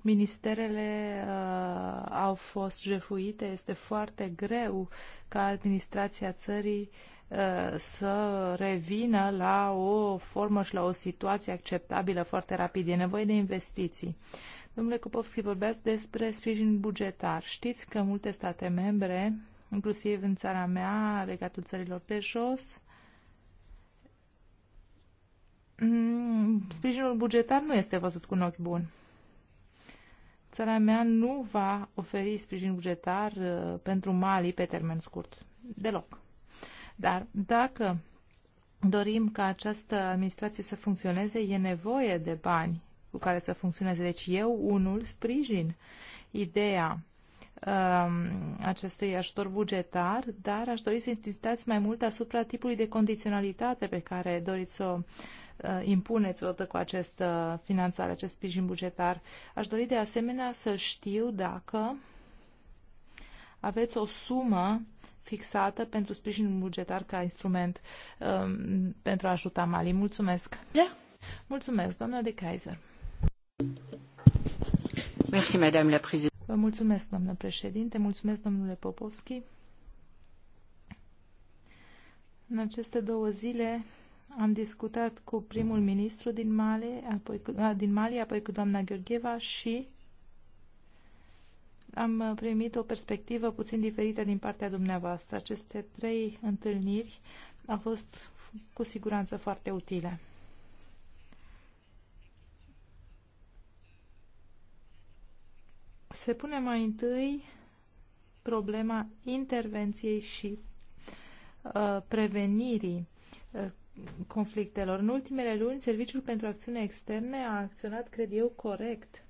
ministerele uh, au fost jefuite, este foarte greu ca administrația țării uh, să revină la o formă și la o situație acceptabilă foarte rapid. E nevoie de investiții. Domnule Kupovski, vorbeați despre sprijin bugetar. Știți că multe state membre inclusiv în țara mea, regatul țărilor de jos, mm, sprijinul bugetar nu este văzut cu un ochi bun. Țara mea nu va oferi sprijin bugetar uh, pentru Mali pe termen scurt. Deloc. Dar dacă dorim ca această administrație să funcționeze, e nevoie de bani cu care să funcționeze. Deci eu, unul, sprijin ideea Um, acestui ajutor bugetar, dar aș dori să insistați mai mult asupra tipului de condiționalitate pe care doriți să o uh, impuneți odată cu acest uh, finanțare, acest sprijin bugetar. Aș dori de asemenea să știu dacă aveți o sumă fixată pentru sprijinul bugetar ca instrument um, pentru a ajuta Mali. Mulțumesc! Da. Mulțumesc, doamna de Kaiser! Merci, madame la Vă mulțumesc, doamnă președinte, mulțumesc, domnule Popovski. În aceste două zile am discutat cu primul ministru din Mali, apoi, din Mali, apoi cu doamna Gheorgheva și am primit o perspectivă puțin diferită din partea dumneavoastră. Aceste trei întâlniri au fost cu siguranță foarte utile. se pune mai întâi problema intervenției și uh, prevenirii uh, conflictelor. În ultimele luni, Serviciul pentru Acțiune Externe a acționat, cred eu, corect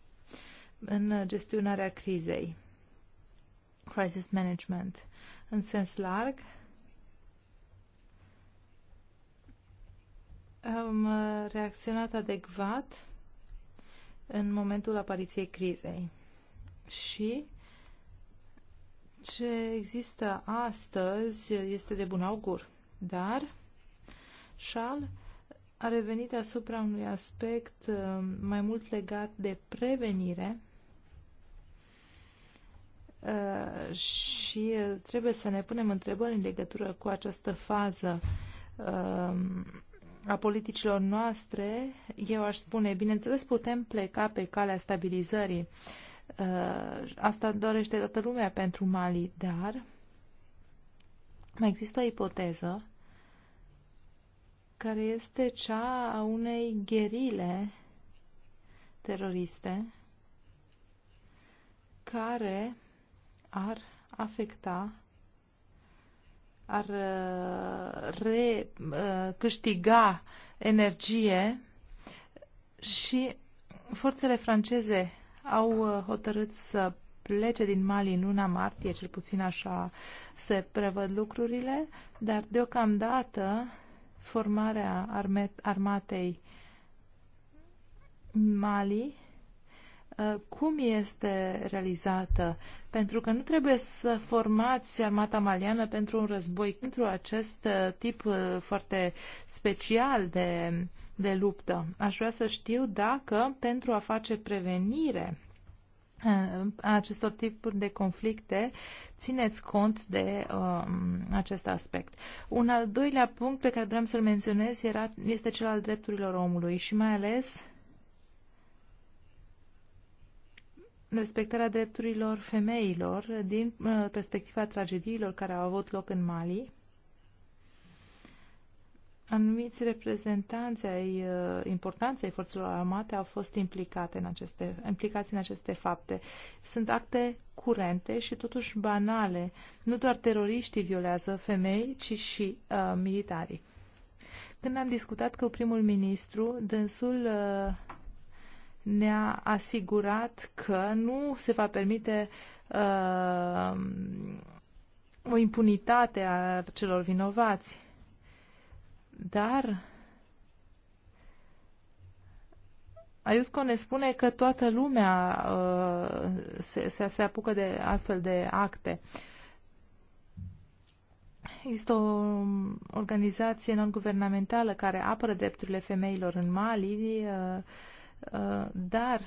în gestionarea crizei. Crisis management. În sens larg, am uh, reacționat adecvat în momentul apariției crizei și ce există astăzi este de bun augur. Dar șal a revenit asupra unui aspect uh, mai mult legat de prevenire uh, și uh, trebuie să ne punem întrebări în legătură cu această fază a politicilor noastre. Eu aș spune, bineînțeles, putem pleca pe calea stabilizării uh, Uh, asta dorește toată lumea pentru Mali, dar mai există o ipoteză care este cea a unei gherile teroriste care ar afecta, ar uh, recâștiga uh, energie și forțele franceze au uh, hotărât să plece din Mali în luna martie, cel puțin așa se prevăd lucrurile, dar deocamdată formarea armatei Mali Uh, cum este realizată, pentru că nu trebuie să formați armata maliană pentru un război, pentru acest uh, tip uh, foarte special de, de luptă. Aș vrea să știu dacă pentru a face prevenire a acestor tipuri de conflicte, țineți cont de um, acest aspect. Un al doilea punct pe care vreau să-l menționez era, este cel al drepturilor omului și mai ales uh, respectarea drepturilor femeilor din uh, perspectiva tragediilor care au avut loc în Mali. Anumiți reprezentanți ai uh, importanței forțelor armate au fost implicate în aceste, implicați în aceste fapte. Sunt acte curente și totuși banale. Nu doar teroriștii violează femei, ci și uh, militarii. Când am discutat cu primul ministru, dânsul uh, ne-a asigurat că nu se va permite uh, o impunitate a celor vinovați. Dar Aiusco ne spune că toată lumea uh, se, se, se apucă de astfel de acte. Există o organizație non-guvernamentală care apără drepturile femeilor în Mali, uh, Uh, dar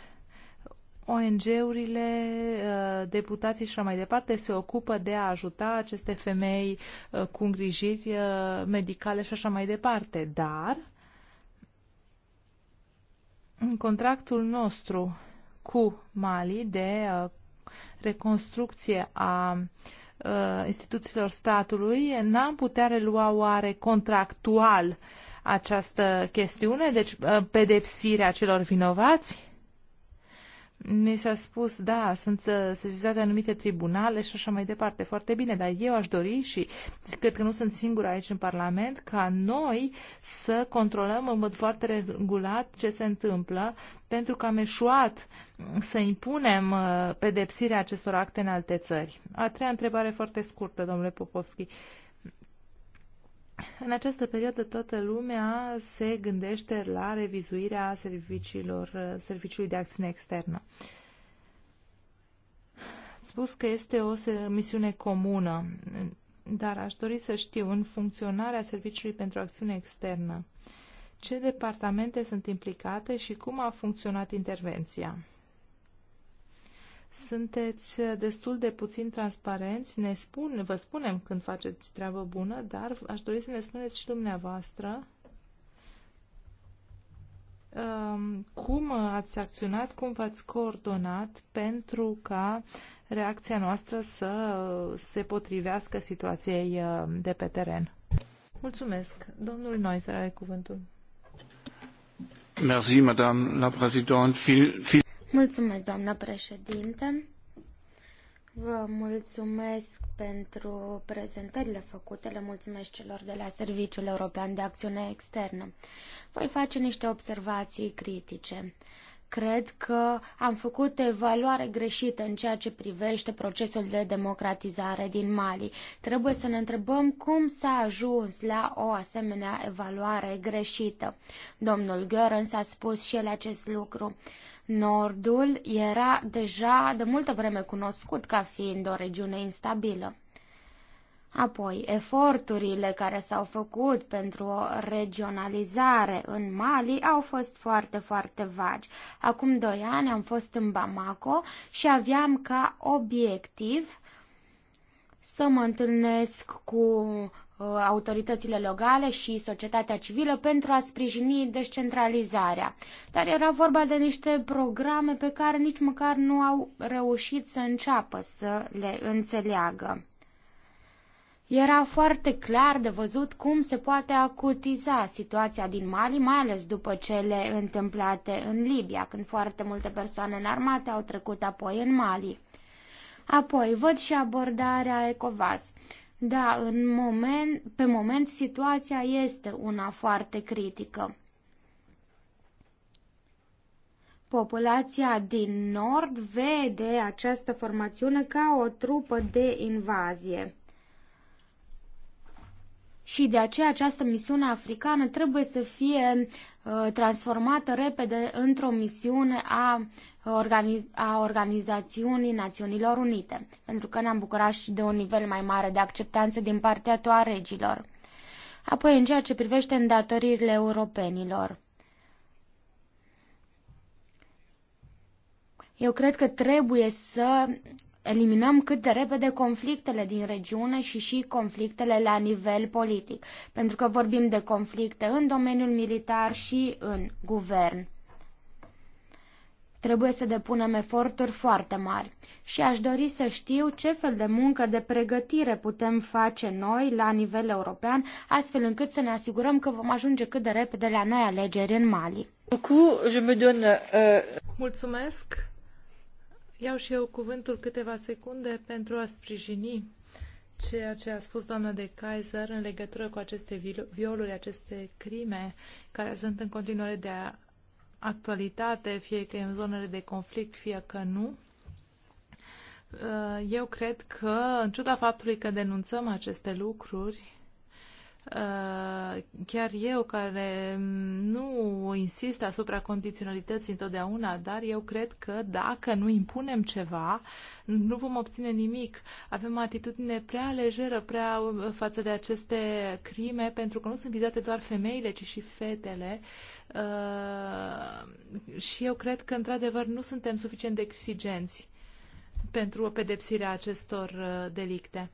ONG-urile, uh, deputații și așa mai departe se ocupă de a ajuta aceste femei uh, cu îngrijiri medicale și așa mai departe. Dar în contractul nostru cu Mali de reconstrucție a instituțiilor statului, n-am putea relua oare contractual uh, această chestiune, deci uh, pedepsirea celor vinovați? Mi s-a spus, da, sunt uh, sesizate anumite tribunale și așa mai departe. Foarte bine, dar eu aș dori și cred că nu sunt singură aici în Parlament ca noi să controlăm în mod foarte regulat ce se întâmplă pentru că am eșuat să impunem uh, pedepsirea acestor acte în alte țări. A treia întrebare foarte scurtă, domnule Popovski. Uh, în această perioadă toată lumea se gândește la revizuirea serviciilor, serviciului de acțiune externă. Ați spus că este o misiune comună, dar aș dori să știu, în funcționarea Serviciului pentru Acțiune Externă, ce departamente sunt implicate și cum a funcționat intervenția? sunteți destul de puțin transparenți, ne spun, vă spunem când faceți treabă bună, dar aș dori să ne spuneți și dumneavoastră um, cum ați acționat, cum v-ați coordonat pentru ca reacția noastră să se potrivească situației uh, de pe teren. Mulțumesc. Domnul Noiser are cuvântul. Merci, Madame la Présidente. Mulțumesc, doamna președinte. Vă mulțumesc pentru prezentările făcute, le mulțumesc celor de la Serviciul European de Acțiune Externă. Voi face niște observații critice. Cred că am făcut o evaluare greșită în ceea ce privește procesul de democratizare din Mali. Trebuie să ne întrebăm cum s-a ajuns la o asemenea evaluare greșită. Domnul Görens a spus și el acest lucru. Uh, Nordul era deja de multă vreme cunoscut ca fiind o regiune instabilă. Apoi, eforturile care s-au făcut pentru o regionalizare în Mali au fost foarte, foarte vagi. Acum doi ani am fost în Bamako și aveam ca obiectiv să mă întâlnesc cu Uh, autoritățile locale și societatea civilă pentru a sprijini descentralizarea. Dar era vorba de niște programe pe care nici măcar nu au reușit să înceapă să le înțeleagă. Era foarte clar de văzut cum se poate acutiza situația din Mali, mai ales după cele întâmplate în Libia, când foarte multe persoane înarmate au trecut apoi în Mali. Apoi, văd și abordarea ECOVAS. Da, în moment, pe moment situația este una foarte critică. Populația din nord vede această formațiune ca o trupă de invazie. Și de aceea această misiune africană trebuie să fie uh, transformată repede într-o misiune a organiz- a Organizațiunii Națiunilor Unite, pentru că ne-am bucurat și de un nivel mai mare de acceptanță din partea toaregilor. Apoi, în ceea ce privește îndatoririle europenilor. Eu cred că trebuie să eliminăm cât de repede conflictele din regiune și și conflictele la nivel politic, pentru că vorbim de conflicte în domeniul militar și în guvern. Trebuie să depunem eforturi foarte mari și aș dori să știu ce fel de muncă de pregătire putem face noi la nivel european, astfel încât să ne asigurăm că vom ajunge cât de repede la noi alegeri în Mali. Mulțumesc! Iau și eu cuvântul câteva secunde pentru a sprijini ceea ce a spus doamna de Kaiser în legătură cu aceste violuri, aceste crime care sunt în continuare de actualitate, fie că e în zonele de conflict, fie că nu. Uh, eu cred că, în ciuda faptului că denunțăm aceste lucruri, uh, chiar eu care nu insist asupra condiționalității întotdeauna, dar eu cred că dacă nu impunem ceva, nu vom obține nimic. Avem o atitudine prea lejeră prea uh, față de aceste crime, pentru că nu sunt vizate doar femeile, ci și fetele Uh, și eu cred că, într-adevăr, nu suntem suficient de exigenți pentru pedepsirea acestor uh, delicte.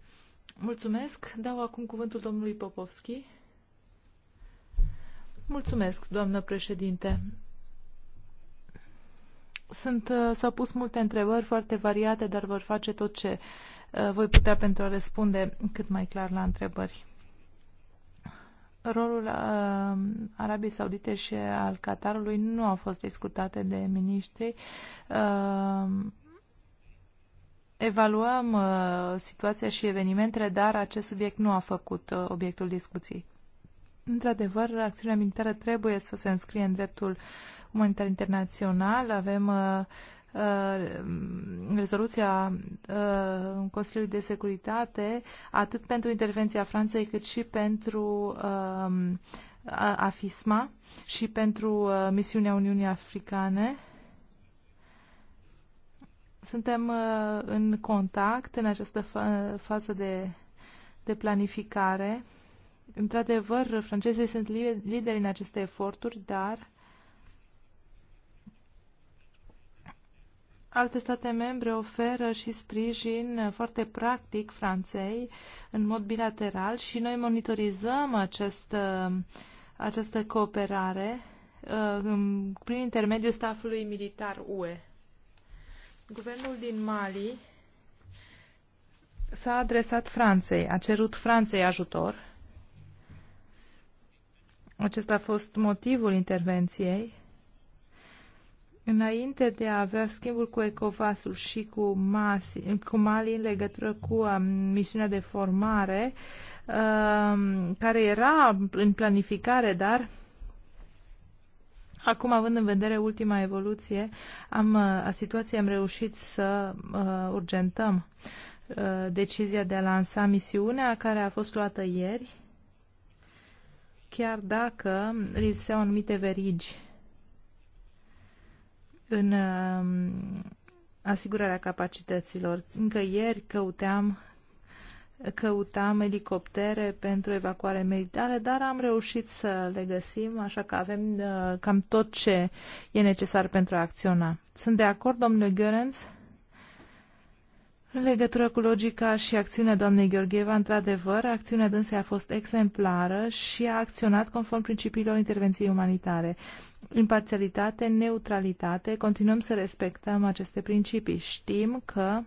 Mulțumesc. Dau acum cuvântul domnului Popovski. Mulțumesc, doamnă președinte. Sunt, uh, s-au pus multe întrebări foarte variate, dar vor face tot ce voi putea pentru a răspunde cât mai clar la întrebări rolul uh, Arabiei Saudite și al Qatarului nu au fost discutate de miniștri. Uh, evaluăm uh, situația și evenimentele, dar acest subiect nu a făcut uh, obiectul discuției. Într-adevăr, acțiunea militară trebuie să se înscrie în dreptul umanitar internațional. Avem uh, Uh, rezoluția uh, Consiliului de Securitate, atât pentru intervenția Franței, cât și pentru uh, AFISMA și pentru misiunea Uniunii Africane. Suntem în contact în această fa fază de, de planificare. Într-adevăr, francezii sunt lideri în aceste eforturi, dar Alte state membre oferă și sprijin foarte practic Franței în mod bilateral și noi monitorizăm această, uh, această cooperare uh, prin intermediul stafului militar UE. Guvernul din Mali s-a adresat Franței, a cerut Franței ajutor. Acesta a fost motivul intervenției Înainte de a avea schimbul cu Ecovasul și cu, Masi, cu Mali în legătură cu um, misiunea de formare, um, care era în planificare, dar acum, având în vedere ultima evoluție am, uh, a situației, am reușit să uh, urgentăm uh, decizia de a lansa misiunea care a fost luată ieri, chiar dacă lipseau anumite verigi în um, asigurarea capacităților. Încă ieri căuteam căutam elicoptere pentru evacuare militare, dar am reușit să le găsim, așa că avem uh, cam tot ce e necesar pentru a acționa. Sunt de acord, domnule Görens, în legătură cu logica și acțiunea doamnei Gheorgheva, într-adevăr, acțiunea dânsei a fost exemplară și a acționat conform principiilor intervenției umanitare. Imparțialitate, neutralitate, continuăm să respectăm aceste principii. Știm că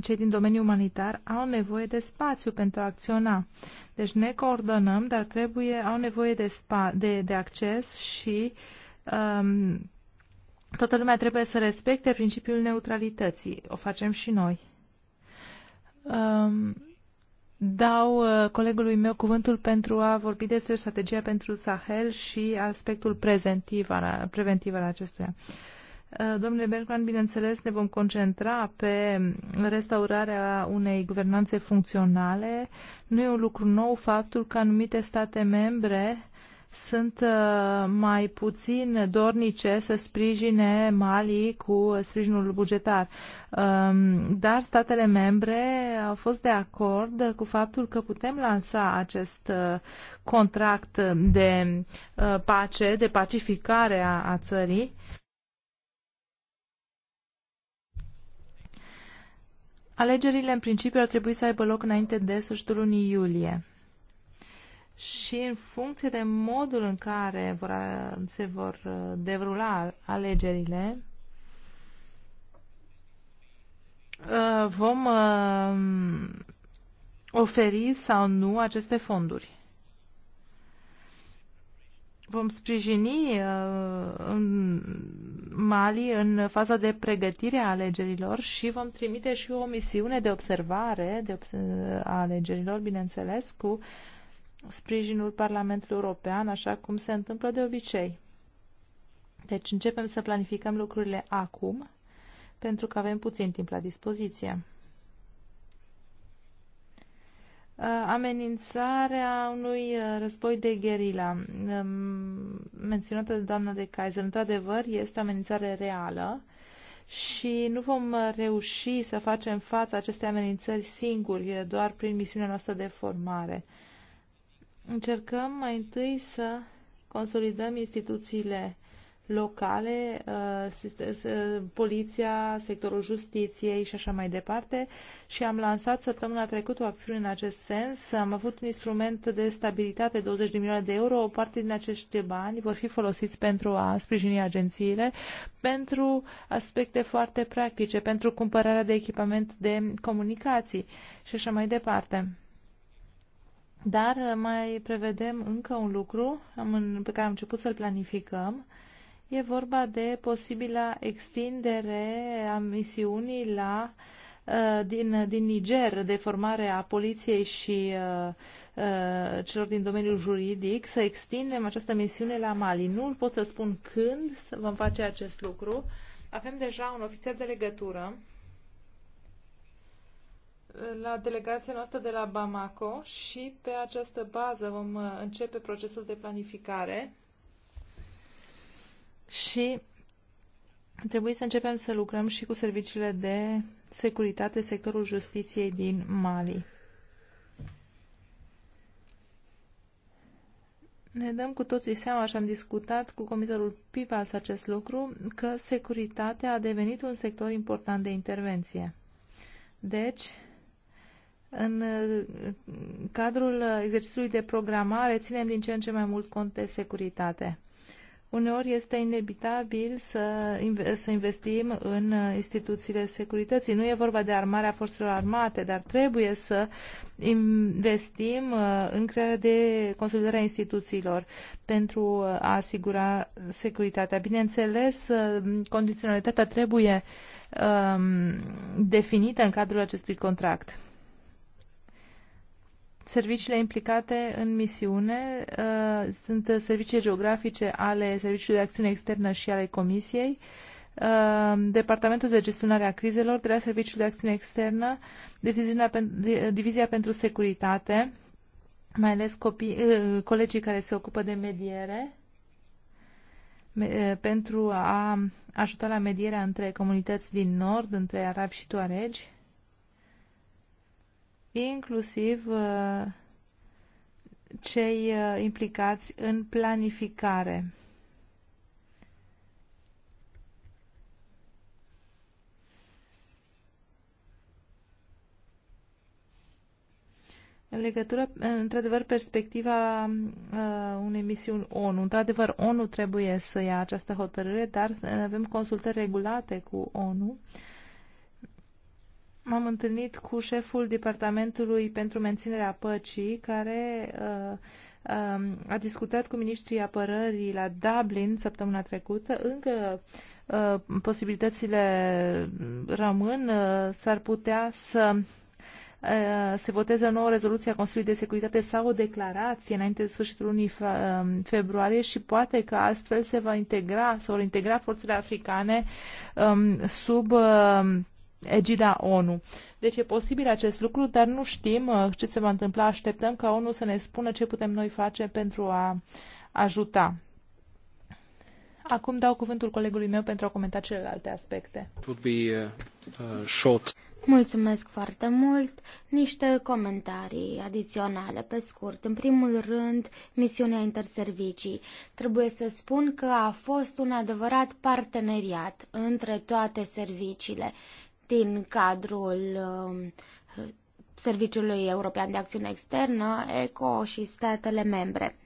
cei din domeniul umanitar au nevoie de spațiu pentru a acționa. Deci ne coordonăm, dar trebuie, au nevoie de, spa, de, de acces și um, Toată lumea trebuie să respecte principiul neutralității. O facem și noi. Um, dau uh, colegului meu cuvântul pentru a vorbi despre strategia pentru Sahel și aspectul preventiv al, preventiv al acestuia. Uh, domnule Bergman, bineînțeles, ne vom concentra pe restaurarea unei guvernanțe funcționale. Nu e un lucru nou faptul că anumite state membre sunt uh, mai puțin dornice să sprijine Mali cu sprijinul bugetar. Um, dar statele membre au fost de acord cu faptul că putem lansa acest uh, contract de uh, pace, de pacificare a, a țării. Alegerile în principiu ar trebui să aibă loc înainte de sfârșitul lunii iulie și în funcție de modul în care vor, se vor uh, derula alegerile, uh, vom uh, oferi sau nu aceste fonduri. Vom sprijini în Mali în faza de pregătire a alegerilor și vom trimite și o misiune de observare de obs- a alegerilor, bineînțeles, cu uh, sprijinul Parlamentului European, așa cum se întâmplă de obicei. Deci începem să planificăm lucrurile acum, pentru că avem puțin timp la dispoziție. Amenințarea unui război de gherila, menționată de doamna de Kaiser, într-adevăr este o amenințare reală și nu vom reuși să facem față acestei amenințări singuri, doar prin misiunea noastră de formare. Încercăm mai întâi să consolidăm instituțiile locale, uh, uh, poliția, sectorul justiției și așa mai departe și am lansat săptămâna trecută o acțiune în acest sens. Am avut un instrument de stabilitate, 20 de milioane de euro. O parte din acești bani vor fi folosiți pentru a sprijini agențiile, pentru aspecte foarte practice, pentru cumpărarea de echipament de comunicații și așa mai departe. Dar uh, mai prevedem încă un lucru pe care am început să-l planificăm. E vorba de posibila extindere a misiunii la, uh, din, din Niger de formare a poliției și uh, celor din domeniul juridic, să extindem această misiune la Mali. Nu pot să spun când să vom face acest lucru. Avem deja un ofițer de legătură la delegația noastră de la Bamako și pe această bază vom uh, începe procesul de planificare și trebuie să începem să lucrăm și cu serviciile de securitate, sectorul justiției din Mali. Ne dăm cu toții seama și am discutat cu comisarul Pivas acest lucru, că securitatea a devenit un sector important de intervenție. Deci, în cadrul exercițiului de programare ținem din ce în ce mai mult cont de securitate. Uneori este inevitabil să, să investim în instituțiile securității. Nu e vorba de armarea forțelor armate, dar trebuie să investim uh, în crearea de consolidarea instituțiilor pentru a asigura securitatea. Bineînțeles, uh, condiționalitatea trebuie um, definită în cadrul acestui contract. Serviciile implicate în misiune uh, sunt servicii geografice ale Serviciului de Acțiune Externă și ale Comisiei, uh, Departamentul de Gestionare a Crizelor de la Serviciul de Acțiune Externă, pen, Divizia pentru Securitate, mai ales copii, uh, colegii care se ocupă de mediere me, uh, pentru a ajuta la medierea între comunități din Nord, între arabi și tuaregi, inclusiv uh, cei uh, implicați în planificare. În legătură, într-adevăr, perspectiva uh, unei misiuni ONU. Într-adevăr, ONU trebuie să ia această hotărâre, dar avem consultări regulate cu ONU m-am întâlnit cu șeful Departamentului pentru Menținerea Păcii, care uh, uh, a discutat cu ministrii apărării la Dublin săptămâna trecută. Încă uh, posibilitățile rămân, uh, s-ar putea să uh, se voteze o nouă rezoluție a Consiliului de Securitate sau o declarație înainte de sfârșitul lunii um, februarie și poate că astfel se va integra, se vor integra forțele africane um, sub egida ONU. Deci e posibil acest lucru, dar nu știm uh, ce se va întâmpla. Așteptăm ca ONU să ne spună ce putem noi face pentru a ajuta. Acum dau cuvântul colegului meu pentru a comenta celelalte aspecte. Uh, uh, Mulțumesc foarte mult. Niște comentarii adiționale, pe scurt. În primul rând, misiunea interservicii. Trebuie să spun că a fost un adevărat parteneriat între toate serviciile din cadrul um, Serviciului European de Acțiune Externă, ECO și statele membre.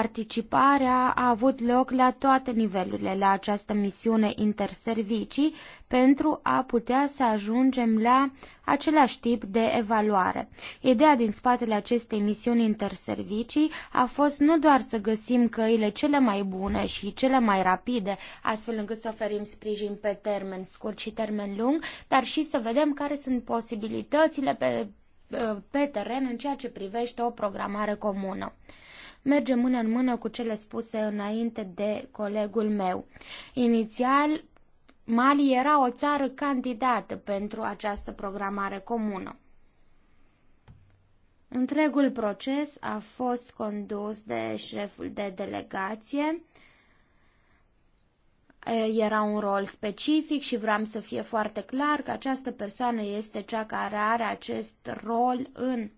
Participarea a avut loc la toate nivelurile la această misiune interservicii pentru a putea să ajungem la același tip de evaluare. Ideea din spatele acestei misiuni interservicii a fost nu doar să găsim căile cele mai bune și cele mai rapide, astfel încât să oferim sprijin pe termen scurt și termen lung, dar și să vedem care sunt posibilitățile pe, pe teren în ceea ce privește o programare comună merge mână în mână cu cele spuse înainte de colegul meu. Inițial, Mali era o țară candidată pentru această programare comună. Întregul proces a fost condus de șeful de delegație. Era un rol specific și vreau să fie foarte clar că această persoană este cea care are acest rol în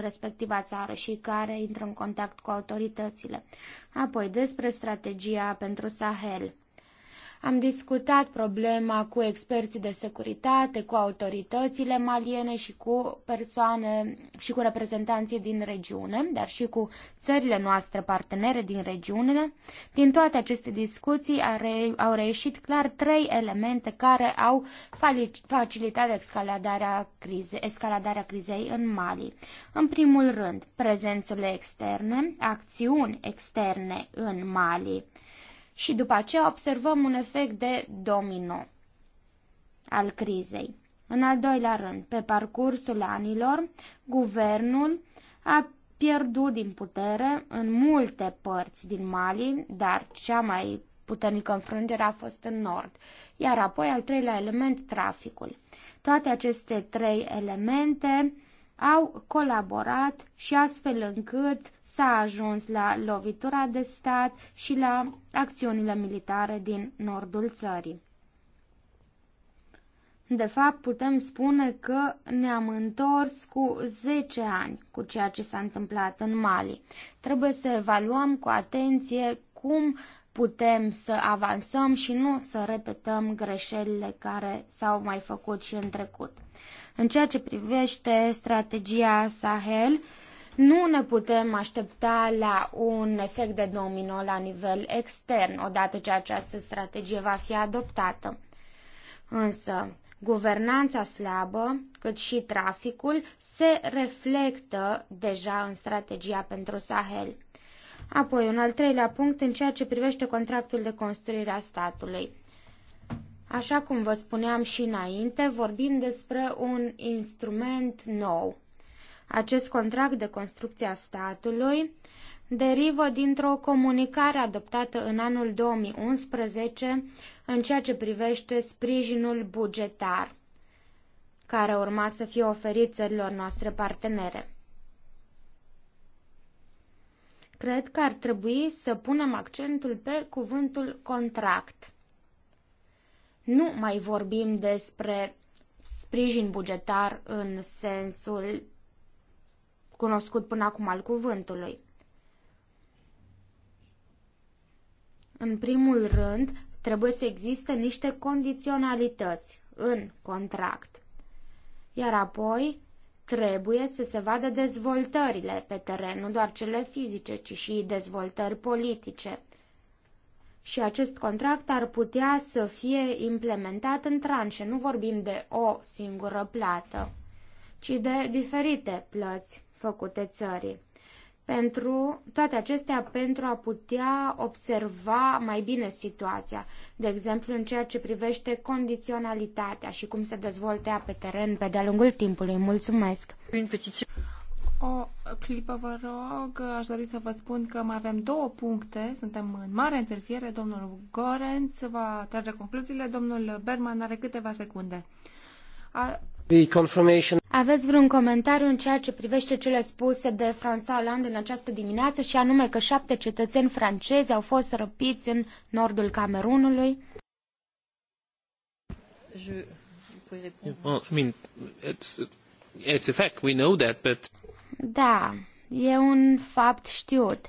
respectiva țară și care intră în contact cu autoritățile. Apoi, despre strategia pentru Sahel. Am discutat problema cu experții de securitate, cu autoritățile maliene și cu persoane și cu reprezentanții din regiune, dar și cu țările noastre partenere din regiune. Din toate aceste discuții au reieșit clar trei elemente care au facilitat escaladarea, crize, escaladarea crizei în Mali. În primul rând, prezențele externe, acțiuni externe în Mali și după aceea observăm un efect de domino al crizei. În al doilea rând, pe parcursul anilor, guvernul a pierdut din putere în multe părți din Mali, dar cea mai puternică înfrângere a fost în nord. Iar apoi, al treilea element, traficul. Toate aceste trei elemente au colaborat și astfel încât s-a ajuns la lovitura de stat și la acțiunile militare din nordul țării. De fapt, putem spune că ne-am întors cu 10 ani cu ceea ce s-a întâmplat în Mali. Trebuie să evaluăm cu atenție cum putem să avansăm și nu să repetăm greșelile care s-au mai făcut și în trecut. În ceea ce privește strategia Sahel, nu ne putem aștepta la un efect de domino la nivel extern, odată ce această strategie va fi adoptată. Însă, guvernanța slabă, cât și traficul, se reflectă deja în strategia pentru Sahel. Apoi, un al treilea punct în ceea ce privește contractul de construire a statului. Așa cum vă spuneam și înainte, vorbim despre un instrument nou. Acest contract de construcție a statului derivă dintr-o comunicare adoptată în anul 2011 în ceea ce privește sprijinul bugetar, care urma să fie oferit țărilor noastre partenere. Cred că ar trebui să punem accentul pe cuvântul contract nu mai vorbim despre sprijin bugetar în sensul cunoscut până acum al cuvântului. În primul rând, trebuie să existe niște condiționalități în contract. Iar apoi, trebuie să se vadă dezvoltările pe teren, nu doar cele fizice, ci și dezvoltări politice și acest contract ar putea să fie implementat în tranșe. Nu vorbim de o singură plată, ci de diferite plăți făcute țării. Pentru toate acestea, pentru a putea observa mai bine situația, de exemplu în ceea ce privește condiționalitatea și cum se dezvoltă pe teren pe de-a lungul timpului. Mulțumesc! O clipă, vă rog. Aș dori să vă spun că mai avem două puncte. Suntem în mare întârziere. Domnul Gorenț va trage concluziile. Domnul Berman are câteva secunde. A... Aveți vreun comentariu în ceea ce privește cele spuse de François Hollande în această dimineață și anume că șapte cetățeni francezi au fost răpiți în nordul Camerunului? Je... Well, I mean, it's, it's a fact. We know that, but... Da, e un fapt știut.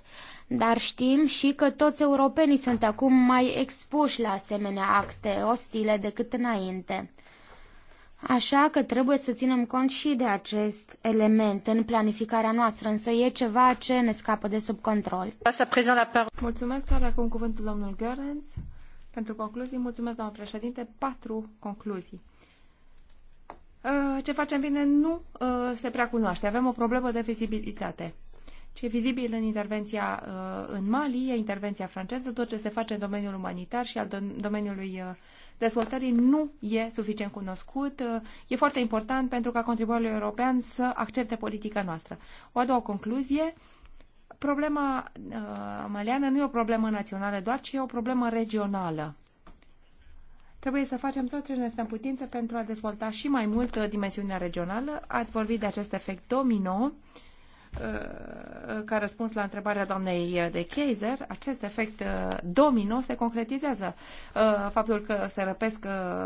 Dar știm și că toți europenii sunt acum mai expuși la asemenea acte ostile decât înainte. Așa că trebuie să ținem cont și de acest element în planificarea noastră, însă e ceva ce ne scapă de sub control. Mulțumesc, dar acum cuvântul domnul Görens. Pentru concluzii, mulțumesc, doamnă președinte, patru concluzii. Eh, ce facem bine nu eh, se prea cunoaște. Avem o problemă de vizibilitate. Ce e vizibil în intervenția eh, în Mali e intervenția franceză, tot ce se face în domeniul umanitar și al domeniului dezvoltării nu e suficient cunoscut. E foarte important pentru ca contribuabilul european să accepte politica noastră. O a doua concluzie, problema maliană nu e o problemă națională doar, ci e o problemă regională Trebuie să facem tot ce ne stă în putință pentru a dezvolta și mai mult uh, dimensiunea regională. Ați vorbit de acest efect domino uh, uh, ca răspuns la întrebarea doamnei de Kaiser, acest efect domino se concretizează. Faptul că se răpesc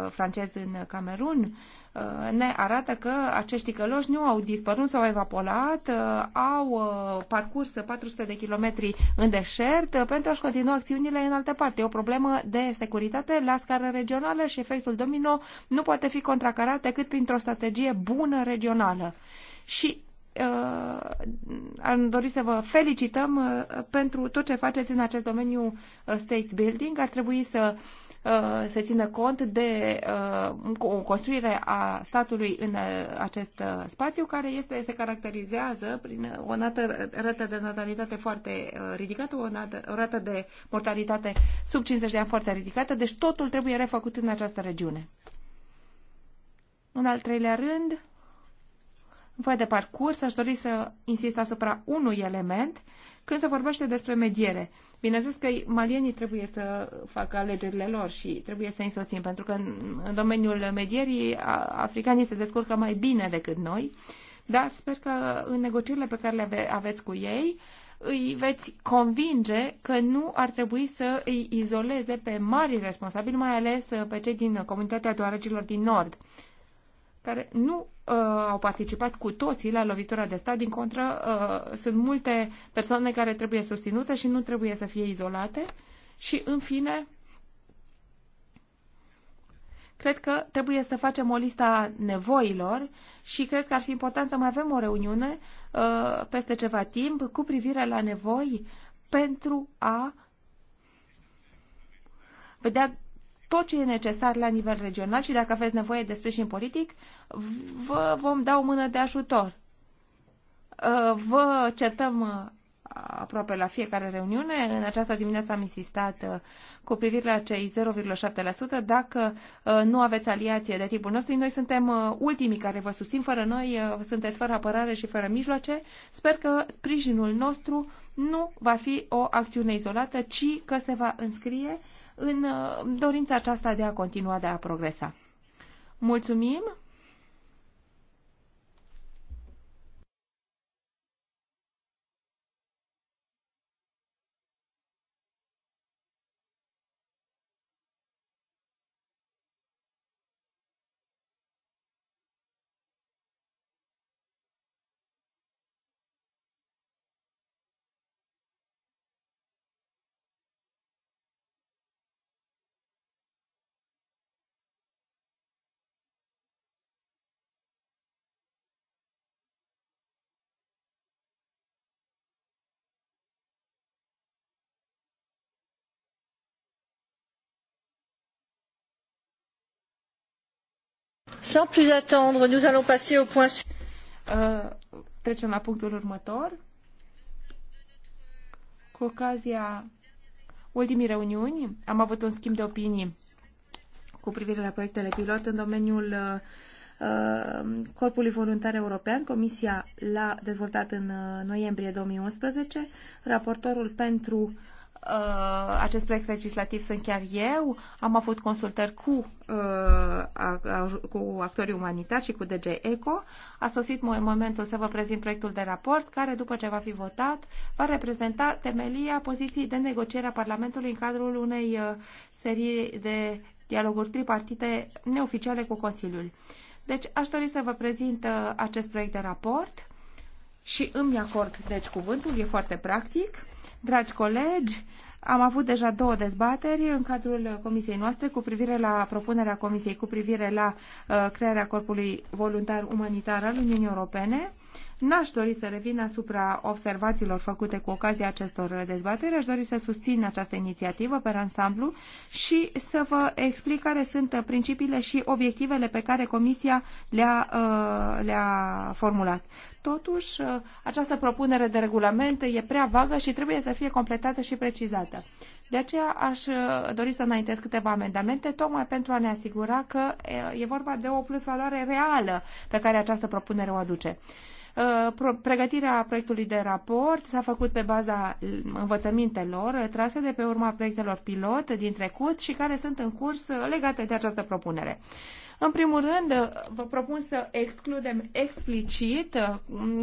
francezi în Camerun, Uh, ne arată că acești căloși nu au dispărut sau evaporat, uh, au uh, parcurs 400 de kilometri în deșert pentru a-și continua acțiunile în alte parte. E o problemă de securitate la scară regională și efectul domino nu poate fi contracarat decât printr-o strategie bună regională. Și am dorit să vă felicităm pentru tot ce faceți în acest domeniu state building. Ar trebui să uh, Uh, se țină cont de uh, o construire a statului în uh, acest spațiu care este, se caracterizează prin o nată, rată de natalitate foarte ridicată, o, nată, o rată de mortalitate sub 50 de ani foarte ridicată, deci totul trebuie refăcut în această regiune. În al treilea rând, în de parcurs, aș dori să insist asupra unui element când se vorbește despre mediere, bineînțeles că malienii trebuie să facă alegerile lor și trebuie să însoțim, pentru că în domeniul medierii africanii se descurcă mai bine decât noi, dar sper că în negocierile pe care le aveți cu ei, îi veți convinge că nu ar trebui să îi izoleze pe mari responsabili, mai ales pe cei din comunitatea doarecilor din Nord, care nu uh, au participat cu toții la lovitura de stat. Din contră, uh, sunt multe persoane care trebuie susținute și nu trebuie să fie izolate. Și, în fine, cred că trebuie să facem o listă a nevoilor și cred că ar fi important să mai avem o reuniune uh, peste ceva timp cu privire la nevoi pentru a vedea tot ce e necesar la nivel regional și dacă aveți nevoie de sprijin politic, vă vom da o mână de ajutor. Uh, vă certăm uh, aproape la fiecare reuniune. În această dimineață am insistat uh, cu privire la cei 0,7%. Dacă nu aveți aliație de tipul nostru, noi suntem ultimii care vă susțin. Fără noi sunteți fără apărare și fără mijloace. Sper că sprijinul nostru nu va fi o acțiune izolată, ci că se va înscrie în uh, dorința aceasta de a continua, de a progresa. Mulțumim! Sans plus attendre, nous allons passer au point uh, Trecem la punctul următor. Cu ocazia ultimii reuniuni am avut un schimb de opinii cu privire la proiectele pilot în domeniul uh, uh, Corpului Voluntar European. Comisia l-a dezvoltat în noiembrie 2011. Raportorul pentru Uh, acest proiect legislativ sunt chiar eu. Am avut consultări cu, uh, a, a, cu actorii umanitari și cu DG ECO. A sosit momentul să vă prezint proiectul de raport, care, după ce va fi votat, va reprezenta temelia poziției de negociere a Parlamentului în cadrul unei uh, serii de dialoguri tripartite neoficiale cu Consiliul. Deci, aș dori să vă prezint uh, acest proiect de raport și îmi acord, deci, cuvântul, e foarte practic. Dragi colegi, am avut deja două dezbateri în cadrul comisiei noastre cu privire la propunerea comisiei cu privire la uh, crearea Corpului Voluntar Umanitar al Uniunii Europene. N-aș dori să revin asupra observațiilor făcute cu ocazia acestor dezbateri. Aș dori să susțin această inițiativă pe ansamblu și să vă explic care sunt principiile și obiectivele pe care Comisia le-a, uh, le formulat. Totuși, uh, această propunere de regulament e prea vagă și trebuie să fie completată și precizată. De aceea aș uh, dori să înaintez câteva amendamente, tocmai pentru a ne asigura că e vorba de o plusvaloare reală pe care această propunere o aduce. Uh, pregătirea proiectului de raport s-a făcut pe baza uh, învățămintelor trase de pe urma proiectelor pilot din trecut și care sunt în curs uh, legate de această propunere. În primul rând, vă propun să excludem explicit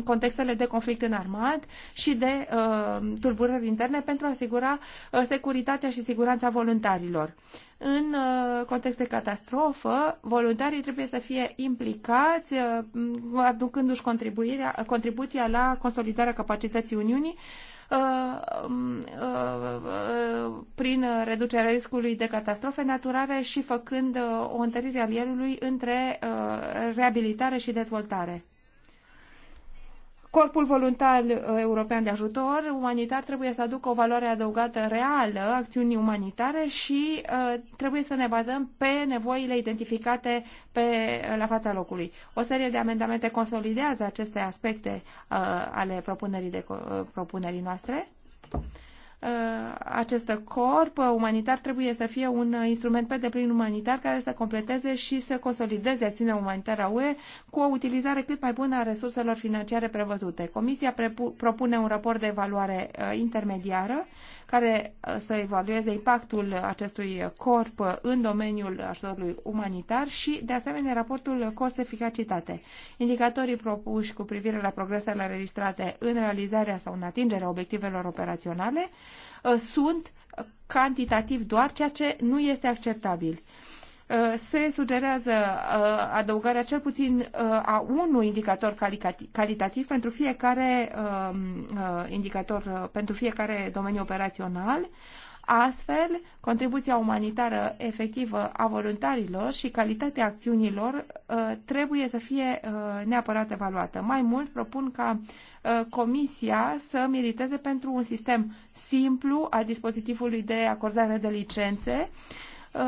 contextele de conflict înarmat și de uh, tulburări interne pentru a asigura securitatea și siguranța voluntarilor. În uh, context de catastrofă, voluntarii trebuie să fie implicați, uh, aducându-și contribuția la consolidarea capacității Uniunii uh, um, prin reducerea riscului de catastrofe naturale și făcând o întărire a între reabilitare și dezvoltare. Corpul voluntar european de ajutor umanitar trebuie să aducă o valoare adăugată reală acțiunii umanitare și uh, trebuie să ne bazăm pe nevoile identificate pe, uh, la fața locului. O serie de amendamente consolidează aceste aspecte uh, ale propunerii, de, uh, propunerii noastre. Uh, acest corp umanitar trebuie să fie un uh, instrument pe deplin umanitar care să completeze și să consolideze acțiunea umanitară a UE cu o utilizare cât mai bună a resurselor financiare prevăzute. Comisia propune un raport de evaluare uh, intermediară care uh, să evalueze impactul acestui corp în domeniul ajutorului umanitar și, de asemenea, raportul cost-eficacitate. Indicatorii propuși cu privire la progresele înregistrate în realizarea sau în atingerea obiectivelor operaționale uh, sunt cantitativ doar ceea ce nu este acceptabil. Uh, se sugerează uh, adăugarea cel puțin uh, a unui indicator calitativ pentru fiecare um, indicator, pentru fiecare domeniu operațional. Astfel, contribuția umanitară efectivă a voluntarilor și calitatea acțiunilor trebuie să fie neapărat evaluată. Mai mult, propun ca Comisia să militeze pentru un sistem simplu al dispozitivului de acordare de licențe, Uh,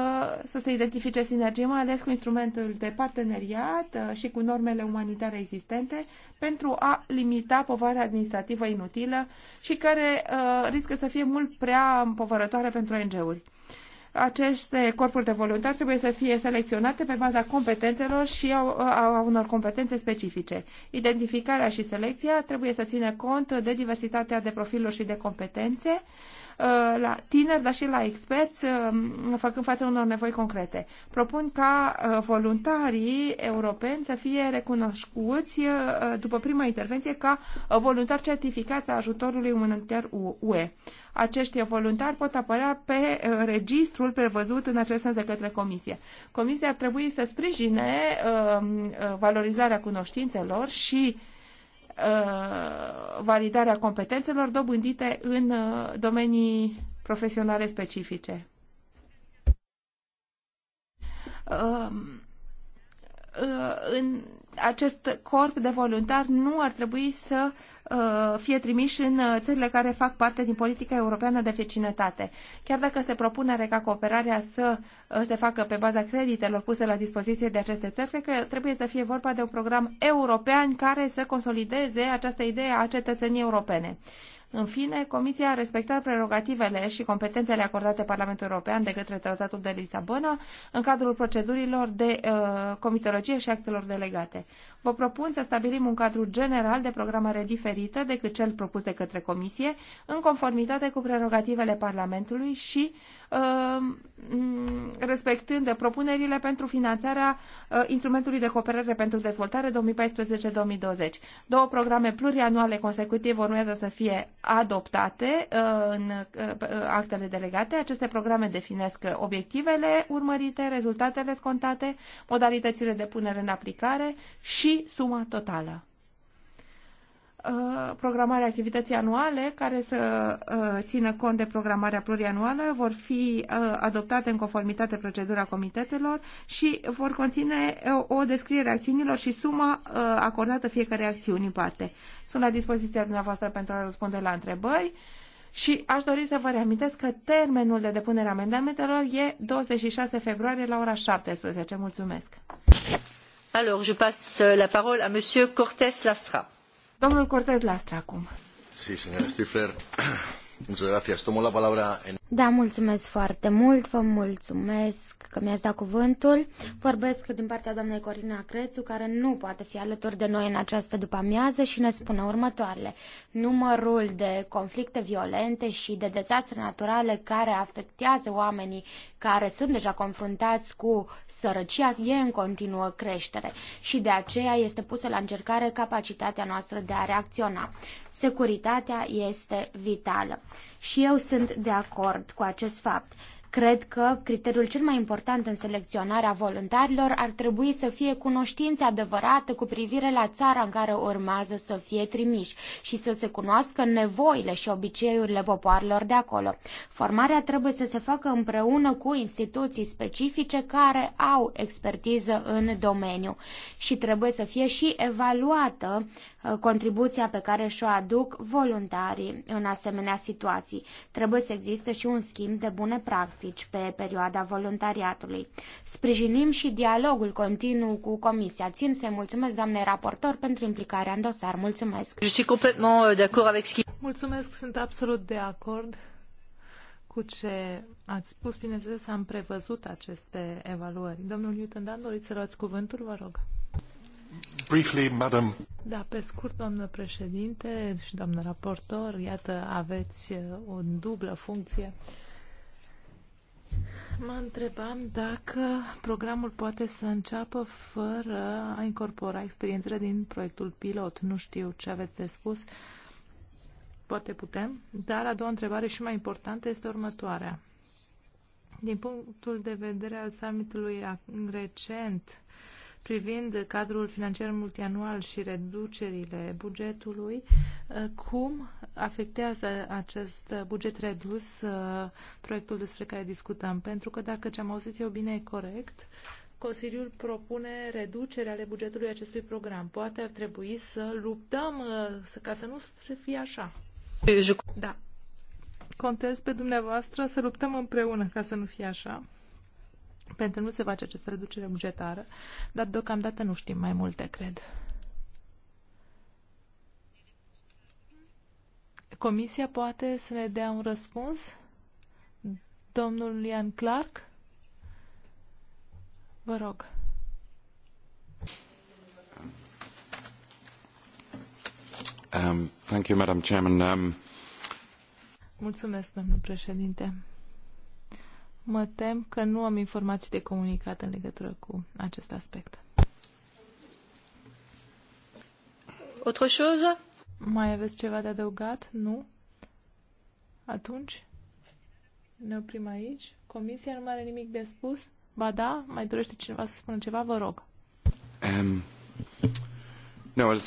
să se identifice sinergii, mai ales cu instrumentul de parteneriat uh, și cu normele umanitare existente, pentru a limita povara administrativă inutilă și care uh, riscă să fie mult prea împovărătoare pentru ONG-uri aceste corpuri de voluntari trebuie să fie selecționate pe baza competențelor și a, a unor competențe specifice. Identificarea și selecția trebuie să țină cont de diversitatea de profiluri și de competențe Uh, la tineri, dar și la experți, uh, făcând față unor nevoi concrete. Propun ca uh, voluntarii europeni să fie recunoscuți după prima intervenție ca voluntari certificați a ajutorului umanitar UE. Acești voluntari pot apărea pe registrul prevăzut în acest sens de către Comisie. Comisia ar trebui să sprijine valorizarea cunoștințelor și Uh, validarea competențelor dobândite în uh, domenii profesionale specifice. Um, uh, în acest corp de voluntari nu ar trebui să Uh, fie trimiși în uh, țările care fac parte din politica europeană de vecinătate. Chiar dacă se propune ca cooperarea să uh, se facă pe baza creditelor puse la dispoziție de aceste țări, cred că trebuie să fie vorba de un program european care să consolideze această idee a cetățenii europene. În fine, Comisia a respectat prerogativele și competențele acordate Parlamentului European de către Tratatul de Lisabona în cadrul procedurilor de uh, comitologie și actelor delegate vă propun să stabilim un cadru general de programare diferită decât cel propus de către Comisie, în conformitate cu prerogativele Parlamentului și uh, respectând propunerile pentru finanțarea uh, instrumentului de cooperare pentru dezvoltare 2014-2020. Două programe plurianuale consecutive urmează să fie adoptate uh, în uh, actele delegate. Aceste programe definesc obiectivele urmărite, rezultatele scontate, modalitățile de punere în aplicare și suma totală uh, programarea activității anuale care să uh, țină cont de programarea plurianuală vor fi uh, adoptate în conformitate procedura comitetelor și vor conține o descriere a acțiunilor și suma acordată fiecare acțiuni în parte. Sunt la dispoziția dumneavoastră pentru a răspunde la întrebări. Și aș dori să vă reamintesc că termenul de depunere a amendamentelor e 26 februarie la ora 17. Mulțumesc! Alors, je passe euh, la parole à Monsieur Cortés Lastra. Domnul Cortés Lastra acum. Sí, señora Stifler. Da, mulțumesc foarte mult, vă mulțumesc că mi-ați dat cuvântul. Vorbesc din partea doamnei Corina Crețu, care nu poate fi alături de noi în această după-amiază și ne spune următoarele. Numărul de conflicte violente și de dezastre naturale care afectează oamenii care sunt deja confruntați cu sărăcia e în continuă creștere și de aceea este pusă la încercare capacitatea noastră de a reacționa. Securitatea este vitală. Și eu sunt de acord cu acest fapt. Cred că criteriul cel mai important în selecționarea voluntarilor ar trebui să fie cunoștința adevărată cu privire la țara în care urmează să fie trimiși și să se cunoască nevoile și obiceiurile popoarelor de acolo. Formarea trebuie să se facă împreună cu instituții specifice care au expertiză în domeniu și trebuie să fie și evaluată contribuția pe care și-o aduc voluntarii în asemenea situații. Trebuie să existe și un schimb de bune practici pe perioada voluntariatului. Sprijinim și dialogul continuu cu Comisia. Țin să-i mulțumesc, doamne raportor, pentru implicarea în dosar. Mulțumesc! Euh, mulțumesc, sunt absolut de acord cu ce ați spus. Bineînțeles, am prevăzut aceste evaluări. Domnul Newton Dan, doriți să luați cuvântul, vă rog briefly, madam. Da, pe scurt, doamnă președinte și doamnă raportor, iată, aveți uh, o dublă funcție. Mă întrebam dacă programul poate să înceapă fără a incorpora experiențele din proiectul pilot. Nu știu ce aveți de spus. Poate putem. Dar a doua întrebare și mai importantă este următoarea. Din punctul de vedere al summitului recent, privind cadrul financiar multianual și reducerile bugetului, uh, cum afectează acest buget redus uh, proiectul despre care discutăm? Pentru că dacă ce am auzit eu bine e corect, Consiliul propune reducerea ale bugetului acestui program. Poate ar trebui să luptăm uh, să, ca să nu se fie așa. Da. Contez pe dumneavoastră să luptăm împreună ca să nu fie așa pentru nu se face această reducere bugetară, dar deocamdată nu știm mai multe, cred. Comisia poate să ne dea un răspuns? Domnul Ian Clark? Vă rog. Um, thank you, Madam Chairman. Um... Mulțumesc, domnul președinte. Mă tem că nu am informații de comunicat în legătură cu acest aspect. Autre chose? Mai aveți ceva de adăugat? Nu? Atunci? Ne oprim aici? Comisia nu mai are nimic de spus? Ba da? Mai dorește cineva să spună ceva? Vă rog. Um, no, well,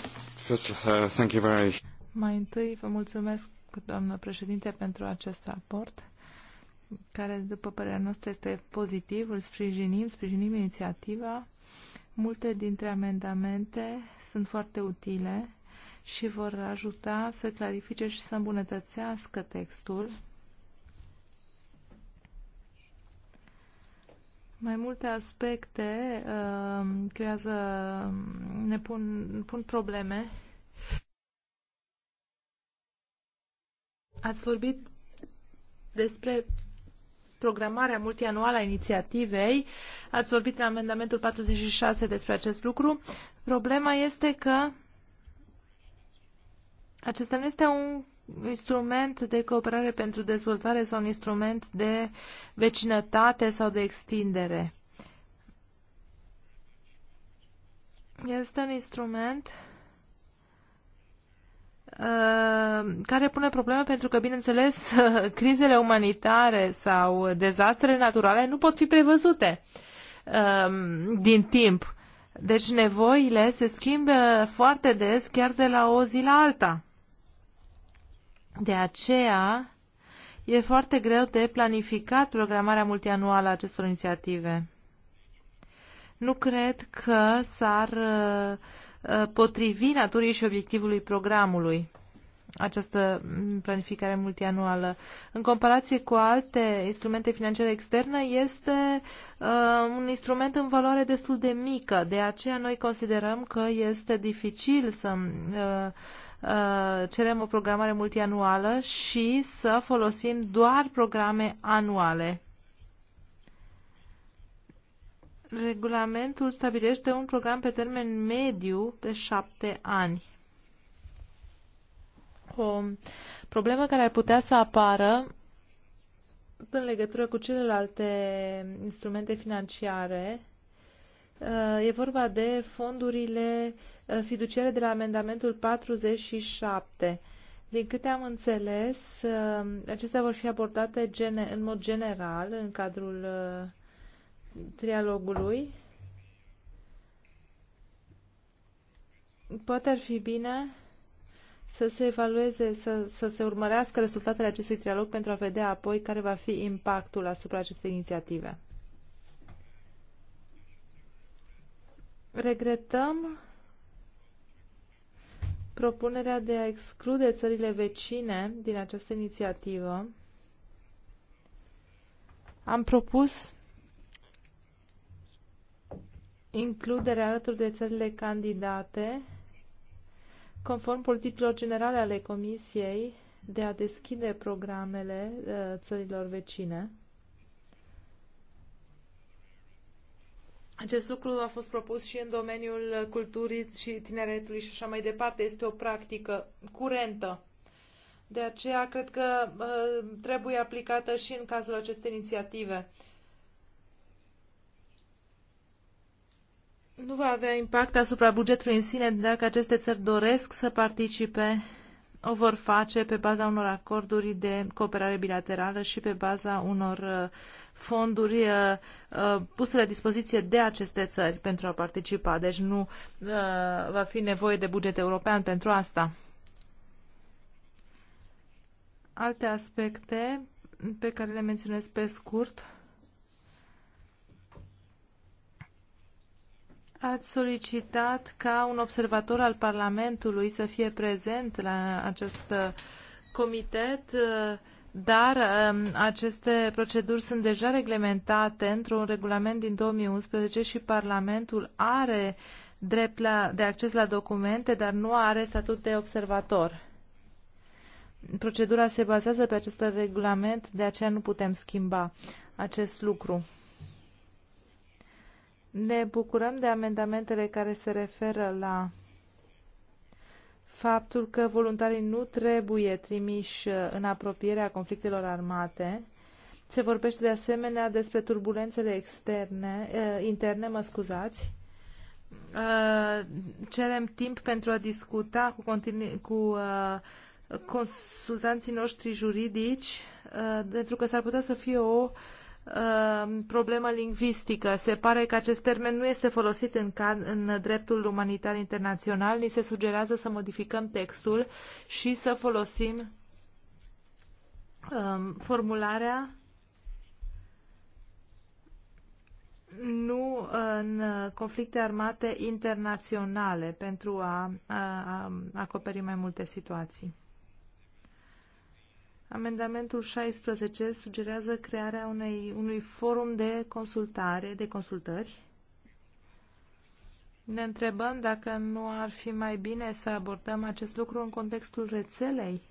first, uh, thank you very... Mai întâi vă mulțumesc, doamnă președinte, pentru acest raport care, după părerea noastră, este pozitiv, îl sprijinim, sprijinim inițiativa. Multe dintre amendamente sunt foarte utile și vor ajuta să clarifice și să îmbunătățească textul. Mai multe aspecte uh, creează, ne pun, pun probleme. Ați vorbit despre programarea multianuală a inițiativei. Ați vorbit în amendamentul 46 despre acest lucru. Problema este că acesta nu este un instrument de cooperare pentru dezvoltare sau un instrument de vecinătate sau de extindere. Este un instrument Uh, care pune probleme pentru că, bineînțeles, (laughs) crizele umanitare sau dezastrele naturale nu pot fi prevăzute um, din timp. Deci nevoile se schimbă foarte des, chiar de la o zi la alta. De aceea e foarte greu de planificat programarea multianuală a acestor inițiative. Nu cred că s-ar uh, Uh, potrivi naturii și obiectivului programului această planificare multianuală. În comparație cu alte instrumente financiare externe, este uh, un instrument în valoare destul de mică. De aceea noi considerăm că este dificil să uh, uh, cerem o programare multianuală și să folosim doar programe anuale. Regulamentul stabilește un program pe termen mediu de șapte ani. O problemă care ar putea să apară în legătură cu celelalte instrumente financiare uh, e vorba de fondurile uh, fiduciare de la amendamentul 47. Din câte am înțeles, uh, acestea vor fi abordate gene, în mod general în cadrul trialogului. Poate ar fi bine să se evalueze, să, să se urmărească rezultatele acestui trialog pentru a vedea apoi care va fi impactul asupra acestei inițiative. Regretăm propunerea de a exclude țările vecine din această inițiativă. Am propus includerea alături de țările candidate, conform politicilor generale ale Comisiei, de a deschide programele uh, țărilor vecine. Acest lucru a fost propus și în domeniul culturii și tineretului și așa mai departe. Este o practică curentă. De aceea cred că uh, trebuie aplicată și în cazul acestei inițiative. nu va avea impact asupra bugetului în sine dacă aceste țări doresc să participe o vor face pe baza unor acorduri de cooperare bilaterală și pe baza unor uh, fonduri uh, uh, puse la dispoziție de aceste țări pentru a participa. Deci nu va fi nevoie de buget european pentru asta. Alte aspecte pe care le menționez pe scurt Ați solicitat ca un observator al Parlamentului să fie prezent la acest uh, comitet, uh, dar um, aceste proceduri sunt deja reglementate într-un regulament din 2011 și Parlamentul are drept la, de acces la documente, dar nu are statut de observator. Procedura se bazează pe acest regulament, de aceea nu putem schimba acest lucru. Ne bucurăm de amendamentele care se referă la faptul că voluntarii nu trebuie trimiși în apropierea conflictelor armate. Se vorbește de asemenea despre turbulențele externe, eh, interne, mă scuzați. Eh, cerem timp pentru a discuta cu, continu- cu eh, consultanții noștri juridici, pentru că s-ar putea să fie o Um, problemă lingvistică. Se pare că acest termen nu este folosit în, cad, în dreptul umanitar internațional. Ni se sugerează să modificăm textul și să folosim um, formularea nu în conflicte armate internaționale pentru a, a, a acoperi mai multe situații. Amendamentul 16 sugerează crearea unei, unui forum de consultare, de consultări. Ne întrebăm dacă nu ar fi mai bine să abordăm acest lucru în contextul rețelei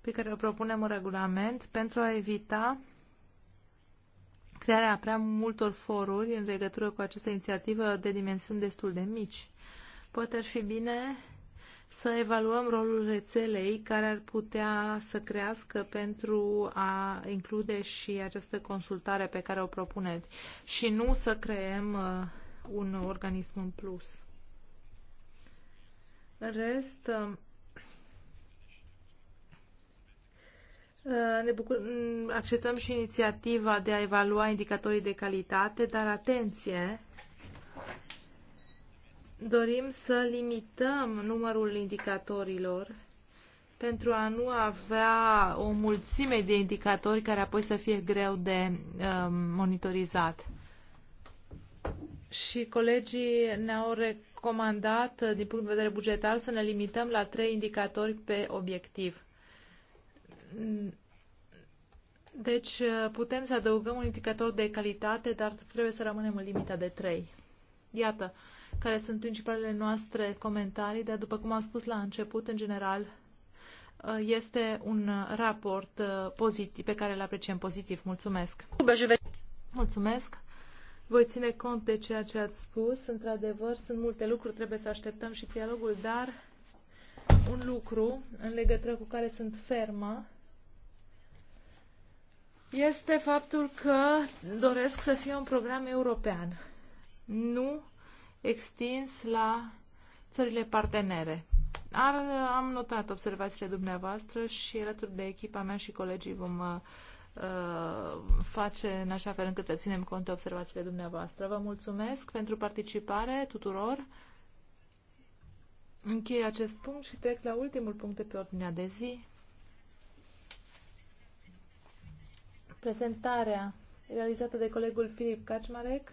pe care o propunem în regulament pentru a evita crearea prea multor foruri în legătură cu această inițiativă de dimensiuni destul de mici. Poate ar fi bine să evaluăm rolul rețelei care ar putea să crească pentru a include și această consultare pe care o propuneți și nu să creăm uh, un organism în plus. În rest, um, uh, ne bucur, mm, acceptăm și inițiativa de a evalua indicatorii de calitate, dar atenție, dorim să limităm numărul indicatorilor pentru a nu avea o mulțime de indicatori care apoi să fie greu de uh, monitorizat. Și colegii ne-au recomandat, din punct de vedere bugetar, să ne limităm la trei indicatori pe obiectiv. Deci putem să adăugăm un indicator de calitate, dar trebuie să rămânem în limita de 3. Iată, uh, care sunt principalele noastre comentarii, dar după cum am spus la început, în general, uh, este un raport uh, pozitiv, pe care îl apreciem pozitiv. Mulțumesc! Mulțumesc! Voi ține cont de ceea ce ați spus. Într-adevăr, sunt multe lucruri, trebuie să așteptăm și dialogul, dar un lucru în legătură cu care sunt fermă este faptul că doresc să fie un program european. Nu extins la țările partenere. Ar, am notat observațiile dumneavoastră și alături de echipa mea și colegii vom uh, face în așa fel încât să ținem cont de observațiile dumneavoastră. Vă mulțumesc pentru participare tuturor. Închei acest punct și trec la ultimul punct de pe ordinea de zi. Prezentarea realizată de colegul Filip Kaczmarek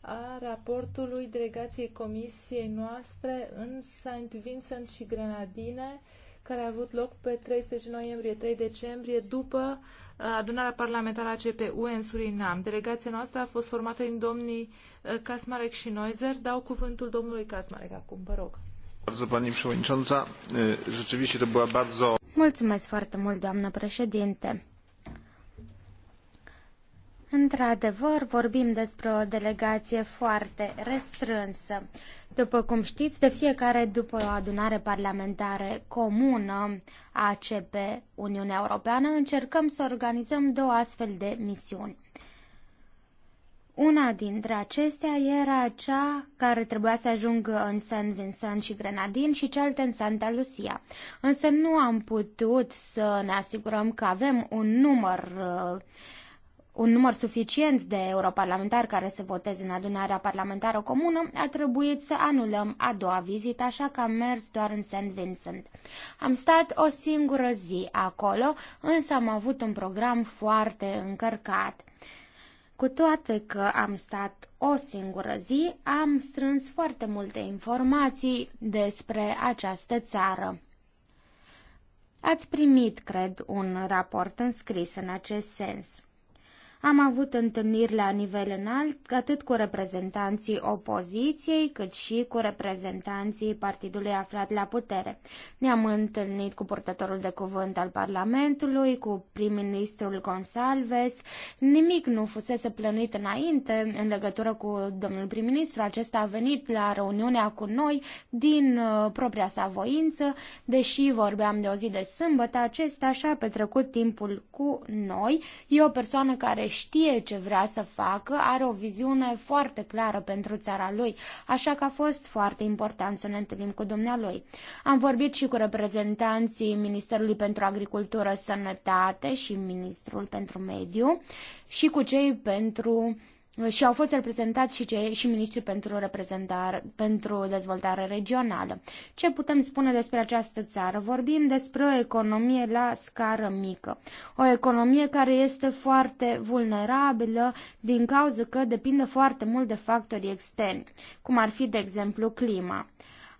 a raportului delegației comisiei noastre în St. Vincent și Grenadine, care a avut loc pe 13 noiembrie, 3 decembrie, după uh, adunarea parlamentară a CPU în Surinam. Delegația noastră a fost formată din domnii uh, Kasmarek și Noizer. Dau cuvântul domnului Kasmarek acum, vă rog. Mulțumesc foarte mult, doamnă președinte. Într-adevăr, vorbim despre o delegație foarte restrânsă. După cum știți, de fiecare după o adunare parlamentară comună ACP Uniunea Europeană, încercăm să organizăm două astfel de misiuni. Una dintre acestea era cea care trebuia să ajungă în San Vincent și Grenadin și cealaltă în Santa Lucia. Însă nu am putut să ne asigurăm că avem un număr uh, un număr suficient de europarlamentari care să voteze în adunarea parlamentară comună, a trebuit să anulăm a doua vizită, așa că am mers doar în St. Vincent. Am stat o singură zi acolo, însă am avut un program foarte încărcat. Cu toate că am stat o singură zi, am strâns foarte multe informații despre această țară. Ați primit, cred, un raport înscris în acest sens. Am avut întâlniri la nivel înalt, atât cu reprezentanții opoziției, cât și cu reprezentanții partidului aflat la putere. Ne-am întâlnit cu purtătorul de cuvânt al Parlamentului, cu prim-ministrul Gonsalves. Nimic nu fusese plănuit înainte în legătură cu domnul prim-ministru. Acesta a venit la reuniunea cu noi din uh, propria sa voință, deși vorbeam de o zi de sâmbătă, acesta și-a petrecut timpul cu noi. E o persoană care știe ce vrea să facă, are o viziune foarte clară pentru țara lui, așa că a fost foarte important să ne întâlnim cu dumnealui. Am vorbit și cu reprezentanții Ministerului pentru Agricultură, Sănătate și Ministrul pentru Mediu și cu cei pentru și au fost reprezentați și, cei, și miniștri pentru, reprezentare, pentru dezvoltare regională. Ce putem spune despre această țară? Vorbim despre o economie la scară mică. O economie care este foarte vulnerabilă din cauza că depinde foarte mult de factorii externi, cum ar fi, de exemplu, clima.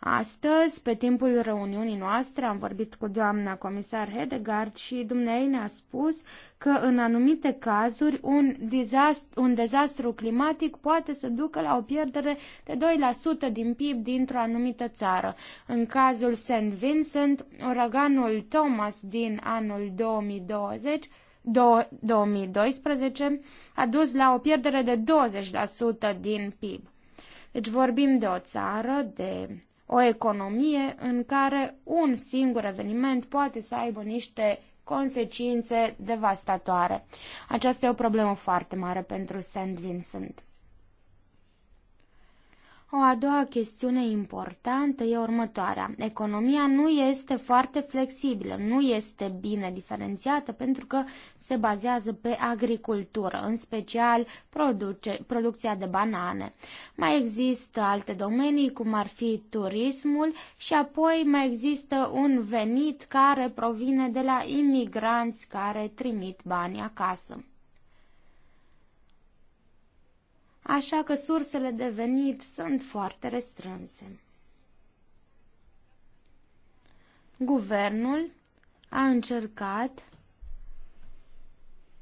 Astăzi, pe timpul reuniunii noastre, am vorbit cu doamna comisar Hedegaard și dumnei ne-a spus că în anumite cazuri un dezastru, un dezastru climatic poate să ducă la o pierdere de 2% din PIB dintr-o anumită țară. În cazul St. Vincent, uraganul Thomas din anul 2020 2012 a dus la o pierdere de 20% din PIB. Deci vorbim de o țară, de o economie în care un singur eveniment poate să aibă niște consecințe devastatoare. Aceasta e o problemă foarte mare pentru St. Vincent. O a doua chestiune importantă e următoarea. Economia nu este foarte flexibilă, nu este bine diferențiată pentru că se bazează pe agricultură, în special produce, producția de banane. Mai există alte domenii, cum ar fi turismul și apoi mai există un venit care provine de la imigranți care trimit bani acasă. așa că sursele de venit sunt foarte restrânse. Guvernul a încercat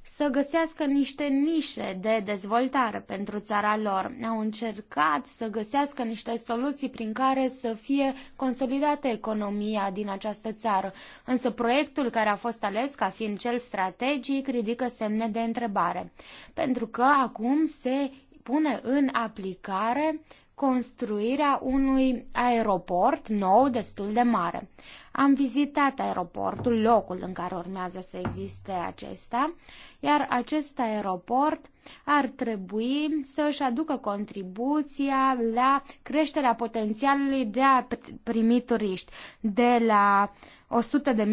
să găsească niște nișe de dezvoltare pentru țara lor. Au încercat să găsească niște soluții prin care să fie consolidată economia din această țară. Însă proiectul care a fost ales ca fiind cel strategic ridică semne de întrebare, pentru că acum se pune în aplicare construirea unui aeroport nou destul de mare. Am vizitat aeroportul, locul în care urmează să existe acesta, iar acest aeroport ar trebui să își aducă contribuția la creșterea potențialului de a primi turiști de la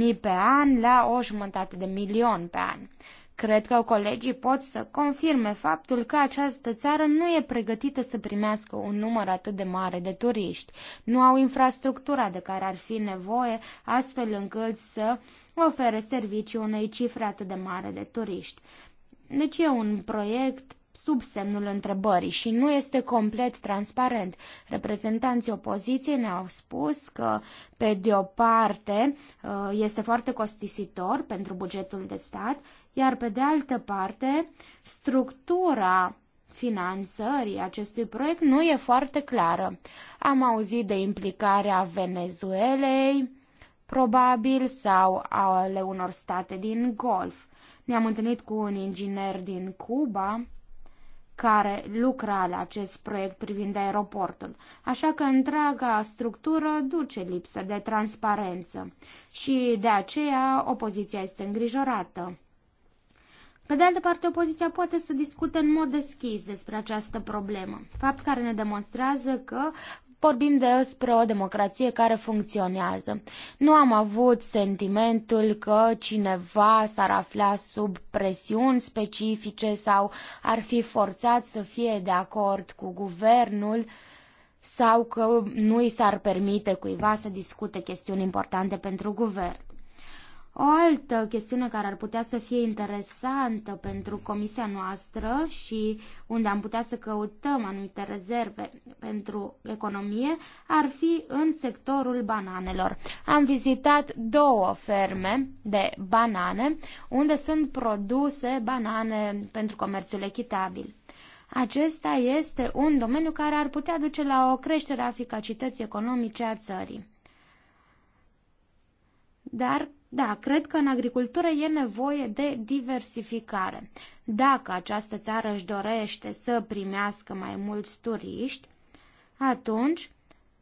100.000 pe an la o jumătate de milion pe an. Cred că colegii pot să confirme faptul că această țară nu e pregătită să primească un număr atât de mare de turiști. Nu au infrastructura de care ar fi nevoie, astfel încât să ofere servicii unei cifre atât de mare de turiști. Deci e un proiect sub semnul întrebării și nu este complet transparent. Reprezentanții opoziției ne-au spus că, pe de o parte, ă, este foarte costisitor pentru bugetul de stat, iar pe de altă parte, structura finanțării acestui proiect nu e foarte clară. Am auzit de implicarea Venezuelei, probabil, sau ale unor state din Golf. Ne-am întâlnit cu un inginer din Cuba care lucra la acest proiect privind aeroportul, așa că întreaga structură duce lipsă de transparență și de aceea opoziția este îngrijorată. Pe de altă parte, opoziția poate să discute în mod deschis despre această problemă, fapt care ne demonstrează că vorbim despre o democrație care funcționează. Nu am avut sentimentul că cineva s-ar afla sub presiuni specifice sau ar fi forțat să fie de acord cu guvernul sau că nu i s-ar permite cuiva să discute chestiuni importante pentru guvern. O altă chestiune care ar putea să fie interesantă pentru comisia noastră și unde am putea să căutăm anumite rezerve pentru economie ar fi în sectorul bananelor. Am vizitat două ferme de banane unde sunt produse banane pentru comerțul echitabil. Acesta este un domeniu care ar putea duce la o creștere a eficacității economice a țării. Dar da, cred că în agricultură e nevoie de diversificare. Dacă această țară își dorește să primească mai mulți turiști, atunci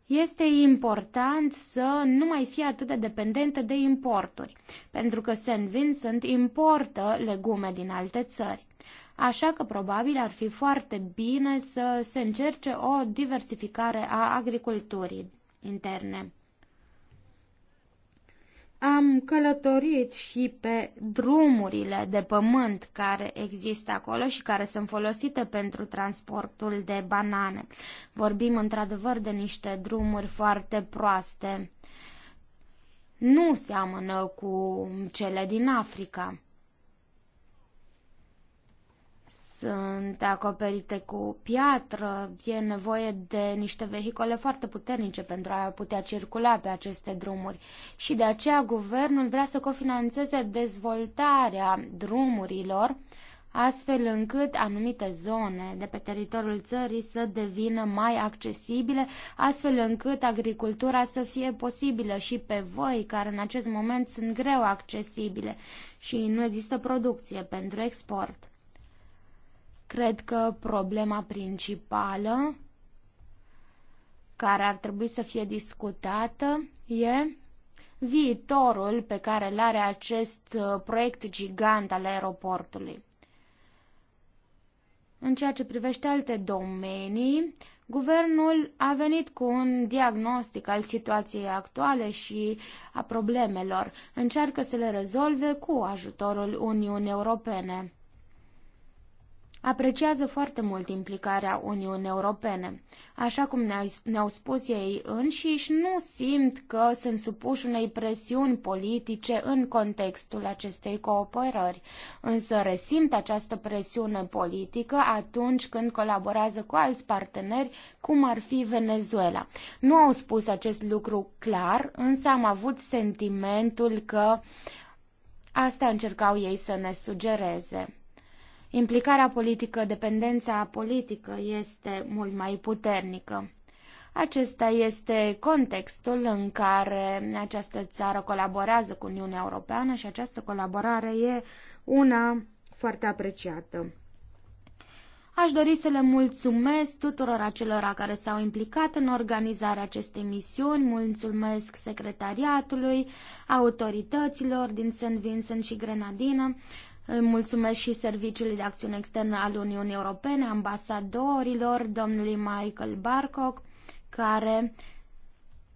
este important să nu mai fie atât de dependentă de importuri, pentru că St. Vincent importă legume din alte țări. Așa că probabil ar fi foarte bine să se încerce o diversificare a agriculturii interne. Am călătorit și pe drumurile de pământ care există acolo și care sunt folosite pentru transportul de banane. Vorbim într-adevăr de niște drumuri foarte proaste. Nu seamănă cu cele din Africa. sunt acoperite cu piatră, e nevoie de niște vehicole foarte puternice pentru a putea circula pe aceste drumuri și de aceea guvernul vrea să cofinanțeze dezvoltarea drumurilor astfel încât anumite zone de pe teritoriul țării să devină mai accesibile, astfel încât agricultura să fie posibilă și pe voi care în acest moment sunt greu accesibile și nu există producție pentru export. Cred că problema principală care ar trebui să fie discutată e viitorul pe care îl are acest uh, proiect gigant al aeroportului. În ceea ce privește alte domenii, guvernul a venit cu un diagnostic al situației actuale și a problemelor. Încearcă să le rezolve cu ajutorul Uniunii Europene apreciază foarte mult implicarea Uniunii Europene. Așa cum ne-au spus ei înșiși, nu simt că sunt supuși unei presiuni politice în contextul acestei cooperări, însă resimt această presiune politică atunci când colaborează cu alți parteneri, cum ar fi Venezuela. Nu au spus acest lucru clar, însă am avut sentimentul că asta încercau ei să ne sugereze implicarea politică, dependența politică este mult mai puternică. Acesta este contextul în care această țară colaborează cu Uniunea Europeană și această colaborare e una foarte apreciată. Aș dori să le mulțumesc tuturor acelora care s-au implicat în organizarea acestei misiuni, mulțumesc secretariatului, autorităților din St. Vincent și Grenadina, îi mulțumesc și Serviciului de Acțiune Externă al Uniunii Europene, ambasadorilor, domnului Michael Barcock, care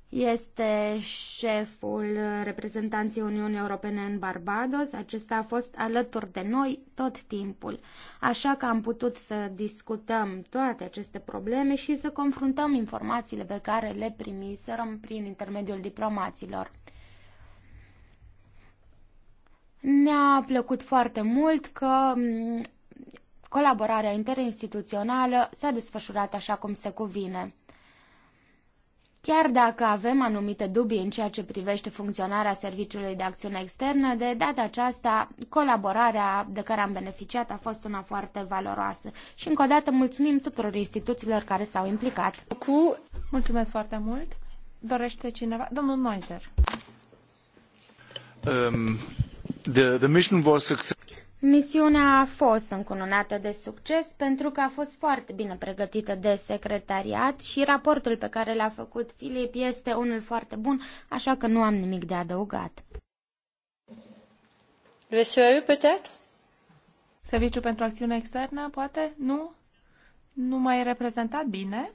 este șeful reprezentanței Uniunii Europene în Barbados. Acesta a fost alături de noi tot timpul, așa că am putut să discutăm toate aceste probleme și să confruntăm informațiile pe care le primiserăm prin intermediul diplomaților. Ne-a plăcut foarte mult că mm, colaborarea interinstituțională s-a desfășurat așa cum se cuvine. Chiar dacă avem anumite dubii în ceea ce privește funcționarea Serviciului de Acțiune Externă, de data aceasta colaborarea de care am beneficiat a fost una foarte valoroasă. Și încă o dată mulțumim tuturor instituțiilor care s-au implicat. Cu... Mulțumesc foarte mult. Dorește cineva? Domnul Noizer. Um, Misiunea a fost încununată de succes pentru că a fost foarte bine pregătită de secretariat și raportul pe care l-a făcut Filip este unul foarte bun, așa că nu am nimic de adăugat. Le SEAE, peut-être? Serviciul pentru acțiune externă, poate? Nu? Nu mai reprezentat bine?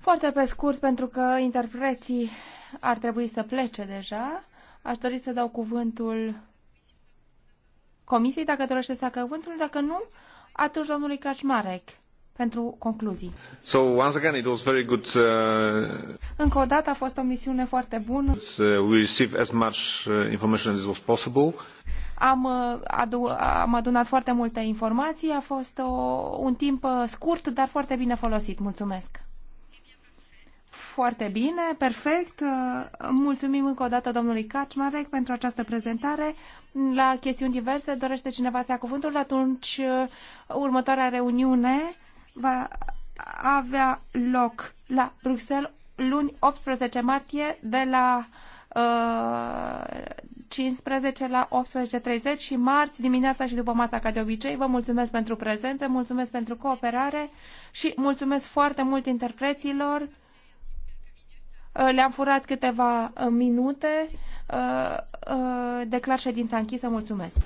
Foarte pe scurt, pentru că interpreții ar trebui să plece deja. Aș dori să dau cuvântul comisiei, dacă dorește să facă cuvântul, dacă nu, atunci domnului Kaczmarek pentru concluzii. So, once again, it was very good, uh... Încă o dată a fost o misiune foarte bună. Uh, we received as much uh, information as was possible. Am, uh, adu- am adunat foarte multe informații, a fost o, uh, un timp scurt, dar foarte bine folosit. Mulțumesc! Foarte bine, perfect. Mulțumim încă o dată domnului Kaczmarek pentru această prezentare. La chestiuni diverse dorește cineva să ia cuvântul, atunci următoarea reuniune va avea loc la Bruxelles luni 18 martie de la uh, 15 la 18.30 și marți dimineața și după masa ca de obicei. Vă mulțumesc pentru prezență, mulțumesc pentru cooperare și mulțumesc foarte mult interpreților. Uh, le-am furat câteva uh, minute. Uh, declar ședința închisă. Mulțumesc!